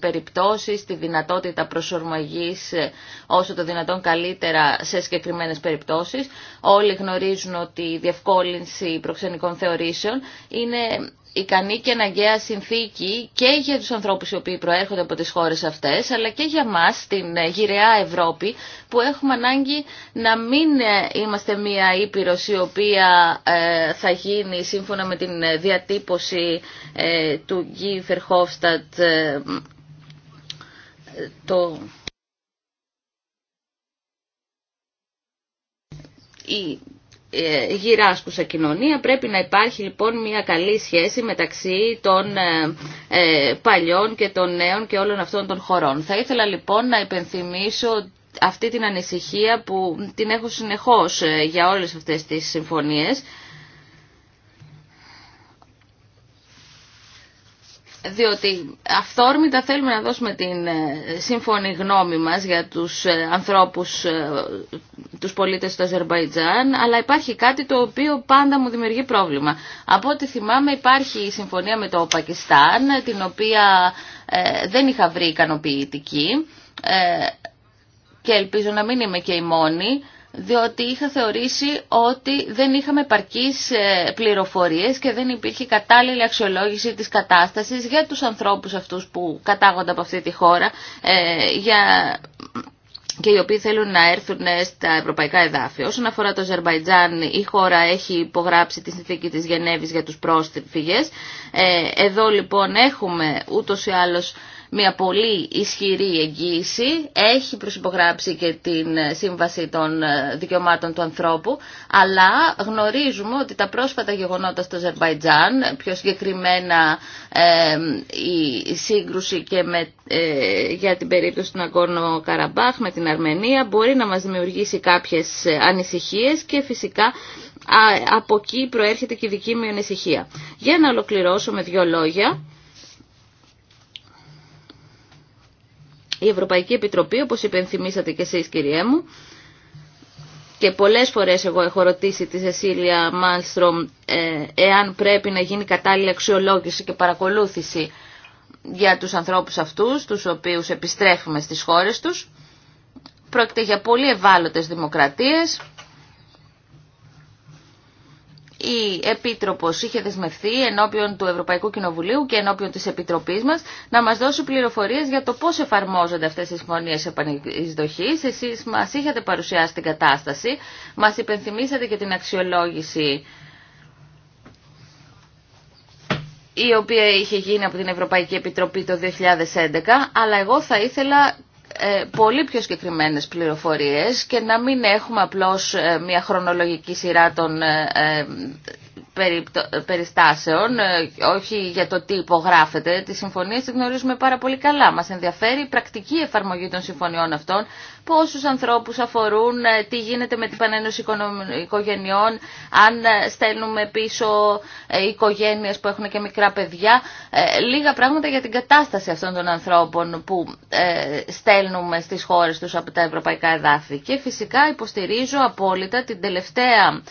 περιπτώσεις, τη δυνατότητα προσορμαγής ε, όσο το δυνατόν καλύτερα σε συγκεκριμένες περιπτώσεις. Όλοι γνωρίζουν ότι η διευκόλυνση προξενικών θεωρήσεων είναι ικανή και αναγκαία συνθήκη και για τους ανθρώπους οι οποίοι προέρχονται από τις χώρες αυτές, αλλά και για μας στην ε, γυραιά Ευρώπη που έχουμε ανάγκη να μην ε, είμαστε μία ήπειρος η οποία ε, θα γίνει σύμφωνα με την διατύπωση του Γκίφερ Φερχόφστατ το... η ε, γυράσκουσα κοινωνία. Πρέπει να υπάρχει λοιπόν μια καλή σχέση μεταξύ των ε, ε, παλιών και των νέων και όλων αυτών των χωρών. Θα ήθελα λοιπόν να υπενθυμίσω αυτή την ανησυχία που την έχω συνεχώς για όλες αυτές τις συμφωνίες διότι αυθόρμητα θέλουμε να δώσουμε την ε, σύμφωνη γνώμη μας για τους ε, ανθρώπους, ε, τους πολίτες του Αζερβαϊτζάν, αλλά υπάρχει κάτι το οποίο πάντα μου δημιουργεί πρόβλημα. Από ό,τι θυμάμαι υπάρχει η συμφωνία με το Πακιστάν, την οποία δεν είχα βρει ικανοποιητική και ελπίζω να μην είμαι και η μόνη διότι είχα θεωρήσει ότι δεν είχαμε παρκείς ε, πληροφορίες και δεν υπήρχε κατάλληλη αξιολόγηση της κατάστασης για τους ανθρώπους αυτούς που κατάγονται από αυτή τη χώρα ε, για... και οι οποίοι θέλουν να έρθουν στα ευρωπαϊκά εδάφη. Όσον αφορά το Αζερβαϊτζάν, η χώρα έχει υπογράψει τη συνθήκη της Γενέβης για τους πρόσφυγες. Ε, εδώ λοιπόν έχουμε ούτως ή άλλως μια πολύ ισχυρή εγγύηση, έχει προσυπογράψει και την Σύμβαση των ε, Δικαιωμάτων του Ανθρώπου, αλλά γνωρίζουμε ότι τα πρόσφατα γεγονότα στο Ζερβαϊτζάν, πιο συγκεκριμένα ε, η σύγκρουση και με, ε, για την περίπτωση του Ναγκόρνο Καραμπάχ με την Αρμενία, μπορεί να μας δημιουργήσει κάποιες ανησυχίες και φυσικά από εκεί προέρχεται και η δική μου ανησυχία. Για να ολοκληρώσω με δύο λόγια, η Ευρωπαϊκή Επιτροπή, όπως υπενθυμίσατε και εσείς κυρία μου, και πολλές φορές εγώ έχω ρωτήσει τη Σεσίλια Μάλστρομ ε, εάν πρέπει να γίνει κατάλληλη αξιολόγηση και παρακολούθηση για τους ανθρώπους αυτούς, τους οποίους επιστρέφουμε στις χώρες τους. Πρόκειται για πολύ ευάλωτες δημοκρατίες η Επίτροπος είχε δεσμευθεί ενώπιον του Ευρωπαϊκού Κοινοβουλίου και ενώπιον της Επιτροπής μας να μας δώσει πληροφορίες για το πώς εφαρμόζονται αυτές οι συμφωνίες επανεισδοχής. Εσείς μας είχατε παρουσιάσει την κατάσταση, μας υπενθυμίσατε και την αξιολόγηση η οποία είχε γίνει από την Ευρωπαϊκή Επιτροπή το 2011, αλλά εγώ θα ήθελα ε, πολύ πιο συγκεκριμένες πληροφορίες και να μην έχουμε απλώς ε, μια χρονολογική σειρά των ε, περιστάσεων, ε, όχι για το τι υπογράφεται. Τις συμφωνίες τις γνωρίζουμε πάρα πολύ καλά. Μας ενδιαφέρει η πρακτική εφαρμογή των συμφωνιών αυτών, πόσους ανθρώπους αφορούν, ε, τι γίνεται με την πανένωση οικογενειών, αν ε, στέλνουμε πίσω οικογένειες που έχουν και μικρά παιδιά. Λίγα πράγματα για την κατάσταση αυτών των ανθρώπων που στέλνουμε στις χώρες τους από τα ευρωπαϊκά εδάφη. Και φυσικά υποστηρίζω απόλυτα την τελευταία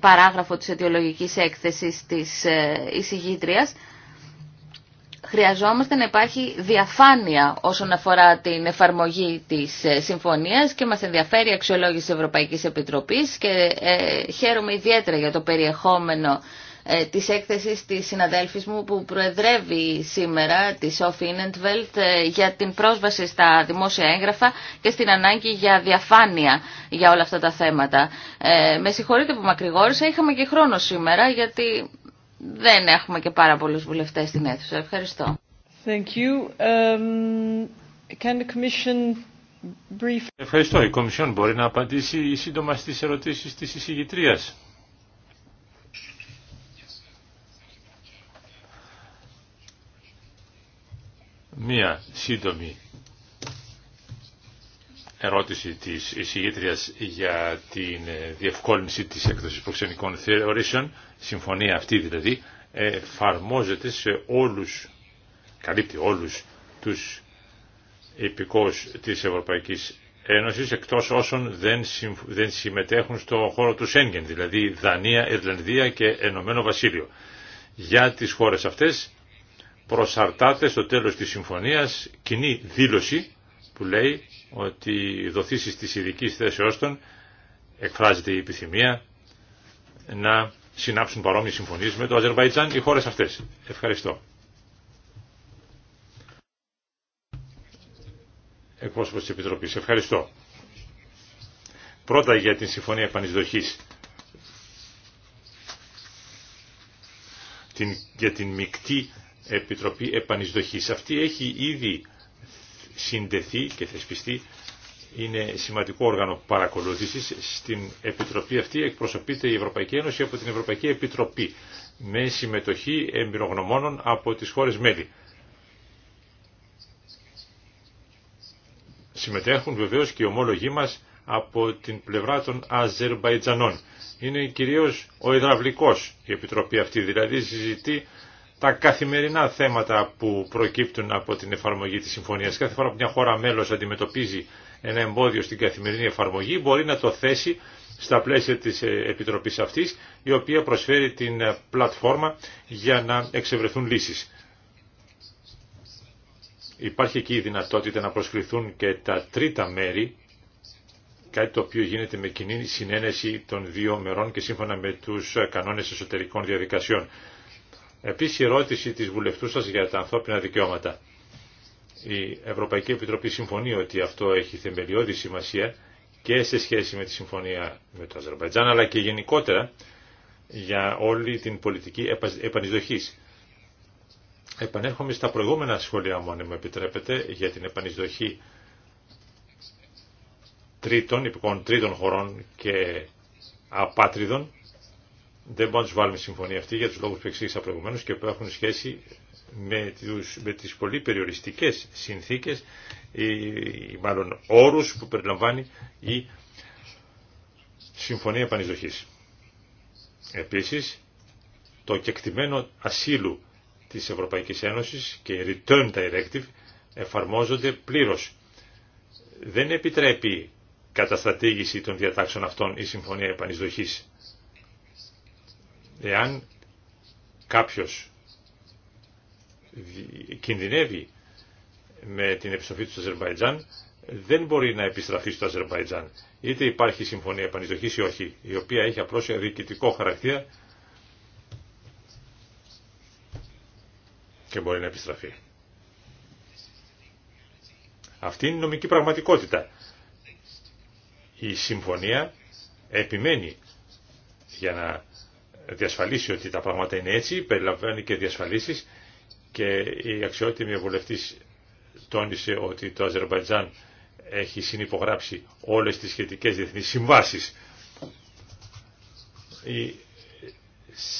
παράγραφο της αιτιολογικής έκθεσης της ε, εισηγήτριας, χρειαζόμαστε να υπάρχει διαφάνεια όσον αφορά την εφαρμογή της ε, συμφωνίας και μας ενδιαφέρει η αξιολόγηση της Ευρωπαϊκής Επιτροπής και ε, χαίρομαι ιδιαίτερα για το περιεχόμενο ε, της έκθεσης της συναδέλφης μου που προεδρεύει σήμερα, τη Σόφι ε, για την πρόσβαση στα δημόσια έγγραφα και στην ανάγκη για διαφάνεια για όλα αυτά τα θέματα. Ε, με συγχωρείτε που μακρηγόρησα, είχαμε και χρόνο σήμερα γιατί δεν έχουμε και πάρα πολλούς βουλευτές στην αίθουσα. Ευχαριστώ. Thank you. Um, can the commission brief... Ευχαριστώ. Η Κομισιόν μπορεί να απαντήσει σύντομα στις ερωτήσεις της εισηγητρίας. Μία σύντομη ερώτηση της εισηγήτριας για την ε, διευκόλυνση της έκδοσης προξενικών θεωρήσεων, συμφωνία αυτή δηλαδή, εφαρμόζεται σε όλους, καλύπτει όλους τους υπηκός της Ευρωπαϊκής Ένωσης, εκτός όσων δεν, δεν συμμετέχουν στο χώρο του Σέγγεν, δηλαδή Δανία, Ιρλανδία και Ενωμένο Βασίλειο. Για τις χώρες αυτές προσαρτάται στο τέλος της συμφωνίας κοινή δήλωση που λέει ότι οι δοθήσεις της ειδική θέσεώς των εκφράζεται η επιθυμία να συνάψουν παρόμοιες συμφωνίες με το Αζερβαϊτζάν οι χώρες αυτές. Ευχαριστώ. Εκπρόσωπος της Επιτροπής. Ευχαριστώ. Πρώτα για την Συμφωνία Επανεισδοχής. Την, για την μεικτή Επιτροπή Επανεισδοχής. Αυτή έχει ήδη συνδεθεί και θεσπιστεί. Είναι σημαντικό όργανο παρακολούθησης. Στην Επιτροπή αυτή εκπροσωπείται η Ευρωπαϊκή Ένωση από την Ευρωπαϊκή Επιτροπή με συμμετοχή εμπειρογνωμόνων από τις χώρες μέλη. Συμμετέχουν βεβαίως και οι ομόλογοι μας από την πλευρά των Αζερμπαϊτζανών. Είναι κυρίως ο υδραυλικός η Επιτροπή αυτή, δηλαδή συζητεί τα καθημερινά θέματα που προκύπτουν από την εφαρμογή της συμφωνίας. Κάθε φορά που μια χώρα μέλος αντιμετωπίζει ένα εμπόδιο στην καθημερινή εφαρμογή μπορεί να το θέσει στα πλαίσια της ε, Επιτροπής αυτής, η οποία προσφέρει την ε, πλατφόρμα για να εξευρεθούν λύσεις. Υπάρχει εκεί η δυνατότητα να προσκληθούν και τα τρίτα μέρη, κάτι το οποίο γίνεται με κοινή συνένεση των δύο μερών και σύμφωνα με τους ε, κανόνες εσωτερικών διαδικασιών. Επίση η ερώτηση της βουλευτού σας για τα ανθρώπινα δικαιώματα. Η Ευρωπαϊκή Επιτροπή συμφωνεί ότι αυτό έχει θεμελιώδη σημασία και σε σχέση με τη συμφωνία με το Αζερβαϊτζάν αλλά και γενικότερα για όλη την πολιτική επανεισδοχής. Επανέρχομαι στα προηγούμενα σχόλια μου, αν με επιτρέπετε, για την επανεισδοχή τρίτων, τρίτων χωρών και απάτριδων δεν μπορούμε να του βάλουμε συμφωνία αυτή για τους λόγους που εξήγησα προηγουμένω και που έχουν σχέση με, με τις πολύ περιοριστικές συνθήκες ή, ή μάλλον όρους που περιλαμβάνει η μαλλον ορους Επανεισδοχής. Επίσης, το κεκτημένο ασύλου της Ευρωπαϊκής Ένωσης και η Return Directive εφαρμόζονται πλήρως. Δεν επιτρέπει καταστατήγηση των διατάξεων αυτών η Συμφωνία Επανεισδοχής Εάν κάποιος κινδυνεύει με την επιστροφή του στο Αζερβαϊτζάν, δεν μπορεί να επιστραφεί στο Αζερβαϊτζάν. Είτε υπάρχει συμφωνία επανεισδοχής ή όχι, η οποία έχει απλώς διοικητικό χαρακτήρα και μπορεί να επιστραφεί. Αυτή είναι η νομική πραγματικότητα. Η συμφωνία επιμένει για να διασφαλίσει ότι τα πράγματα είναι έτσι, περιλαμβάνει και διασφαλίσεις και η αξιότιμη βουλευτής τόνισε ότι το Αζερβαϊτζάν έχει συνυπογράψει όλες τις σχετικές διεθνείς συμβάσεις. Η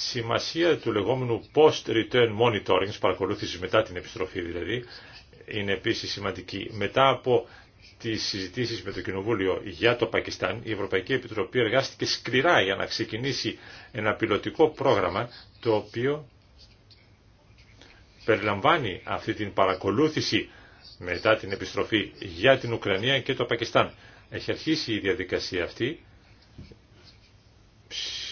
σημασία του λεγόμενου post-return monitoring, παρακολούθηση μετά την επιστροφή δηλαδή, είναι επίσης σημαντική. Μετά από τις συζητήσεις με το Κοινοβούλιο για το Πακιστάν, η Ευρωπαϊκή Επιτροπή εργάστηκε σκληρά για να ξεκινήσει ένα πιλωτικό πρόγραμμα το οποίο περιλαμβάνει αυτή την παρακολούθηση μετά την επιστροφή για την Ουκρανία και το Πακιστάν. Έχει αρχίσει η διαδικασία αυτή.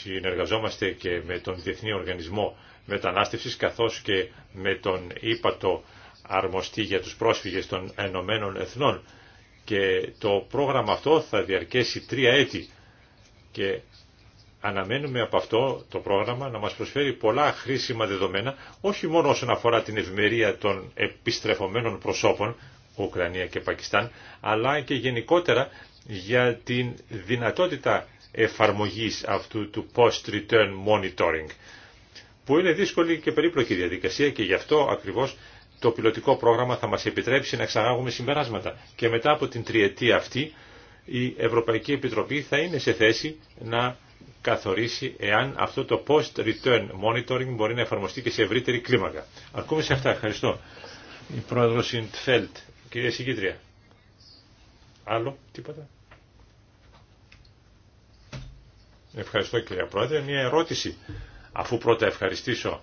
Συνεργαζόμαστε και με τον Διεθνή Οργανισμό Μετανάστευσης καθώς και με τον ύπατο αρμοστή για τους πρόσφυγες των Ενωμένων Εθνών και το πρόγραμμα αυτό θα διαρκέσει τρία έτη και αναμένουμε από αυτό το πρόγραμμα να μας προσφέρει πολλά χρήσιμα δεδομένα όχι μόνο όσον αφορά την ευμερία των επιστρεφωμένων προσώπων Ουκρανία και Πακιστάν αλλά και γενικότερα για την δυνατότητα εφαρμογής αυτού του post-return monitoring που είναι δύσκολη και περίπλοκη διαδικασία και γι' αυτό ακριβώς το πιλωτικό πρόγραμμα θα μας επιτρέψει να εξαγάγουμε συμπεράσματα. Και μετά από την τριετία αυτή η Ευρωπαϊκή Επιτροπή θα είναι σε θέση να καθορίσει εάν αυτό το post-return monitoring μπορεί να εφαρμοστεί και σε ευρύτερη κλίμακα. Αρκούμε σε αυτά. Ευχαριστώ. Η πρόεδρος Ιντφέλτ. Κυρία Συγκίτρια. Άλλο, τίποτα. Ευχαριστώ κυρία Πρόεδρε. Μια ερώτηση. Αφού πρώτα ευχαριστήσω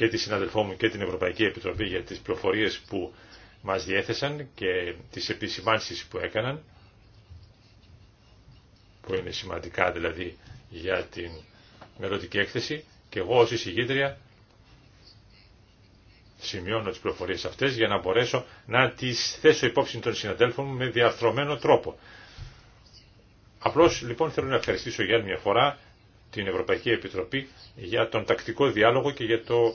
και τη συναδελφό μου και την Ευρωπαϊκή Επιτροπή για τις πληροφορίες που μας διέθεσαν και τις επισημάνσεις που έκαναν, που είναι σημαντικά δηλαδή για την μελλοντική έκθεση και εγώ ως εισηγήτρια σημειώνω τις πληροφορίες αυτές για να μπορέσω να τις θέσω υπόψη των συναδέλφων μου με διαρθρωμένο τρόπο. Απλώς λοιπόν θέλω να ευχαριστήσω για μια φορά την Ευρωπαϊκή Επιτροπή για τον τακτικό διάλογο και για το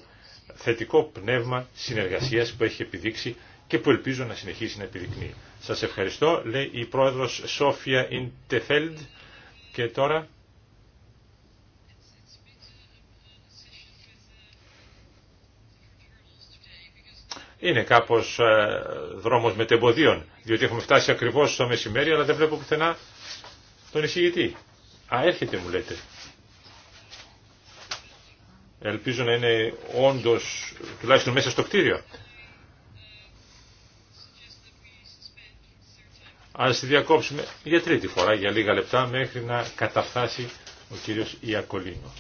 θετικό πνεύμα συνεργασίας που έχει επιδείξει και που ελπίζω να συνεχίσει να επιδεικνύει. Σας ευχαριστώ, λέει η πρόεδρος Σόφια Ιντεφέλντ και τώρα... Είναι κάπως ε, δρόμος μετεμποδίων, διότι έχουμε φτάσει ακριβώς στο μεσημέρι, αλλά δεν βλέπω πουθενά τον εισηγητή. Α, έρχεται μου λέτε. Ελπίζω να είναι όντως τουλάχιστον μέσα στο κτίριο. Ας τη διακόψουμε για τρίτη φορά, για λίγα λεπτά, μέχρι να καταφτάσει ο κύριος Ιακολίνο.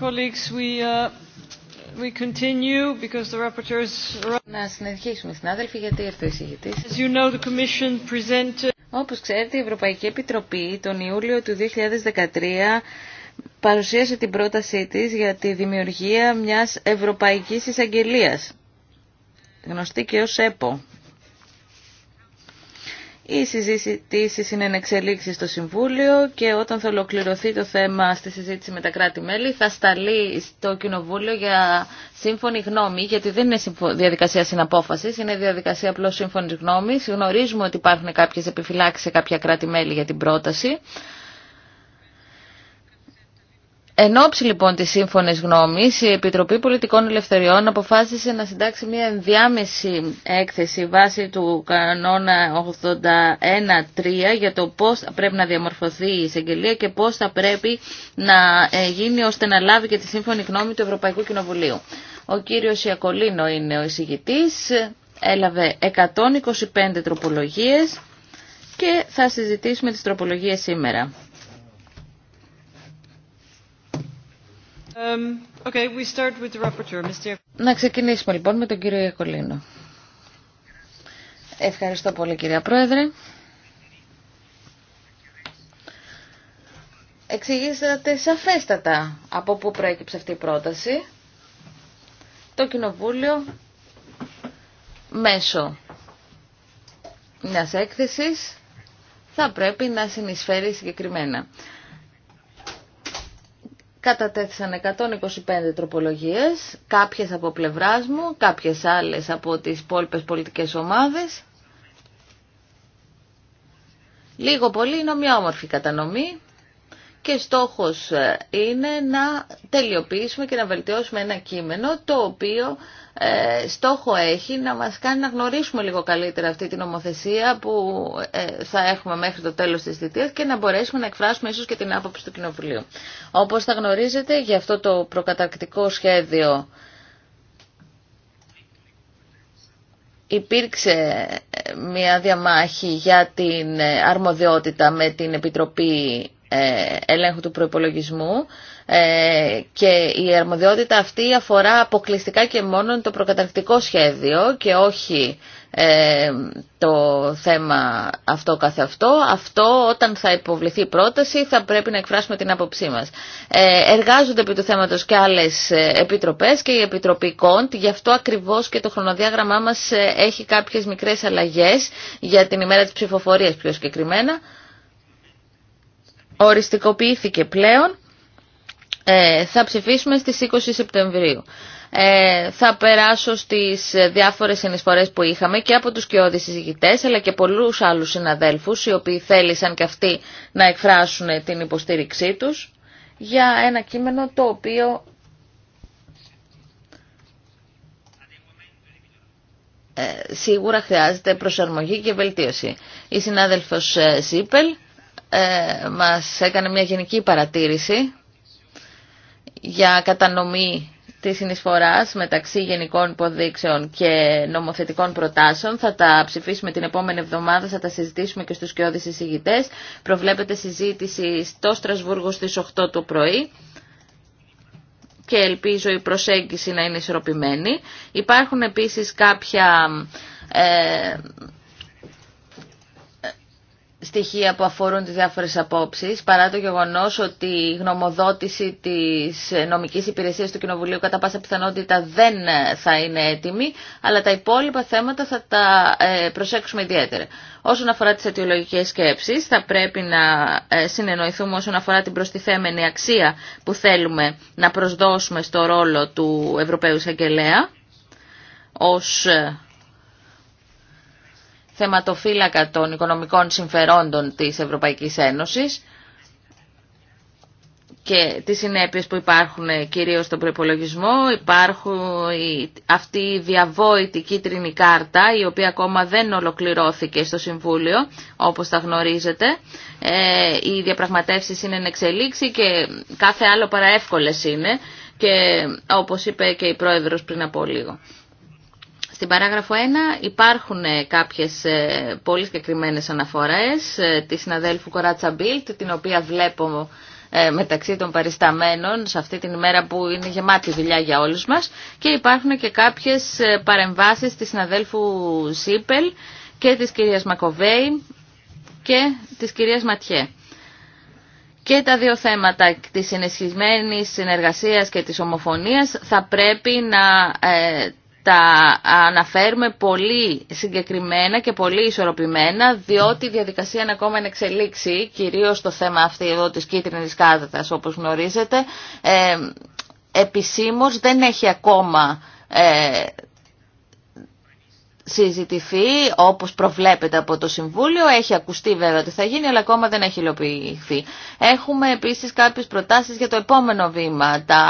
Uh, Να συνεχίσουμε, συνάδελφοι, γιατί ο εισηγητής. εισηγητή. you Όπως ξέρετε, η Ευρωπαϊκή Επιτροπή τον Ιούλιο του 2013 παρουσίασε την πρότασή της για τη δημιουργία μιας Ευρωπαϊκής Εισαγγελίας, γνωστή και ως ΕΠΟ. Οι συζητήσει είναι εξελίξει στο Συμβούλιο και όταν θα ολοκληρωθεί το θέμα στη συζήτηση με τα κράτη-μέλη θα σταλεί στο Κοινοβούλιο για σύμφωνη γνώμη, γιατί δεν είναι διαδικασία συναπόφαση, είναι διαδικασία απλώ σύμφωνη γνώμη. Γνωρίζουμε ότι υπάρχουν κάποιε επιφυλάξει σε κάποια κράτη-μέλη για την πρόταση. Εν ώψη λοιπόν τη σύμφωνης γνώμη, η Επιτροπή Πολιτικών Ελευθεριών αποφάσισε να συντάξει μια ενδιάμεση έκθεση βάσει του κανόνα 81.3 για το πώ πρέπει να διαμορφωθεί η εισαγγελία και πώ θα πρέπει να ε, γίνει ώστε να λάβει και τη σύμφωνη γνώμη του Ευρωπαϊκού Κοινοβουλίου. Ο κύριο Ιακολίνο είναι ο εισηγητής, έλαβε 125 τροπολογίε και θα συζητήσουμε τι τροπολογίε σήμερα. Um, να ξεκινήσουμε λοιπόν με τον κύριο Ιακολίνο. Ευχαριστώ πολύ κυρία Πρόεδρε. Εξηγήσατε σαφέστατα από πού προέκυψε αυτή η πρόταση. Το Κοινοβούλιο μέσω μιας έκθεσης θα πρέπει να συνεισφέρει συγκεκριμένα. Κατατέθησαν 125 τροπολογίες, κάποιες από πλευράς μου, κάποιες άλλες από τις υπόλοιπες πολιτικές ομάδες. Λίγο πολύ είναι μια όμορφη κατανομή και στόχος ε, είναι να τελειοποιήσουμε και να βελτιώσουμε ένα κείμενο το οποίο ε, στόχο έχει να μας κάνει να γνωρίσουμε λίγο καλύτερα αυτή την ομοθεσία που ε, θα έχουμε μέχρι το τέλος της θητείας και να μπορέσουμε να εκφράσουμε ίσως και την άποψη του Κοινοβουλίου. Όπως θα γνωρίζετε για αυτό το προκαταρκτικό σχέδιο υπήρξε μια διαμάχη για την αρμοδιότητα με την Επιτροπή ε, ελέγχου του προϋπολογισμού ε, και η αρμοδιότητα αυτή αφορά αποκλειστικά και μόνο το προκαταρκτικό σχέδιο και όχι ε, το θέμα αυτό καθε αυτό. Αυτό όταν θα υποβληθεί η πρόταση θα πρέπει να εκφράσουμε την άποψή μας. εργάζονται επί του θέματος και άλλες επιτροπές και η Επιτροπή Κοντ, γι' αυτό ακριβώς και το χρονοδιάγραμμά μας έχει κάποιες μικρές αλλαγές για την ημέρα της ψηφοφορίας πιο συγκεκριμένα οριστικοποιήθηκε πλέον. Ε, θα ψηφίσουμε στις 20 Σεπτεμβρίου. Ε, θα περάσω στις διάφορες συνεισφορές που είχαμε και από τους κοιόδης συζητητές αλλά και πολλούς άλλους συναδέλφους οι οποίοι θέλησαν και αυτοί να εκφράσουν την υποστήριξή τους για ένα κείμενο το οποίο ε, σίγουρα χρειάζεται προσαρμογή και βελτίωση. Η συνάδελφος ε, Σίπελ ε, μας έκανε μια γενική παρατήρηση για κατανομή της συνεισφοράς μεταξύ γενικών υποδείξεων και νομοθετικών προτάσεων. Θα τα ψηφίσουμε την επόμενη εβδομάδα, θα τα συζητήσουμε και στους κοιόδης εισηγητές. Προβλέπεται συζήτηση στο Στρασβούργο στις 8 το πρωί και ελπίζω η προσέγγιση να είναι ισορροπημένη. Υπάρχουν επίσης κάποια... Ε, στοιχεία που αφορούν τις διάφορες απόψεις, παρά το γεγονός ότι η γνωμοδότηση της νομικής υπηρεσίας του Κοινοβουλίου κατά πάσα πιθανότητα δεν θα είναι έτοιμη, αλλά τα υπόλοιπα θέματα θα τα ε, προσέξουμε ιδιαίτερα. Όσον αφορά τις αιτιολογικές σκέψεις, θα πρέπει να ε, συνεννοηθούμε όσον αφορά την προστιθέμενη αξία που θέλουμε να προσδώσουμε στο ρόλο του Ευρωπαίου Εισαγγελέα ως ε, θεματοφύλακα των οικονομικών συμφερόντων της Ευρωπαϊκής Ένωσης και τις συνέπειες που υπάρχουν κυρίως στον προπολογισμό. Υπάρχουν αυτή η διαβόητη κίτρινη κάρτα η οποία ακόμα δεν ολοκληρώθηκε στο Συμβούλιο όπως τα γνωρίζετε. Ε, οι διαπραγματεύσεις είναι εν και κάθε άλλο παρά είναι και όπως είπε και η Πρόεδρος πριν από λίγο. Στην παράγραφο 1 υπάρχουν ε, κάποιες ε, πολύ συγκεκριμένε αναφορές ε, της συναδέλφου Κοράτσα Μπίλτ, την οποία βλέπω μεταξύ των παρισταμένων σε αυτή την ημέρα που είναι γεμάτη δουλειά για όλους μας και υπάρχουν και κάποιες παρεμβάσεις της συναδέλφου Σίπελ και της κυρίας Μακοβέη και της κυρίας Ματιέ. Και τα δύο θέματα της ενισχυσμένης συνεργασίας και της ομοφωνίας θα πρέπει να τα αναφέρουμε πολύ συγκεκριμένα και πολύ ισορροπημένα, διότι η διαδικασία είναι ακόμα εν εξελίξη, κυρίως το θέμα αυτή εδώ της κίτρινης κάθετας, όπως γνωρίζετε, ε, επισήμως δεν έχει ακόμα ε, συζητηθεί όπως προβλέπεται από το Συμβούλιο. Έχει ακουστεί βέβαια ότι θα γίνει, αλλά ακόμα δεν έχει υλοποιηθεί. Έχουμε επίσης κάποιες προτάσεις για το επόμενο βήμα. Τα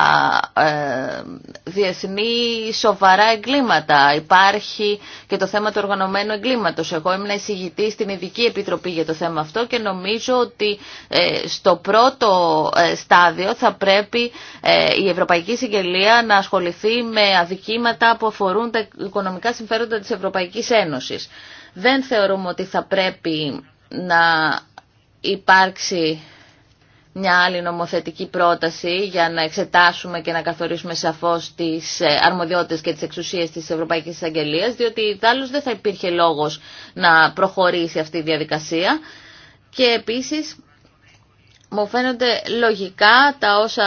ε, διεθνή σοβαρά εγκλήματα. Υπάρχει και το θέμα του οργανωμένου εγκλήματος. Εγώ ήμουν εισηγητή στην Ειδική Επιτροπή για το θέμα αυτό και νομίζω ότι ε, στο πρώτο ε, στάδιο θα πρέπει ε, η Ευρωπαϊκή Συγγελία να ασχοληθεί με αδικήματα που αφορούν τα οικονομικά συμφέροντα της Ευρωπαϊκής Ευρωπαϊκής Ένωσης. Δεν θεωρούμε ότι θα πρέπει να υπάρξει μια άλλη νομοθετική πρόταση για να εξετάσουμε και να καθορίσουμε σαφώς τις ε, αρμοδιότητες και τις εξουσίες της Ευρωπαϊκής Εισαγγελίας, διότι άλλως δεν θα υπήρχε λόγος να προχωρήσει αυτή η διαδικασία. Και επίσης μου φαίνονται λογικά τα όσα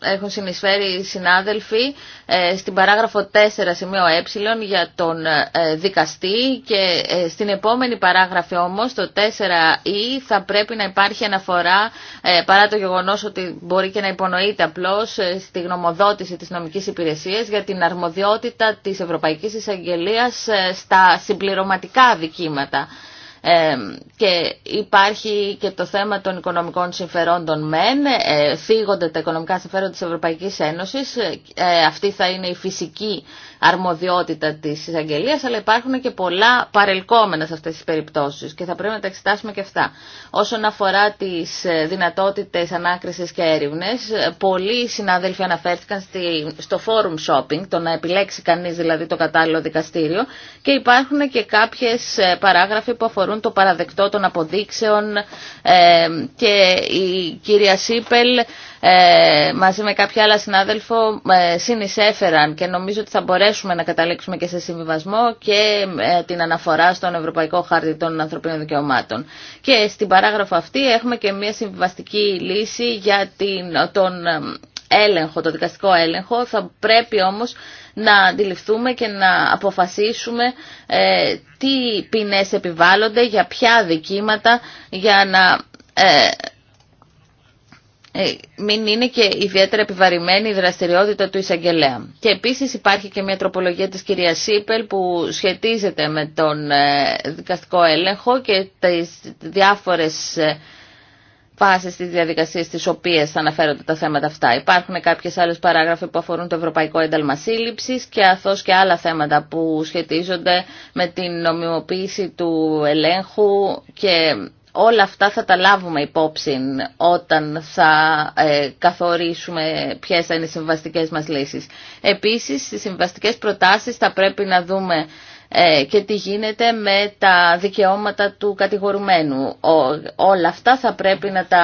έχουν συνεισφέρει οι συνάδελφοι ε, στην παράγραφο 4 σημείο ε για τον ε, δικαστή και ε, στην επόμενη παράγραφη όμως το 4η θα πρέπει να υπάρχει αναφορά παρά το γεγονός ότι μπορεί και να υπονοείται απλώς στη γνωμοδότηση της νομικής υπηρεσίας για την αρμοδιότητα της Ευρωπαϊκής Εισαγγελίας στα συμπληρωματικά δικήματα και υπάρχει και το θέμα των οικονομικών συμφερόντων μεν, ε, θίγονται τα οικονομικά συμφέροντα της Ευρωπαϊκής Ένωσης, ε, ε, αυτή θα είναι η φυσική αρμοδιότητα της εισαγγελία, αλλά υπάρχουν και πολλά παρελκόμενα σε αυτές τις περιπτώσεις και θα πρέπει να τα εξετάσουμε και αυτά. Όσον αφορά τις ε, δυνατότητες ανάκρισης και έρευνες, πολλοί συνάδελφοι αναφέρθηκαν στο forum shopping, το να επιλέξει κανείς δηλαδή το κατάλληλο δικαστήριο και υπάρχουν και κάποιες παράγραφοι που αφορούν θεωρούν το παραδεκτό των αποδείξεων ε, και η κυρία Σίπελ ε, μαζί με κάποια άλλα συνάδελφο ε, συνεισέφεραν και νομίζω ότι θα μπορέσουμε να καταλήξουμε και σε συμβιβασμό και ε, την αναφορά στον Ευρωπαϊκό Χάρτη των Ανθρωπίνων Δικαιωμάτων. Και στην παράγραφο αυτή έχουμε και μια συμβιβαστική λύση για την, τον ε, έλεγχο, το δικαστικό έλεγχο. Θα πρέπει όμως να αντιληφθούμε και να αποφασίσουμε ε, τι ποινές επιβάλλονται, για ποια δικήματα, για να ε, ε, μην είναι και ιδιαίτερα επιβαρημένη η δραστηριότητα του εισαγγελέα. Και επίσης υπάρχει και μια τροπολογία της κυρία Σίπελ που σχετίζεται με τον ε, δικαστικό έλεγχο και τις διάφορες φάσεις της διαδικασίας στις οποίες αναφέρονται τα θέματα αυτά. Υπάρχουν κάποιες άλλες παράγραφοι που αφορούν το Ευρωπαϊκό Ένταλμα σύλληψη και αθώς και άλλα θέματα που σχετίζονται με την νομιμοποίηση του ελέγχου και όλα αυτά θα τα λάβουμε υπόψη όταν θα ε, καθορίσουμε ποιες θα είναι οι συμβαστικές μας λύσεις. Επίσης, στις συμβαστικές προτάσεις θα πρέπει να δούμε ε, και τι γίνεται με τα δικαιώματα του κατηγορουμένου. Όλα αυτά θα πρέπει να τα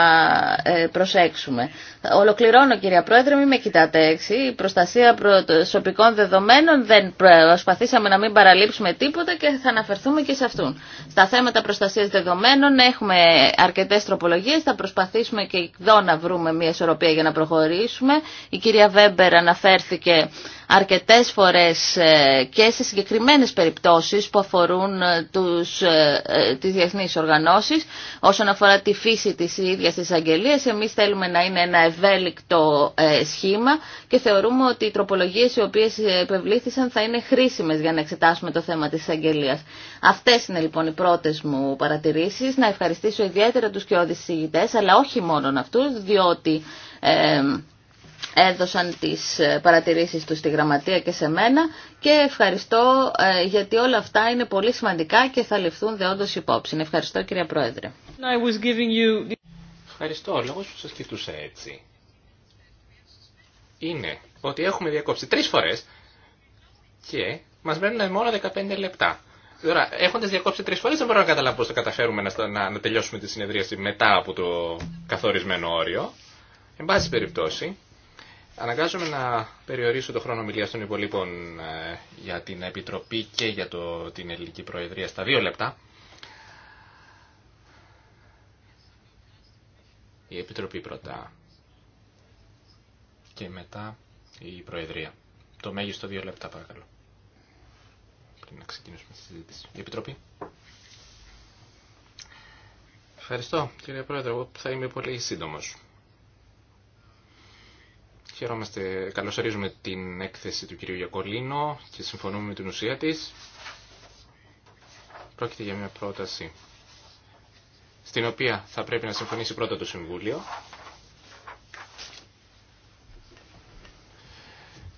ε, προσέξουμε. Ολοκληρώνω κυρία Πρόεδρε, μην με κοιτάτε έξι. Η προστασία προσωπικών δεδομένων δεν προσπαθήσαμε να μην παραλείψουμε τίποτα και θα αναφερθούμε και σε αυτούν. Στα θέματα προστασίας δεδομένων έχουμε αρκετές τροπολογίες, θα προσπαθήσουμε και εδώ να βρούμε μια ισορροπία για να προχωρήσουμε. Η κυρία Βέμπερ αναφέρθηκε αρκετές φορές ε, και σε συγκεκριμένες περιπτώσεις που αφορούν ε, τους, ε, τις διεθνείς οργανώσεις. Όσον αφορά τη φύση της ίδιας της αγγελίας, εμείς θέλουμε να είναι ένα ευέλικτο σχήμα και θεωρούμε ότι οι τροπολογίες οι οποίες επευλήθησαν θα είναι χρήσιμες για να εξετάσουμε το θέμα της αγγελίας. Αυτές είναι λοιπόν οι πρώτες μου παρατηρήσεις. Να ευχαριστήσω ιδιαίτερα τους και οδησυγητές, αλλά όχι μόνον αυτούς, διότι έδωσαν τις ε, παρατηρήσεις τους στη γραμματεία και σε μένα και ευχαριστώ ε, γιατί όλα αυτά είναι πολύ σημαντικά και θα ληφθούν δεόντως υπόψη. Ευχαριστώ κυρία Πρόεδρε. you... Ευχαριστώ, λόγος που σας κοιτούσα έτσι. Είναι ότι έχουμε διακόψει τρεις φορές και μας μένουν μόνο 15 λεπτά. Τώρα, έχοντας διακόψει τρεις φορές δεν μπορώ να καταλάβω πώς θα καταφέρουμε να, να, τελειώσουμε τη συνεδρίαση μετά από το καθορισμένο όριο. Εν πάση περιπτώσει, Αναγκάζομαι να περιορίσω το χρόνο ομιλία των υπολείπων ε, για την Επιτροπή και για το, την Ελληνική Προεδρία στα δύο λεπτά. Η Επιτροπή πρώτα και μετά η Προεδρία. Το μέγιστο δύο λεπτά παρακαλώ. Πριν να ξεκινήσουμε τη συζήτηση. Η Επιτροπή. Ευχαριστώ κύριε Πρόεδρε. Εγώ θα είμαι πολύ σύντομος. Χαιρόμαστε, καλωσορίζουμε την έκθεση του κυρίου Γιακολίνο και συμφωνούμε με την ουσία της. Πρόκειται για μια πρόταση στην οποία θα πρέπει να συμφωνήσει πρώτα το Συμβούλιο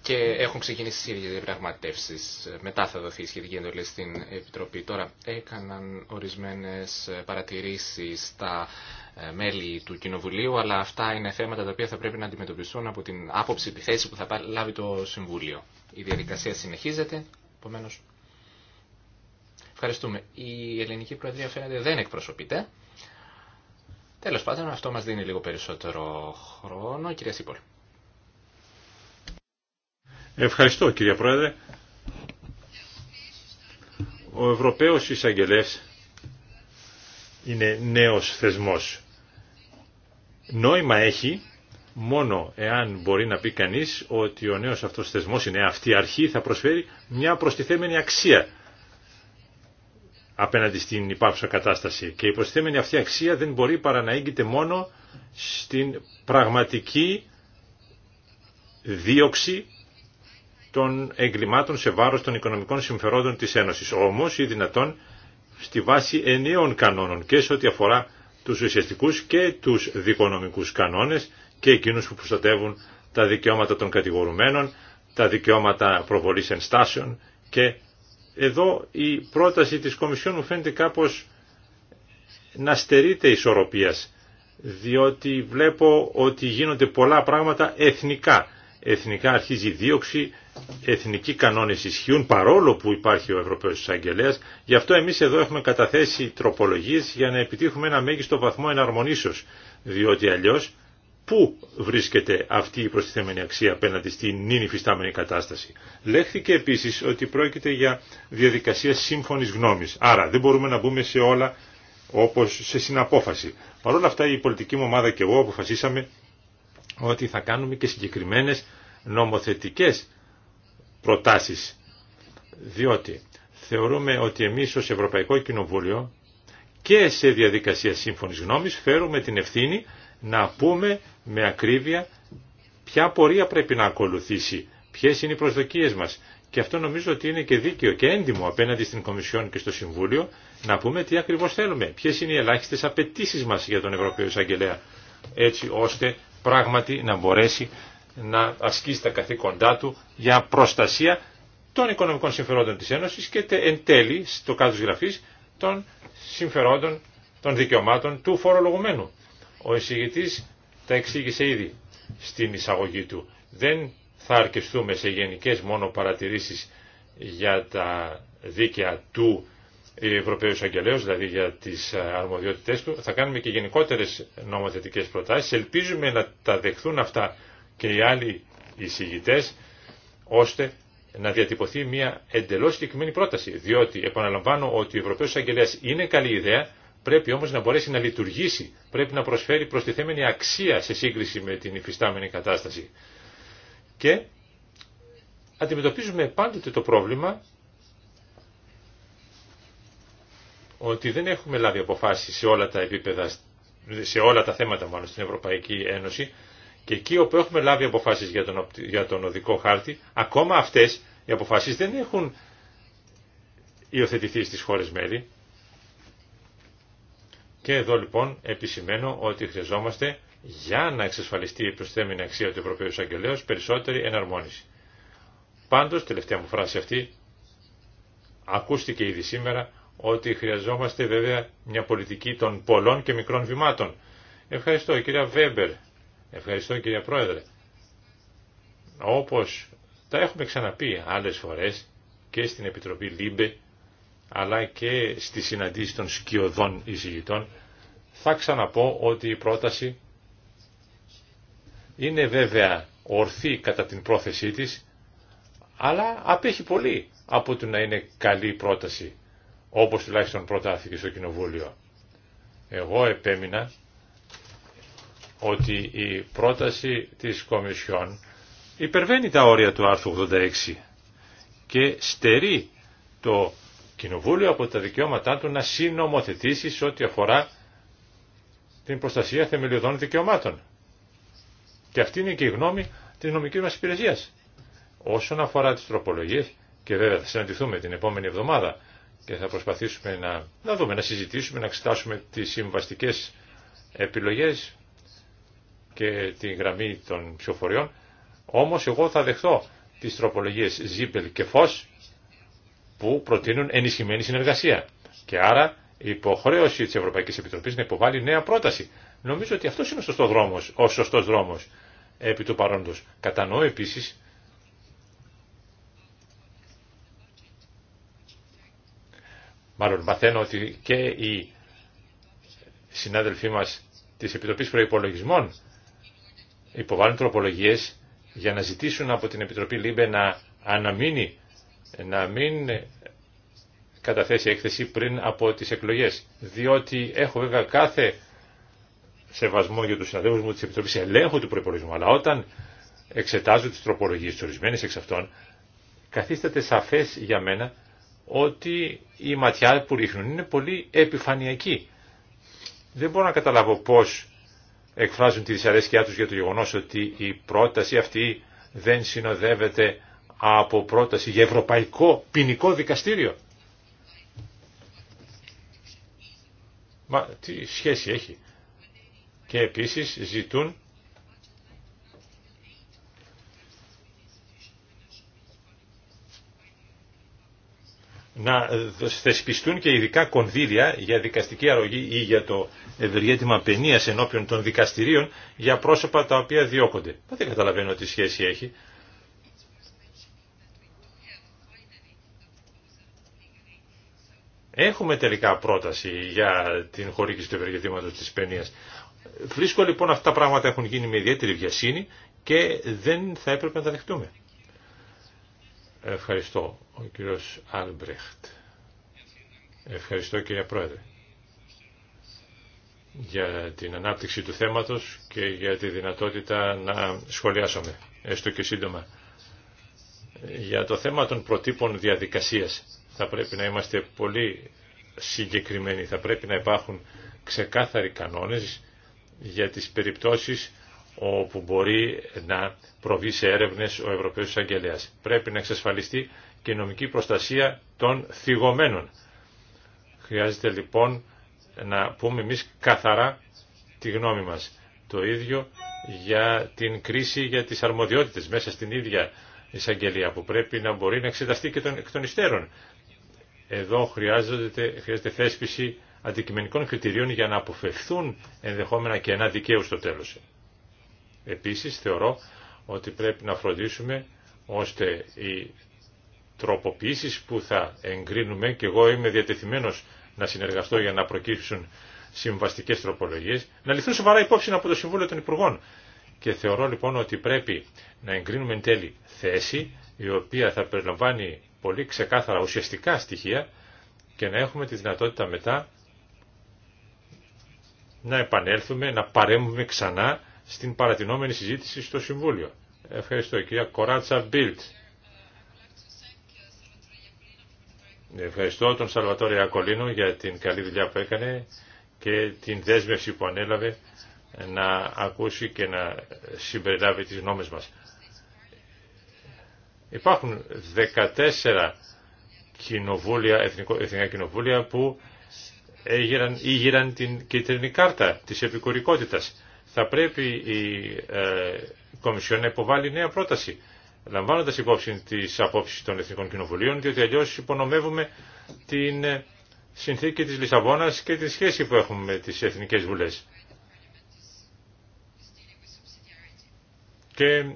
και έχουν ξεκινήσει οι διαπραγματεύσει. Μετά θα δοθεί η σχετική εντολή στην Επιτροπή. Τώρα έκαναν ορισμένε παρατηρήσει στα ε, μέλη του Κοινοβουλίου, αλλά αυτά είναι θέματα τα οποία θα πρέπει να αντιμετωπιστούν από την άποψη, τη θέση που θα λάβει το Συμβούλιο. Η διαδικασία συνεχίζεται, επομένω. Ευχαριστούμε. Η Ελληνική Προεδρία φαίνεται δεν εκπροσωπείται. Τέλο πάντων, αυτό μα δίνει λίγο περισσότερο χρόνο. Κυρία Σίπολ. Ευχαριστώ κύριε Πρόεδρε. Ο Ευρωπαίος Εισαγγελέας είναι νέος θεσμός. Νόημα έχει μόνο εάν μπορεί να πει κανείς ότι ο νέος αυτός θεσμός είναι αυτή η αρχή θα προσφέρει μια προστιθέμενη αξία απέναντι στην υπάρχουσα κατάσταση. Και η προστιθέμενη αυτή αξία δεν μπορεί παρά να έγκυται μόνο στην πραγματική δίωξη των εγκλημάτων σε βάρος των οικονομικών συμφερόντων της Ένωσης. Όμως ή δυνατόν στη βάση ενιαίων κανόνων και σε ό,τι αφορά τους ουσιαστικούς και τους δικονομικούς κανόνες και εκείνους που προστατεύουν τα δικαιώματα των κατηγορουμένων, τα δικαιώματα προβολής ενστάσεων και εδώ η πρόταση της Κομισιόν μου φαίνεται κάπως να στερείται ισορροπίας διότι βλέπω ότι γίνονται πολλά πράγματα εθνικά. Εθνικά αρχίζει η δίωξη, εθνικοί κανόνες ισχύουν παρόλο που υπάρχει ο Ευρωπαίος Εισαγγελέας. Γι' αυτό εμείς εδώ έχουμε καταθέσει τροπολογίες για να επιτύχουμε ένα μέγιστο βαθμό εναρμονίσεως. Διότι αλλιώς πού βρίσκεται αυτή η προστιθέμενη αξία απέναντι στην νυν υφιστάμενη κατάσταση. Λέχθηκε επίσης ότι πρόκειται για διαδικασία σύμφωνης γνώμης. Άρα δεν μπορούμε να μπούμε σε όλα όπως σε συναπόφαση. Παρ' όλα αυτά η πολιτική μου ομάδα και εγώ αποφασίσαμε ότι θα κάνουμε και συγκεκριμένες νομοθετικές προτάσεις. Διότι θεωρούμε ότι εμείς ως Ευρωπαϊκό Κοινοβούλιο και σε διαδικασία σύμφωνης γνώμης φέρουμε την ευθύνη να πούμε με ακρίβεια ποια πορεία πρέπει να ακολουθήσει, ποιες είναι οι προσδοκίες μας. Και αυτό νομίζω ότι είναι και δίκαιο και έντιμο απέναντι στην Κομισιόν και στο Συμβούλιο να πούμε τι ακριβώς θέλουμε, ποιες είναι οι ελάχιστες απαιτήσει μας για τον Ευρωπαίο Εισαγγελέα, έτσι ώστε πράγματι να μπορέσει να ασκήσει τα καθήκοντά του για προστασία των οικονομικών συμφερόντων της Ένωσης και εν τέλει, στο κάτω γραφής, των συμφερόντων των δικαιωμάτων του φορολογουμένου. Ο εισηγητής τα εξήγησε ήδη στην εισαγωγή του. Δεν θα αρκεστούμε σε γενικές μόνο παρατηρήσεις για τα δίκαια του Ευρωπαίου Αγγελέου, δηλαδή για τις ε, αρμοδιότητές του. Θα κάνουμε και γενικότερες νομοθετικές προτάσεις. Ελπίζουμε να τα δεχθούν αυτά και οι άλλοι εισηγητέ, ώστε να διατυπωθεί μια εντελώς συγκεκριμένη πρόταση. Διότι επαναλαμβάνω ότι ο Ευρωπαίο Αγγελέας είναι καλή ιδέα, πρέπει όμως να μπορέσει να λειτουργήσει, πρέπει να προσφέρει προστιθέμενη αξία σε σύγκριση με την υφιστάμενη κατάσταση. Και αντιμετωπίζουμε πάντοτε το πρόβλημα ότι δεν έχουμε λάβει αποφάσεις σε όλα τα επίπεδα, σε όλα τα θέματα μάλλον στην Ευρωπαϊκή Ένωση, και εκεί όπου έχουμε λάβει αποφάσεις για τον, για τον οδικό χάρτη, ακόμα αυτές οι αποφάσεις δεν έχουν υιοθετηθεί στις χώρες μέλη. Και εδώ λοιπόν επισημαίνω ότι χρειαζόμαστε για να εξασφαλιστεί η προσθέμενη αξία του Ευρωπαίου Εισαγγελέως περισσότερη εναρμόνιση. Πάντως, τελευταία μου φράση αυτή, ακούστηκε ήδη σήμερα ότι χρειαζόμαστε βέβαια μια πολιτική των πολλών και μικρών βημάτων. Ευχαριστώ κυρία Βέμπερ. Ευχαριστώ κύριε Πρόεδρε. Όπως τα έχουμε ξαναπεί άλλες φορές και στην Επιτροπή ΛΥΜΠΕ αλλά και στη συναντήση των σκιωδών εισηγητών θα ξαναπώ ότι η πρόταση είναι βέβαια ορθή κατά την πρόθεσή της αλλά απέχει πολύ από το να είναι καλή πρόταση όπως τουλάχιστον προτάθηκε στο Κοινοβούλιο. Εγώ επέμεινα ότι η πρόταση της Κομισιόν υπερβαίνει τα όρια του άρθρου 86 και στερεί το Κοινοβούλιο από τα δικαιώματά του να συνομοθετήσει σε ό,τι αφορά την προστασία θεμελιωδών δικαιωμάτων. Και αυτή είναι και η γνώμη της νομικής μας υπηρεσίας. Όσον αφορά τις τροπολογίες, και βέβαια θα συναντηθούμε την επόμενη εβδομάδα και θα προσπαθήσουμε να, να δούμε, να συζητήσουμε, να εξετάσουμε τις συμβαστικές επιλογές και τη γραμμή των ψηφοφοριών. Όμως εγώ θα δεχθώ τις τροπολογίες Ζίπελ και Φως που προτείνουν ενισχυμένη συνεργασία. Και άρα η υποχρέωση της Ευρωπαϊκής Επιτροπής να υποβάλει νέα πρόταση. Νομίζω ότι αυτός είναι ο σωστός δρόμος, ο σωστός δρόμος επί του παρόντος. Κατανοώ επίσης μάλλον μαθαίνω ότι και οι συνάδελφοί μας της Επιτροπής Προϋπολογισμών Υποβάλλουν τροπολογίες για να ζητήσουν από την Επιτροπή ΛΥΜΠΕ να αναμείνει, να μην καταθέσει έκθεση πριν από τις εκλογές. Διότι έχω βέβαια κάθε σεβασμό για τους συναδέλφους μου της Επιτροπής Ελέγχου του Προϋπολογισμού, αλλά όταν εξετάζω τις τροπολογίες, τις ορισμένες εξ αυτών, καθίσταται σαφές για μένα ότι η ματιά που ρίχνουν είναι πολύ επιφανειακή. Δεν μπορώ να καταλάβω πώς εκφράζουν τη δυσαρέσκειά τους για το γεγονός ότι η πρόταση αυτή δεν συνοδεύεται από πρόταση για ευρωπαϊκό ποινικό δικαστήριο. Μα τι σχέση έχει. Και επίσης ζητούν να ε, θεσπιστούν και ειδικά κονδύλια για δικαστική αρρωγή ή για το ευεργέτημα παινίας ενώπιον των δικαστηρίων για πρόσωπα τα οποία διώκονται. Δεν καταλαβαίνω τι σχέση έχει. Έχουμε τελικά πρόταση για την χορήγηση του ευεργετήματος της παινίας. Βρίσκω λοιπόν αυτά τα πράγματα έχουν γίνει με ιδιαίτερη βιασύνη και δεν θα έπρεπε να τα δεχτούμε. Ευχαριστώ, ο κύριος Άλμπρεχτ. Ευχαριστώ, κύριε Πρόεδρε, για την ανάπτυξη του θέματος και για τη δυνατότητα να σχολιάσουμε, έστω και σύντομα. Για το θέμα των προτύπων διαδικασίας θα πρέπει να είμαστε πολύ συγκεκριμένοι. Θα πρέπει να υπάρχουν ξεκάθαροι κανόνες για τις περιπτώσεις όπου μπορεί να προβεί σε έρευνες ο Ευρωπαίος Εισαγγελέας. Πρέπει να εξασφαλιστεί και η νομική προστασία των θυγωμένων. Χρειάζεται λοιπόν να πούμε εμείς καθαρά τη γνώμη μας. Το ίδιο για την κρίση για τις αρμοδιότητες μέσα στην ίδια εισαγγελία που πρέπει να μπορεί να εξεταστεί και των, εκ των υστέρων. Εδώ χρειάζεται, χρειάζεται θέσπιση αντικειμενικών κριτηρίων για να αποφευθούν ενδεχόμενα και ένα δικαίου στο τέλος. Επίσης θεωρώ ότι πρέπει να φροντίσουμε ώστε οι τροποποιήσεις που θα εγκρίνουμε και εγώ είμαι διατεθειμένος να συνεργαστώ για να προκύψουν συμβαστικές τροπολογίες να ληφθούν σοβαρά υπόψη από το Συμβούλιο των Υπουργών. Και θεωρώ λοιπόν ότι πρέπει να εγκρίνουμε εν τέλει θέση η οποία θα περιλαμβάνει πολύ ξεκάθαρα ουσιαστικά στοιχεία και να έχουμε τη δυνατότητα μετά να επανέλθουμε, να παρέμβουμε ξανά στην παρατηνόμενη συζήτηση στο Συμβούλιο. Ευχαριστώ. Κυρία Κοράτσα Μπίλτ. Ευχαριστώ τον Σαλβατόρη Ακολίνο για την καλή δουλειά που έκανε και την δέσμευση που ανέλαβε να ακούσει και να συμπεριλάβει τις γνώμες μας. Υπάρχουν 14 κοινοβούλια, εθνικό, εθνικά κοινοβούλια που ήγηραν την κίτρινη κάρτα της επικουρικότητας θα πρέπει η ε, Κομισιόν να υποβάλει νέα πρόταση, λαμβάνοντας υπόψη τις απόψεις των Εθνικών Κοινοβουλίων, διότι αλλιώς υπονομεύουμε την ε, συνθήκη της Λισαβόνας και τη σχέση που έχουμε με τις Εθνικές Βουλές. Και ε,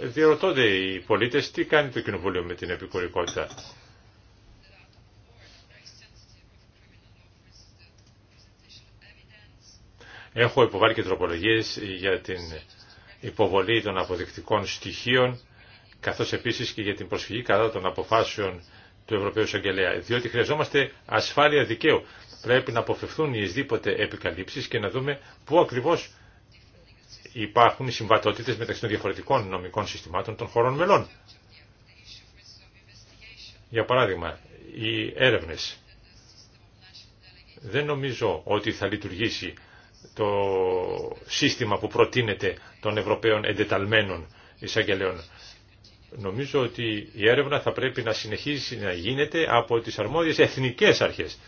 διερωτώνται οι πολίτες τι κάνει το Κοινοβούλιο με την επικουρικότητα. Έχω υποβάλει και τροπολογίες για την υποβολή των αποδεικτικών στοιχείων, καθώς επίσης και για την προσφυγή κατά των αποφάσεων του Ευρωπαίου Εισαγγελέα. Διότι χρειαζόμαστε ασφάλεια δικαίου. Πρέπει να αποφευθούν οι εισδήποτε επικαλύψεις και να δούμε πού ακριβώς υπάρχουν οι συμβατότητες μεταξύ των διαφορετικών νομικών συστημάτων των χωρών μελών. Για παράδειγμα, οι έρευνες. Δεν νομίζω ότι θα λειτουργήσει το σύστημα που προτείνεται των Ευρωπαίων εντεταλμένων εισαγγελέων. Νομίζω ότι η έρευνα θα πρέπει να συνεχίσει να γίνεται από τις αρμόδιες εθνικές αρχές.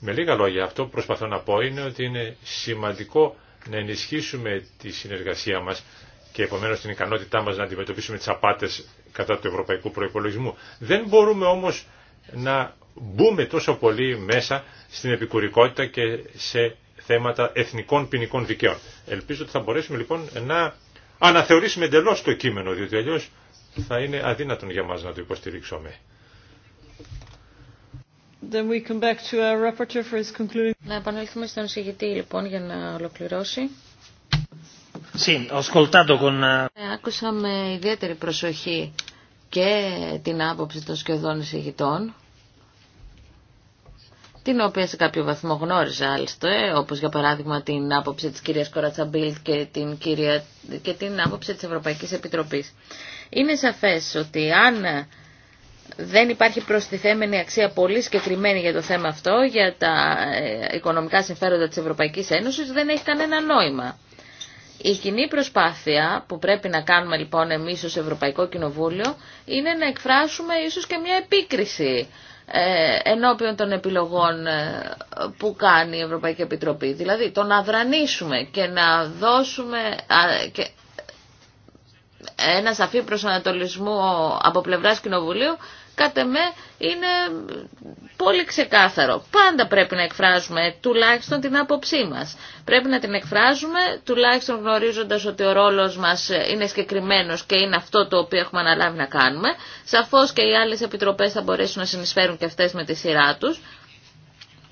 Με λίγα λόγια, αυτό που προσπαθώ να πω είναι ότι είναι σημαντικό να ενισχύσουμε τη συνεργασία μας και επομένως την ικανότητά μας να αντιμετωπίσουμε τις απάτες κατά του ευρωπαϊκού προϋπολογισμού. Δεν μπορούμε όμως να μπούμε τόσο πολύ μέσα στην επικουρικότητα και σε θέματα εθνικών ποινικών δικαίων. Ελπίζω ότι θα μπορέσουμε λοιπόν να αναθεωρήσουμε εντελώ το κείμενο, διότι αλλιώ θα είναι αδύνατον για μας να το υποστηρίξουμε. Then we come back to our for his concluding. Να επανέλθουμε στον συγητή λοιπόν για να ολοκληρώσει. Sì, ε, ε, Άκουσα με ιδιαίτερη προσοχή και την άποψη των σχεδόν εισηγητών την οποία σε κάποιο βαθμό γνώριζα άλλωστε, όπως για παράδειγμα την άποψη της κυρίας Κορατσαμπίλτ και την, κυρία, και την άποψη της Ευρωπαϊκής Επιτροπής. Είναι σαφές ότι αν δεν υπάρχει προστιθέμενη αξία πολύ συγκεκριμένη για το θέμα αυτό, για τα ε, οικονομικά συμφέροντα της Ευρωπαϊκής Ένωσης, δεν έχει κανένα νόημα. Η κοινή προσπάθεια που πρέπει να κάνουμε λοιπόν εμείς ως Ευρωπαϊκό Κοινοβούλιο είναι να εκφράσουμε ίσως και μια επίκριση ε, ενώπιον των επιλογών ε, που κάνει η Ευρωπαϊκή Επιτροπή. Δηλαδή το να δρανίσουμε και να δώσουμε ένα σαφή προσανατολισμό από πλευράς Κοινοβουλίου κατά με είναι πολύ ξεκάθαρο. Πάντα πρέπει να εκφράζουμε τουλάχιστον την άποψή μας. Πρέπει να την εκφράζουμε τουλάχιστον γνωρίζοντας ότι ο ρόλος μας είναι συγκεκριμένο και είναι αυτό το οποίο έχουμε αναλάβει να κάνουμε. Σαφώς και οι άλλες επιτροπές θα μπορέσουν να συνεισφέρουν και αυτές με τη σειρά τους.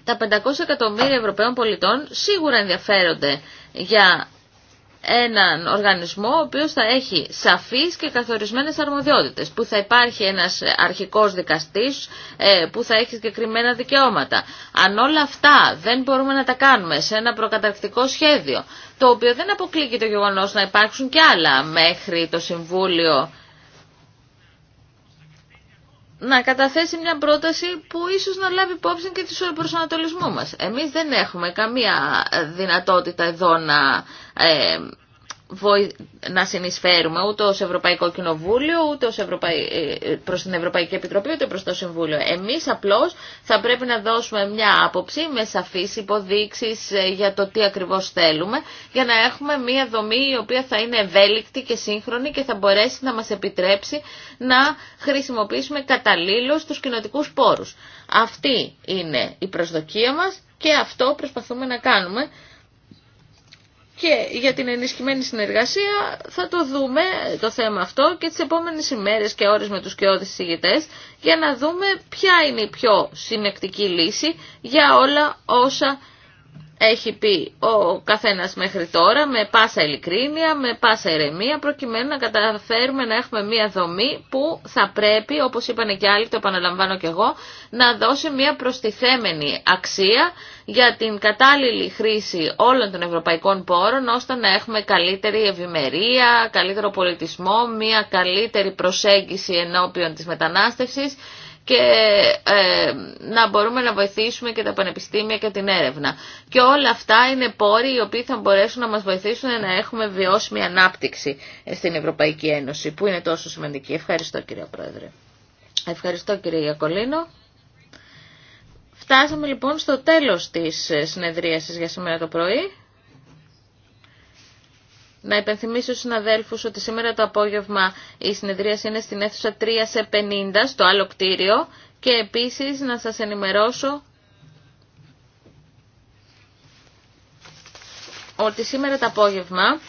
Τα 500 εκατομμύρια Ευρωπαίων πολιτών σίγουρα ενδιαφέρονται για έναν οργανισμό ο οποίος θα έχει σαφείς και καθορισμένες αρμοδιότητες, που θα υπάρχει ένας αρχικός δικαστής ε, που θα έχει συγκεκριμένα δικαιώματα. Αν όλα αυτά δεν μπορούμε να τα κάνουμε σε ένα προκαταρκτικό σχέδιο, το οποίο δεν αποκλείει το γεγονός να υπάρξουν και άλλα μέχρι το Συμβούλιο να καταθέσει μια πρόταση που ίσως να λάβει υπόψη και του προσανατολισμού μας. Εμείς δεν έχουμε καμία δυνατότητα εδώ να ε, να συνεισφέρουμε ούτε ως Ευρωπαϊκό Κοινοβούλιο, ούτε ως ε, προς την Ευρωπαϊκή Επιτροπή, ούτε προς το Συμβούλιο. Εμείς απλώς θα πρέπει να δώσουμε μια άποψη με σαφείς υποδείξεις ε, για το τι ακριβώς θέλουμε, για να έχουμε μια δομή η οποία θα είναι ευέλικτη και σύγχρονη και θα μπορέσει να μας επιτρέψει να χρησιμοποιήσουμε καταλήλως τους κοινοτικού πόρους. Αυτή είναι η προσδοκία μας και αυτό προσπαθούμε να κάνουμε και για την ενισχυμένη συνεργασία θα το δούμε το θέμα αυτό και τις επόμενες ημέρες και ώρες με τους κοιόδης συγητές για να δούμε ποια είναι η πιο συνεκτική λύση για όλα όσα έχει πει ο καθένας μέχρι τώρα με πάσα ειλικρίνεια, με πάσα ερεμία προκειμένου να καταφέρουμε να έχουμε μια δομή που θα πρέπει, όπως είπαν και άλλοι, το επαναλαμβάνω και εγώ, να δώσει μια προστιθέμενη αξία για την κατάλληλη χρήση όλων των ευρωπαϊκών πόρων ώστε να έχουμε καλύτερη ευημερία, καλύτερο πολιτισμό, μια καλύτερη προσέγγιση ενώπιον της μετανάστευσης και ε, να μπορούμε να βοηθήσουμε και τα πανεπιστήμια και την έρευνα. Και όλα αυτά είναι πόροι οι οποίοι θα μπορέσουν να μας βοηθήσουν να έχουμε βιώσιμη ανάπτυξη στην Ευρωπαϊκή Ένωση, που είναι τόσο σημαντική. Ευχαριστώ κύριε Πρόεδρε. Ευχαριστώ κύριε Γιακολίνο. Φτάσαμε λοιπόν στο τέλος της συνεδρίασης για σήμερα το πρωί. Να υπενθυμίσω στους συναδέλφους ότι σήμερα το απόγευμα η συνεδρία είναι στην αίθουσα 3 σε 50 στο άλλο κτίριο και επίσης να σας ενημερώσω ότι σήμερα το απόγευμα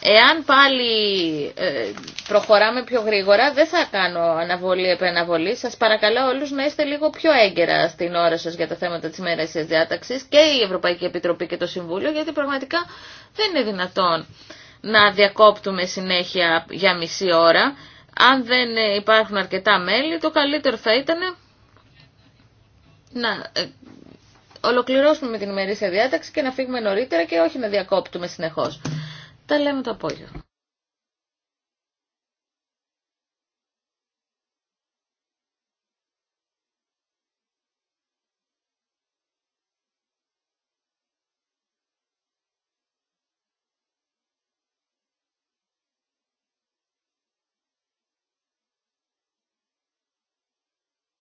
εάν πάλι ε, προχωράμε πιο γρήγορα. Δεν θα κάνω αναβολή επί αναβολή. Σας παρακαλώ όλους να είστε λίγο πιο έγκαιρα στην ώρα σα για τα θέματα τη μέρας τη διάταξης και η Ευρωπαϊκή Επιτροπή και το Συμβούλιο, γιατί πραγματικά δεν είναι δυνατόν να διακόπτουμε συνέχεια για μισή ώρα. Αν δεν υπάρχουν αρκετά μέλη, το καλύτερο θα ήταν να ε, ολοκληρώσουμε με την ημερήσια διάταξη και να φύγουμε νωρίτερα και όχι να διακόπτουμε συνεχώς. Τα λέμε το απόγευμα.